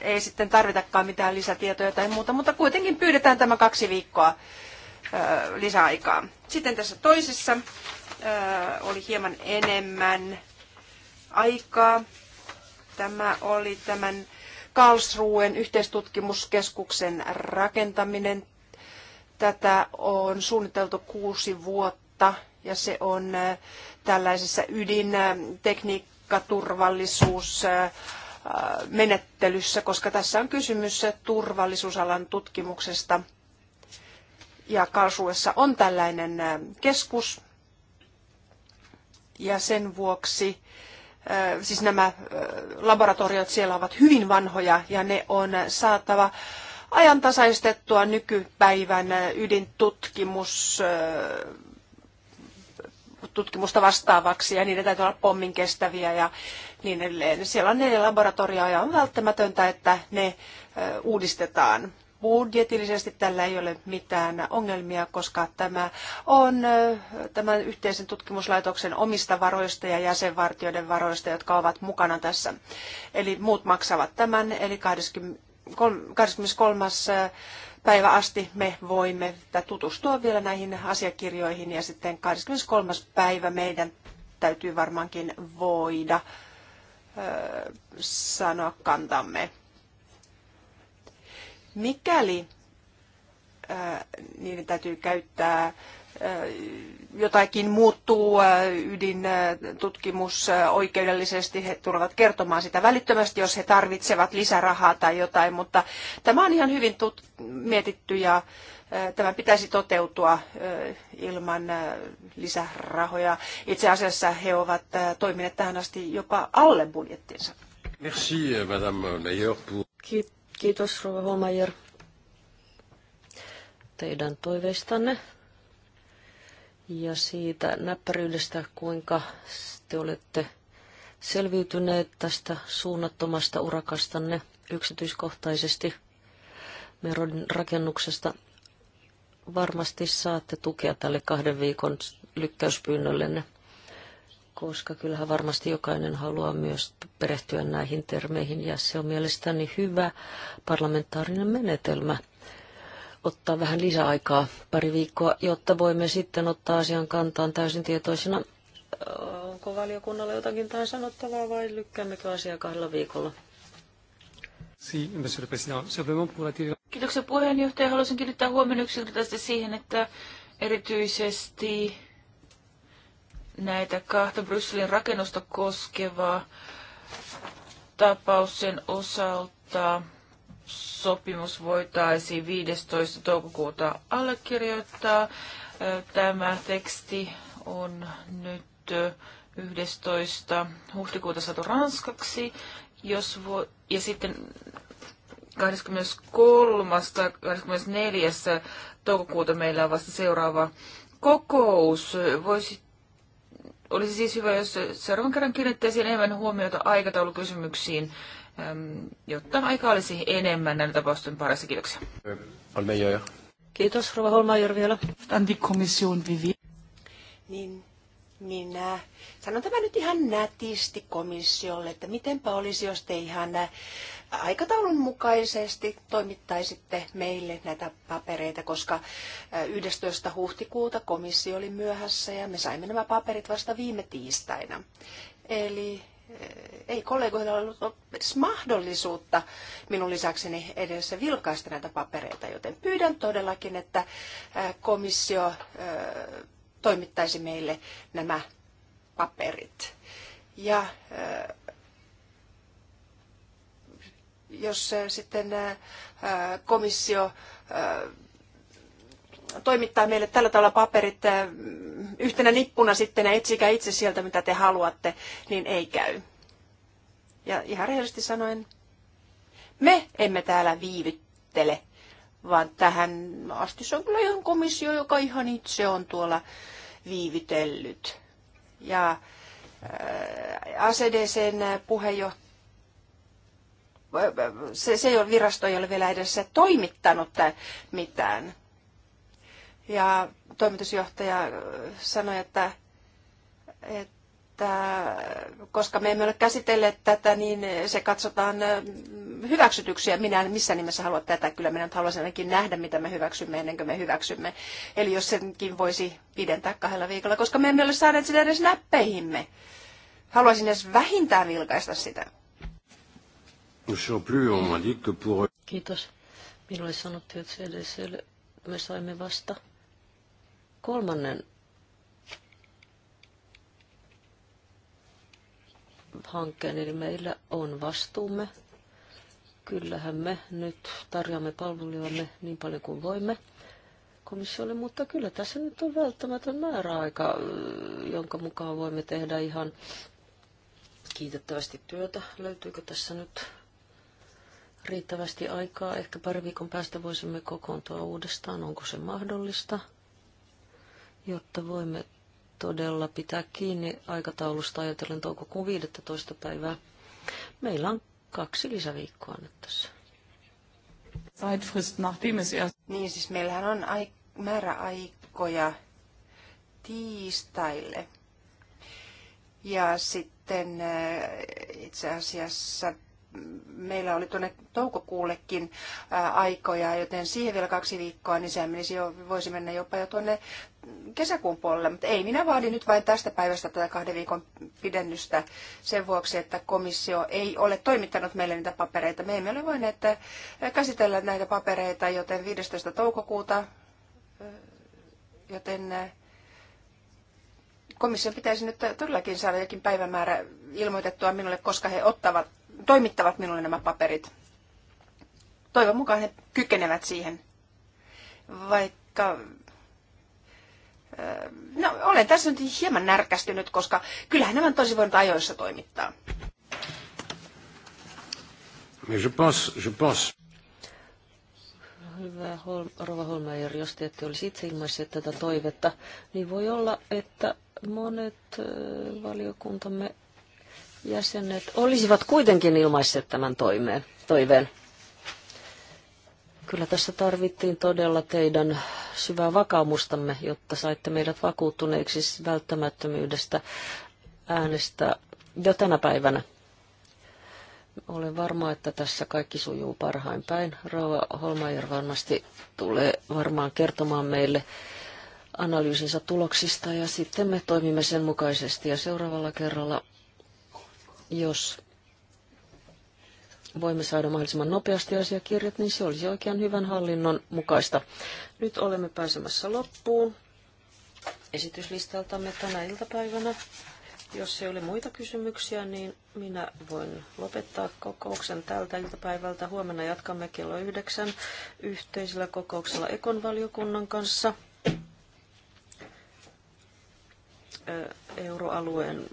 ei sitten tarvitakaan mitään lisätietoja tai muuta, mutta kuitenkin pyydetään tämä kaksi viikkoa äh, lisäaikaa. Sitten tässä toisessa äh, oli hieman enemmän aikaa. Tämä oli tämän Karlsruen yhteistutkimuskeskuksen rakentaminen. Tätä on suunniteltu kuusi vuotta ja se on äh, tällaisessa ydintekniikkaturvallisuusmenettelyssä, äh, äh, koska tässä on kysymys turvallisuusalan tutkimuksesta. Ja Karlsruessa on tällainen keskus, ja sen vuoksi siis nämä laboratoriot siellä ovat hyvin vanhoja ja ne on saatava ajantasaistettua nykypäivän ydintutkimus tutkimusta vastaavaksi ja niiden täytyy olla pommin kestäviä ja niin edelleen. Siellä on neljä laboratoriaa ja on välttämätöntä, että ne uudistetaan. Budjetillisesti tällä ei ole mitään ongelmia, koska tämä on tämän yhteisen tutkimuslaitoksen omista varoista ja jäsenvartioiden varoista, jotka ovat mukana tässä. Eli muut maksavat tämän, eli 23. 23 päivä asti me voimme tutustua vielä näihin asiakirjoihin ja sitten 23. päivä meidän täytyy varmaankin voida ö, sanoa kantamme. Mikäli ö, niiden täytyy käyttää jotakin muuttuu ydintutkimus oikeudellisesti, he tulevat kertomaan sitä välittömästi, jos he tarvitsevat lisärahaa tai jotain, mutta tämä on ihan hyvin tut- mietitty ja tämän pitäisi toteutua ilman lisärahoja. Itse asiassa he ovat toimineet tähän asti jopa alle budjettinsa. Merci, Madame Kiitos, Rova Holmeier, teidän toiveistanne ja siitä näppäryydestä, kuinka te olette selviytyneet tästä suunnattomasta urakastanne yksityiskohtaisesti Merodin rakennuksesta. Varmasti saatte tukea tälle kahden viikon lykkäyspyynnöllenne, koska kyllähän varmasti jokainen haluaa myös perehtyä näihin termeihin, ja se on mielestäni hyvä parlamentaarinen menetelmä ottaa vähän lisäaikaa pari viikkoa, jotta voimme sitten ottaa asian kantaan täysin tietoisena. Äh, onko valiokunnalla jotakin tai sanottavaa vai lykkäämmekö asiaa kahdella viikolla? Kiitoksia puheenjohtaja. Haluaisin kiinnittää huomioon yksinkertaisesti siihen, että erityisesti näitä kahta Brysselin rakennusta koskevaa tapaus sen osalta sopimus voitaisiin 15. toukokuuta allekirjoittaa. Tämä teksti on nyt 11. huhtikuuta saatu ranskaksi, jos vo- ja sitten 23. tai 24. toukokuuta meillä on vasta seuraava kokous. Voisi, olisi siis hyvä, jos seuraavan kerran kirjoittaisiin enemmän huomiota aikataulukysymyksiin. Ähm, jotta aika olisi enemmän näiden tapausten parissa. Kiitoksia. Kiitos, Rova Holmajor vielä. Komission vivi. Niin, minä sanon tämä nyt ihan nätisti komissiolle, että mitenpä olisi, jos te ihan äh, aikataulun mukaisesti toimittaisitte meille näitä papereita, koska 11. Äh, huhtikuuta komissio oli myöhässä ja me saimme nämä paperit vasta viime tiistaina. Eli ei kollegoilla ollut edes mahdollisuutta minun lisäkseni edessä vilkaista näitä papereita, joten pyydän todellakin, että komissio toimittaisi meille nämä paperit. Ja jos sitten komissio toimittaa meille tällä tavalla paperit äh, yhtenä nippuna sitten ja etsikää itse sieltä, mitä te haluatte, niin ei käy. Ja ihan rehellisesti sanoen, me emme täällä viivyttele, vaan tähän asti se on kyllä ihan komissio, joka ihan itse on tuolla viivitellyt Ja äh, ACDCn äh, puheenjohtaja se, se virasto ei ole vielä edes toimittanut mitään. Ja toimitusjohtaja sanoi, että, että koska me emme ole käsitelleet tätä, niin se katsotaan mm, hyväksytyksiä. Minä en missään nimessä halua tätä. Kyllä minä nyt haluaisin ainakin nähdä, mitä me hyväksymme ennen kuin me hyväksymme. Eli jos senkin voisi pidentää kahdella viikolla, koska me emme ole saaneet sitä edes näppeihimme. Haluaisin edes vähintään vilkaista sitä. Kiitos. Minulle sanottiin, että edes me saimme vasta Kolmannen hankkeen, eli meillä on vastuumme. Kyllähän me nyt tarjoamme palvelujamme niin paljon kuin voimme komissiolle, mutta kyllä tässä nyt on välttämätön määräaika, jonka mukaan voimme tehdä ihan kiitettävästi työtä. Löytyykö tässä nyt riittävästi aikaa? Ehkä pari viikon päästä voisimme kokoontua uudestaan. Onko se mahdollista? jotta voimme todella pitää kiinni aikataulusta ajatellen toukokuun 15. päivää. Meillä on kaksi lisäviikkoa nyt tässä. Niin siis meillähän on ai- määräaikoja tiistaille. Ja sitten äh, itse asiassa meillä oli tuonne toukokuullekin aikoja, joten siihen vielä kaksi viikkoa, niin se menisi jo, voisi mennä jopa jo tuonne kesäkuun puolelle. Mutta ei, minä vaadin nyt vain tästä päivästä tätä kahden viikon pidennystä sen vuoksi, että komissio ei ole toimittanut meille niitä papereita. Me emme ole voineet käsitellä näitä papereita, joten 15. toukokuuta, joten komission pitäisi nyt todellakin saada jokin päivämäärä ilmoitettua minulle, koska he ottavat toimittavat minulle nämä paperit. Toivon mukaan he kykenevät siihen. Vaikka No, olen tässä nyt hieman närkästynyt, koska kyllähän nämä tosi voinut ajoissa toimittaa. Je pense, je pense. Hyvä Holm, Rova Holmeijer, jos te ette olisi itse ilmaisseet tätä toivetta, niin voi olla, että monet valiokuntamme jäsenet olisivat kuitenkin ilmaisseet tämän toimeen, toiveen. Kyllä tässä tarvittiin todella teidän syvää vakaumustamme, jotta saitte meidät vakuuttuneiksi välttämättömyydestä äänestä jo tänä päivänä. Olen varma, että tässä kaikki sujuu parhain päin. Rauha Holmajer varmasti tulee varmaan kertomaan meille analyysinsä tuloksista ja sitten me toimimme sen mukaisesti. Ja seuraavalla kerralla jos voimme saada mahdollisimman nopeasti asiakirjat, niin se olisi oikean hyvän hallinnon mukaista. Nyt olemme pääsemässä loppuun esityslistaltamme tänä iltapäivänä. Jos ei ole muita kysymyksiä, niin minä voin lopettaa kokouksen tältä iltapäivältä. Huomenna jatkamme kello yhdeksän yhteisellä kokouksella ekonvaliokunnan kanssa. Euroalueen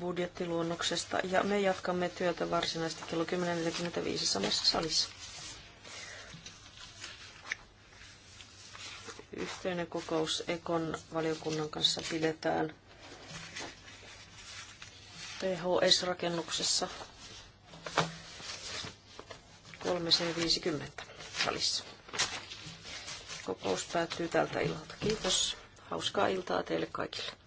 budjettiluonnoksesta ja me jatkamme työtä varsinaisesti kello 10.45 samassa salissa. Yhteinen kokous Ekon valiokunnan kanssa pidetään THS-rakennuksessa 3.50 salissa. Kokous päättyy tältä illalta. Kiitos. Hauskaa iltaa teille kaikille.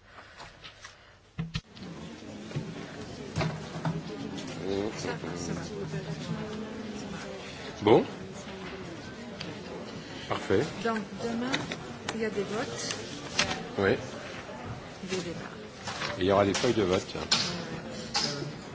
Bon. Parfait. Donc demain, il y a des votes. Oui. Des débats. Et il y aura des feuilles de vote. Hein.